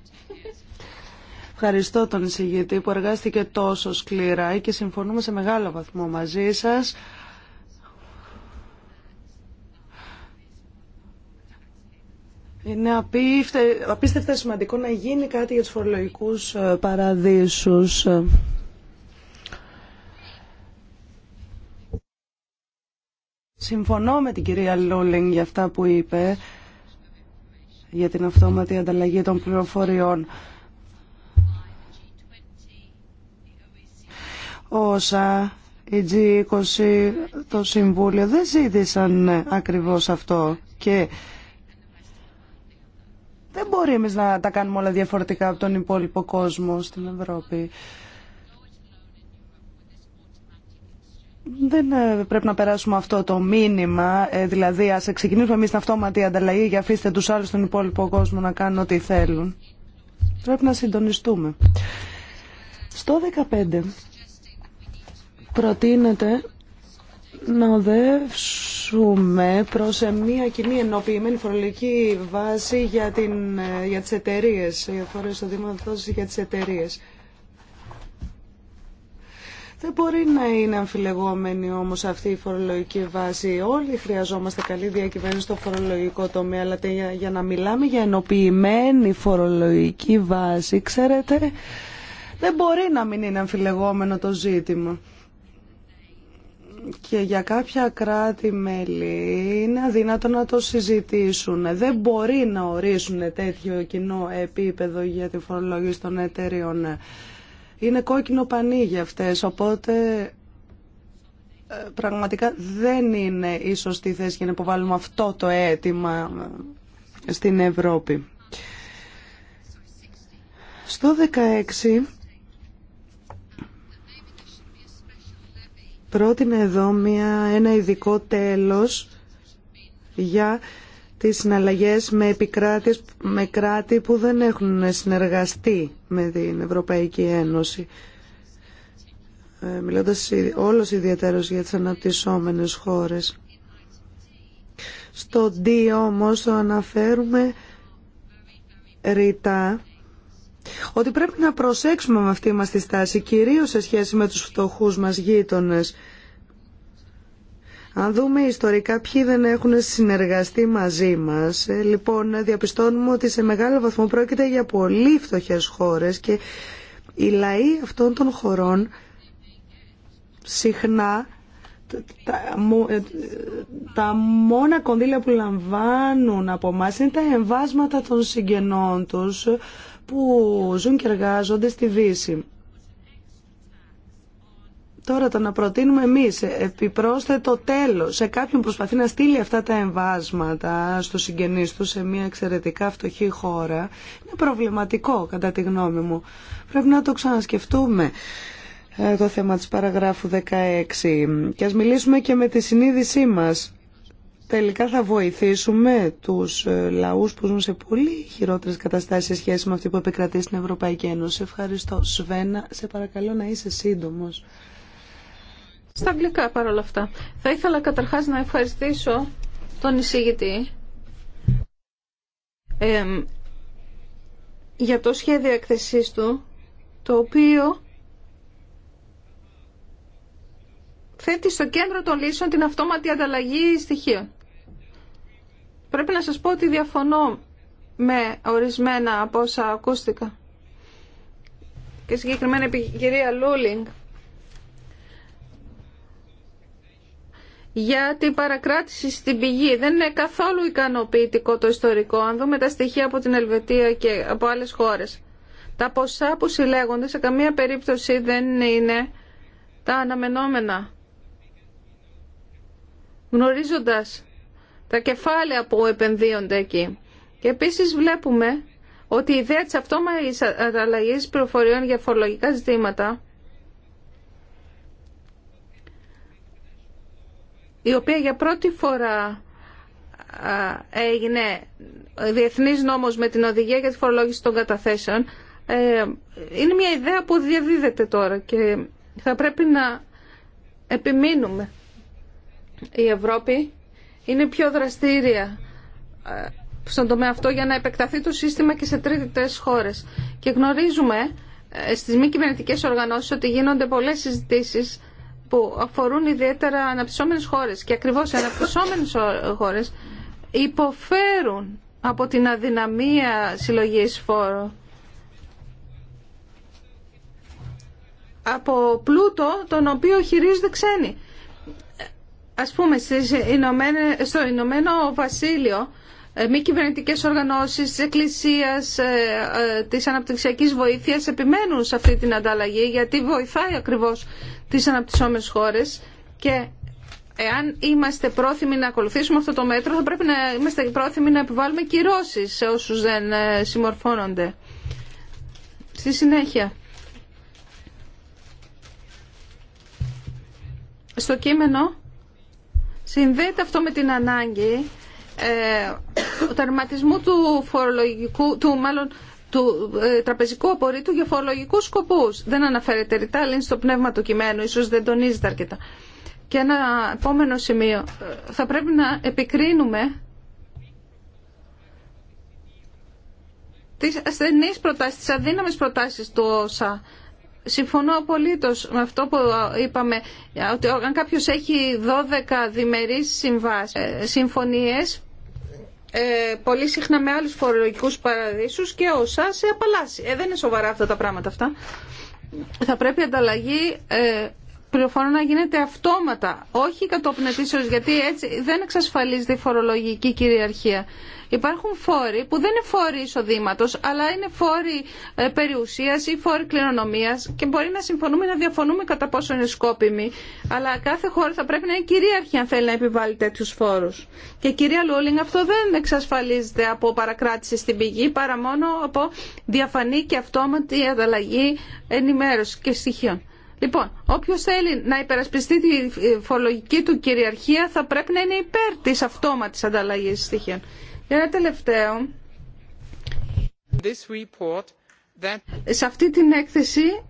Ευχαριστώ τον εισηγητή που εργάστηκε τόσο σκληρά και συμφωνούμε σε μεγάλο βαθμό μαζί σας. Είναι απίστευτα σημαντικό να γίνει κάτι για τους φορολογικούς ε, παραδείσους. Συμφωνώ με την κυρία Λούλινγκ για αυτά που είπε για την αυτόματη ανταλλαγή των πληροφοριών. Όσα η G20, το Συμβούλιο δεν ζήτησαν ακριβώς αυτό και δεν μπορεί εμείς να τα κάνουμε όλα διαφορετικά από τον υπόλοιπο κόσμο στην Ευρώπη. Δεν ε, πρέπει να περάσουμε αυτό το μήνυμα, ε, δηλαδή ας ξεκινήσουμε εμείς την αυτόματη ανταλλαγή για αφήστε τους άλλους στον υπόλοιπο κόσμο να κάνουν ό,τι θέλουν. Πρέπει να συντονιστούμε. Στο 15 προτείνεται να οδεύσουμε προχωρήσουμε προς ε, μια κοινή ενοποιημένη φορολογική βάση για, την, ε, για τις εταιρείες, για φορές για τις εταιρείες. Δεν μπορεί να είναι αμφιλεγόμενη όμως αυτή η φορολογική βάση. Όλοι χρειαζόμαστε καλή διακυβέρνηση στο φορολογικό τομέα, αλλά για να μιλάμε για ενοποιημένη φορολογική βάση, ξέρετε, δεν μπορεί να μην είναι αμφιλεγόμενο το ζήτημα και για κάποια κράτη-μέλη είναι αδύνατο να το συζητήσουν. Δεν μπορεί να ορίσουν τέτοιο κοινό επίπεδο για τη φορολογία των εταιριών. Είναι κόκκινο πανί για αυτές, οπότε ε, πραγματικά δεν είναι η σωστή θέση για να υποβάλουμε αυτό το αίτημα ε, στην Ευρώπη. Στο πρότεινε εδώ μια, ένα ειδικό τέλος για τις συναλλαγές με επικράτες, με κράτη που δεν έχουν συνεργαστεί με την Ευρωπαϊκή Ένωση. Ε, μιλώντας όλος ιδιαίτερος για τις αναπτυσσόμενες χώρες. Στο D όμως αναφέρουμε ρητά ότι πρέπει να προσέξουμε με αυτή μας τη στάση, κυρίως σε σχέση με τους φτωχούς μας γείτονες. Αν δούμε ιστορικά ποιοι δεν έχουν συνεργαστεί μαζί μας, ε, λοιπόν διαπιστώνουμε ότι σε μεγάλο βαθμό πρόκειται για πολύ φτωχές χώρες και οι λαοί αυτών των χωρών συχνά ε, τα μόνα κονδύλια που λαμβάνουν από εμά είναι τα εμβάσματα των συγγενών τους που ζουν και εργάζονται στη Δύση. Τώρα το να προτείνουμε εμείς επιπρόσθετο τέλος σε κάποιον προσπαθεί να στείλει αυτά τα εμβάσματα στο συγγενείς του σε μια εξαιρετικά φτωχή χώρα είναι προβληματικό κατά τη γνώμη μου. Πρέπει να το ξανασκεφτούμε ε, το θέμα της παραγράφου 16 και ας μιλήσουμε και με τη συνείδησή μας τελικά θα βοηθήσουμε τους ε, λαούς που ζουν σε πολύ χειρότερες καταστάσεις σε σχέση με αυτή που επικρατεί στην Ευρωπαϊκή Ένωση. Ευχαριστώ. Σβένα, σε παρακαλώ να είσαι σύντομος. Στα αγγλικά παρόλα αυτά. Θα ήθελα καταρχάς να ευχαριστήσω τον εισήγητη για το σχέδιο εκθεσής του, το οποίο θέτει στο κέντρο των λύσεων την αυτόματη ανταλλαγή στοιχείων. Πρέπει να σας πω ότι διαφωνώ με ορισμένα από όσα ακούστηκα. Και συγκεκριμένα η κυρία Λούλινγκ για την παρακράτηση στην πηγή. Δεν είναι καθόλου ικανοποιητικό το ιστορικό, αν δούμε τα στοιχεία από την Ελβετία και από άλλες χώρες. Τα ποσά που συλλέγονται σε καμία περίπτωση δεν είναι τα αναμενόμενα. Γνωρίζοντας τα κεφάλαια που επενδύονται εκεί. Και επίσης βλέπουμε ότι η ιδέα της αυτόματης αλλαγής πληροφοριών για φορολογικά ζητήματα η οποία για πρώτη φορά έγινε διεθνής νόμος με την οδηγία για τη φορολόγηση των καταθέσεων ε, είναι μια ιδέα που διαδίδεται τώρα και θα πρέπει να επιμείνουμε. Η Ευρώπη είναι πιο δραστήρια ε, στον τομέα αυτό για να επεκταθεί το σύστημα και σε τρίτες χώρες. Και γνωρίζουμε ε, στις μη κυβερνητικέ οργανώσεις ότι γίνονται πολλές συζητήσεις που αφορούν ιδιαίτερα αναπτυσσόμενες χώρες και ακριβώς οι αναπτυσσόμενες χώρες υποφέρουν από την αδυναμία συλλογής φόρων Από πλούτο τον οποίο χειρίζονται ξένοι. Ας πούμε, στις στο Ηνωμένο Βασίλειο ε, μη κυβερνητικέ οργανώσει τη Εκκλησία, ε, ε, τη αναπτυξιακή βοήθεια επιμένουν σε αυτή την ανταλλαγή γιατί βοηθάει ακριβώ τι αναπτυσσόμενε χώρε και εάν είμαστε πρόθυμοι να ακολουθήσουμε αυτό το μέτρο θα πρέπει να είμαστε πρόθυμοι να επιβάλλουμε κυρώσει σε όσου δεν συμμορφώνονται. Στη συνέχεια. Στο κείμενο Συνδέεται αυτό με την ανάγκη ε, του τερματισμού του φορολογικού, του μάλλον του ε, τραπεζικού απορρίτου για φορολογικού σκοπούς. Δεν αναφέρεται ρητά, στο πνεύμα του κειμένου, ίσως δεν τονίζεται αρκετά. Και ένα επόμενο σημείο, ε, θα πρέπει να επικρίνουμε τις ασθενείς προτάσεις, τις αδύναμες προτάσεις του ΩΣΑ Συμφωνώ απολύτω με αυτό που είπαμε, ότι αν κάποιος έχει 12 διμερείς ε, συμφωνίες, ε, πολύ συχνά με άλλους φορολογικούς παραδείσους και ο σε απαλλάσσει. Ε, δεν είναι σοβαρά αυτά τα πράγματα αυτά. Θα πρέπει ανταλλαγή πληροφορώ να γίνεται αυτόματα, όχι κατόπιν αιτήσεως, γιατί έτσι δεν εξασφαλίζεται η φορολογική κυριαρχία. Υπάρχουν φόροι που δεν είναι φόροι εισοδήματο, αλλά είναι φόροι ε, περιουσία ή φόροι κληρονομία και μπορεί να συμφωνούμε να διαφωνούμε κατά πόσο είναι σκόπιμοι, αλλά κάθε χώρα θα πρέπει να είναι κυρίαρχη αν θέλει να επιβάλλει τέτοιου φόρου. Και κυρία Λούλινγκ, αυτό δεν εξασφαλίζεται από παρακράτηση στην πηγή, παρά μόνο από διαφανή και αυτόματη ανταλλαγή ενημέρωση και στοιχείων. Λοιπόν, όποιο θέλει να υπερασπιστεί τη φορολογική του κυριαρχία θα πρέπει να είναι υπέρ τη αυτόματη ανταλλαγή στοιχείων. Για ένα τελευταίο. Σε αυτή την έκθεση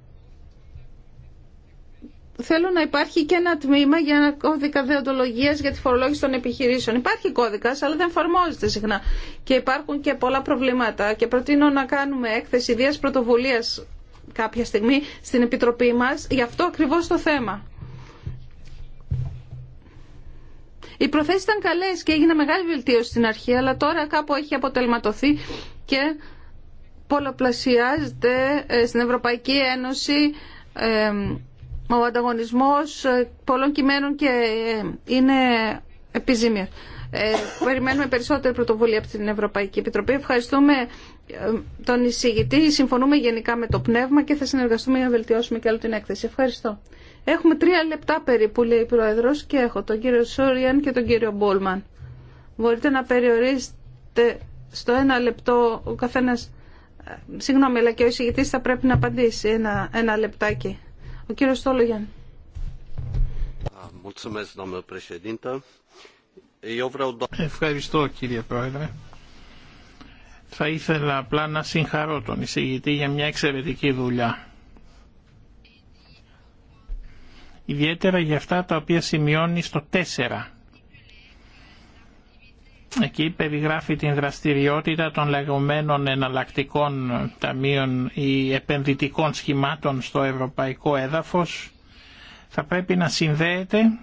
θέλω να υπάρχει και ένα τμήμα για ένα κώδικα δεοντολογία για τη φορολόγηση των επιχειρήσεων. Υπάρχει κώδικα, αλλά δεν εφαρμόζεται συχνά. Και υπάρχουν και πολλά προβλήματα. Και προτείνω να κάνουμε έκθεση ιδέα πρωτοβουλία κάποια στιγμή στην Επιτροπή μας γι' αυτό ακριβώς το θέμα. Οι προθέσεις ήταν καλές και έγινε μεγάλη βελτίωση στην αρχή, αλλά τώρα κάπου έχει αποτελματωθεί και πολλαπλασιάζεται ε, στην Ευρωπαϊκή Ένωση ε, ο ανταγωνισμός ε, πολλών κειμένων και είναι επιζήμιος. Ε, περιμένουμε περισσότερη πρωτοβουλία από την Ευρωπαϊκή Επιτροπή. Ευχαριστούμε ε, τον εισηγητή. Συμφωνούμε γενικά με το πνεύμα και θα συνεργαστούμε για να βελτιώσουμε και άλλο την έκθεση. Ευχαριστώ. Έχουμε τρία λεπτά περίπου, λέει η Πρόεδρος, και έχω τον κύριο Σόριαν και τον κύριο Μπόλμαν. Μπορείτε να περιορίσετε στο ένα λεπτό ο καθένα, ε, Συγγνώμη, αλλά και ο εισηγητή θα πρέπει να απαντήσει ένα, ένα λεπτάκι. Ο κύριο Στόλογιαν. Ευχαριστώ κύριε Πρόεδρε. Θα ήθελα απλά να συγχαρώ τον εισηγητή για μια εξαιρετική δουλειά. Ιδιαίτερα για αυτά τα οποία σημειώνει στο 4. Εκεί περιγράφει την δραστηριότητα των λεγόμενων εναλλακτικών ταμείων ή επενδυτικών σχημάτων στο ευρωπαϊκό έδαφος. Θα πρέπει να συνδέεται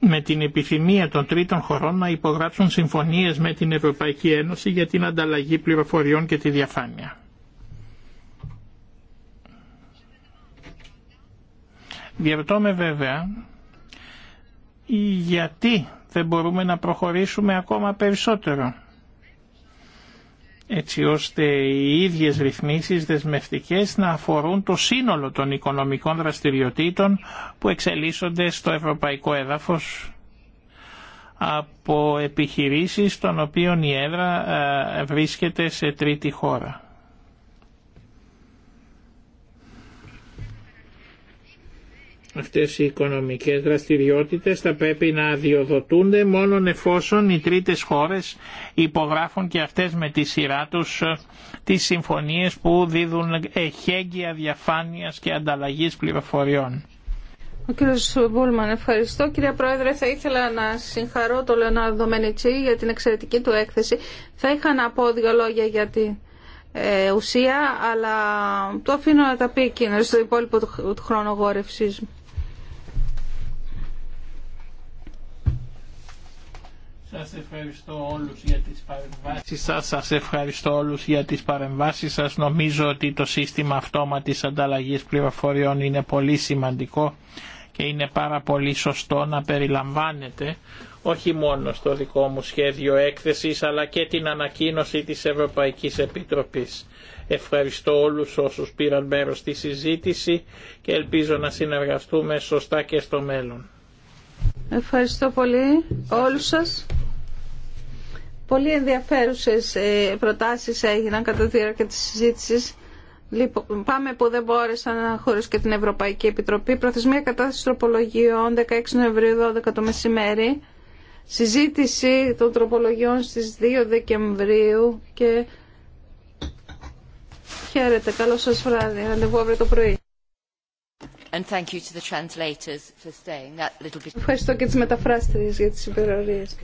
με την επιθυμία των τρίτων χωρών να υπογράψουν συμφωνίες με την Ευρωπαϊκή Ένωση για την ανταλλαγή πληροφοριών και τη διαφάνεια. Διαρωτώ βέβαια γιατί δεν μπορούμε να προχωρήσουμε ακόμα περισσότερο έτσι ώστε οι ίδιες ρυθμίσεις δεσμευτικές να αφορούν το σύνολο των οικονομικών δραστηριοτήτων που εξελίσσονται στο ευρωπαϊκό έδαφος από επιχειρήσεις των οποίων η έδρα ε, βρίσκεται σε τρίτη χώρα. αυτές οι οικονομικές δραστηριότητες θα πρέπει να αδειοδοτούνται μόνο εφόσον οι τρίτες χώρες υπογράφουν και αυτές με τη σειρά τους ε, τις συμφωνίες που δίδουν εχέγγυα διαφάνειας και ανταλλαγής πληροφοριών. Ο κύριος Μπούλμαν, ευχαριστώ. Κύριε Πρόεδρε, θα ήθελα να συγχαρώ τον Λεωνάρδο Μενιτσί για την εξαιρετική του έκθεση. Θα είχα να πω δύο λόγια για την ε, ουσία, αλλά το αφήνω να τα πει εκείνο στο υπόλοιπο του, του μου. Σας ευχαριστώ όλους για τις παρεμβάσεις σας, σας ευχαριστώ όλους για τις παρεμβάσεις σας. Νομίζω ότι το σύστημα αυτόματης ανταλλαγής πληροφοριών είναι πολύ σημαντικό και είναι πάρα πολύ σωστό να περιλαμβάνεται όχι μόνο στο δικό μου σχέδιο έκθεσης αλλά και την ανακοίνωση της Ευρωπαϊκής Επιτροπής. Ευχαριστώ όλους όσους πήραν μέρος στη συζήτηση και ελπίζω να συνεργαστούμε σωστά και στο μέλλον. Ευχαριστώ πολύ όλους σας. Πολύ ενδιαφέρουσες ε, προτάσεις έγιναν κατά τη διάρκεια της συζήτησης. Λοιπόν, πάμε που δεν μπόρεσαν να χωρίς και την Ευρωπαϊκή Επιτροπή. Προθεσμία κατάθεση τροπολογιών 16 Νοεμβρίου 12 το μεσημέρι. Συζήτηση των τροπολογιών στις 2 Δεκεμβρίου και χαίρετε. Καλό σας βράδυ. Ραντεβού αύριο το πρωί ευχαριστώ και τις μεταφράστριες για τις υπερορίες.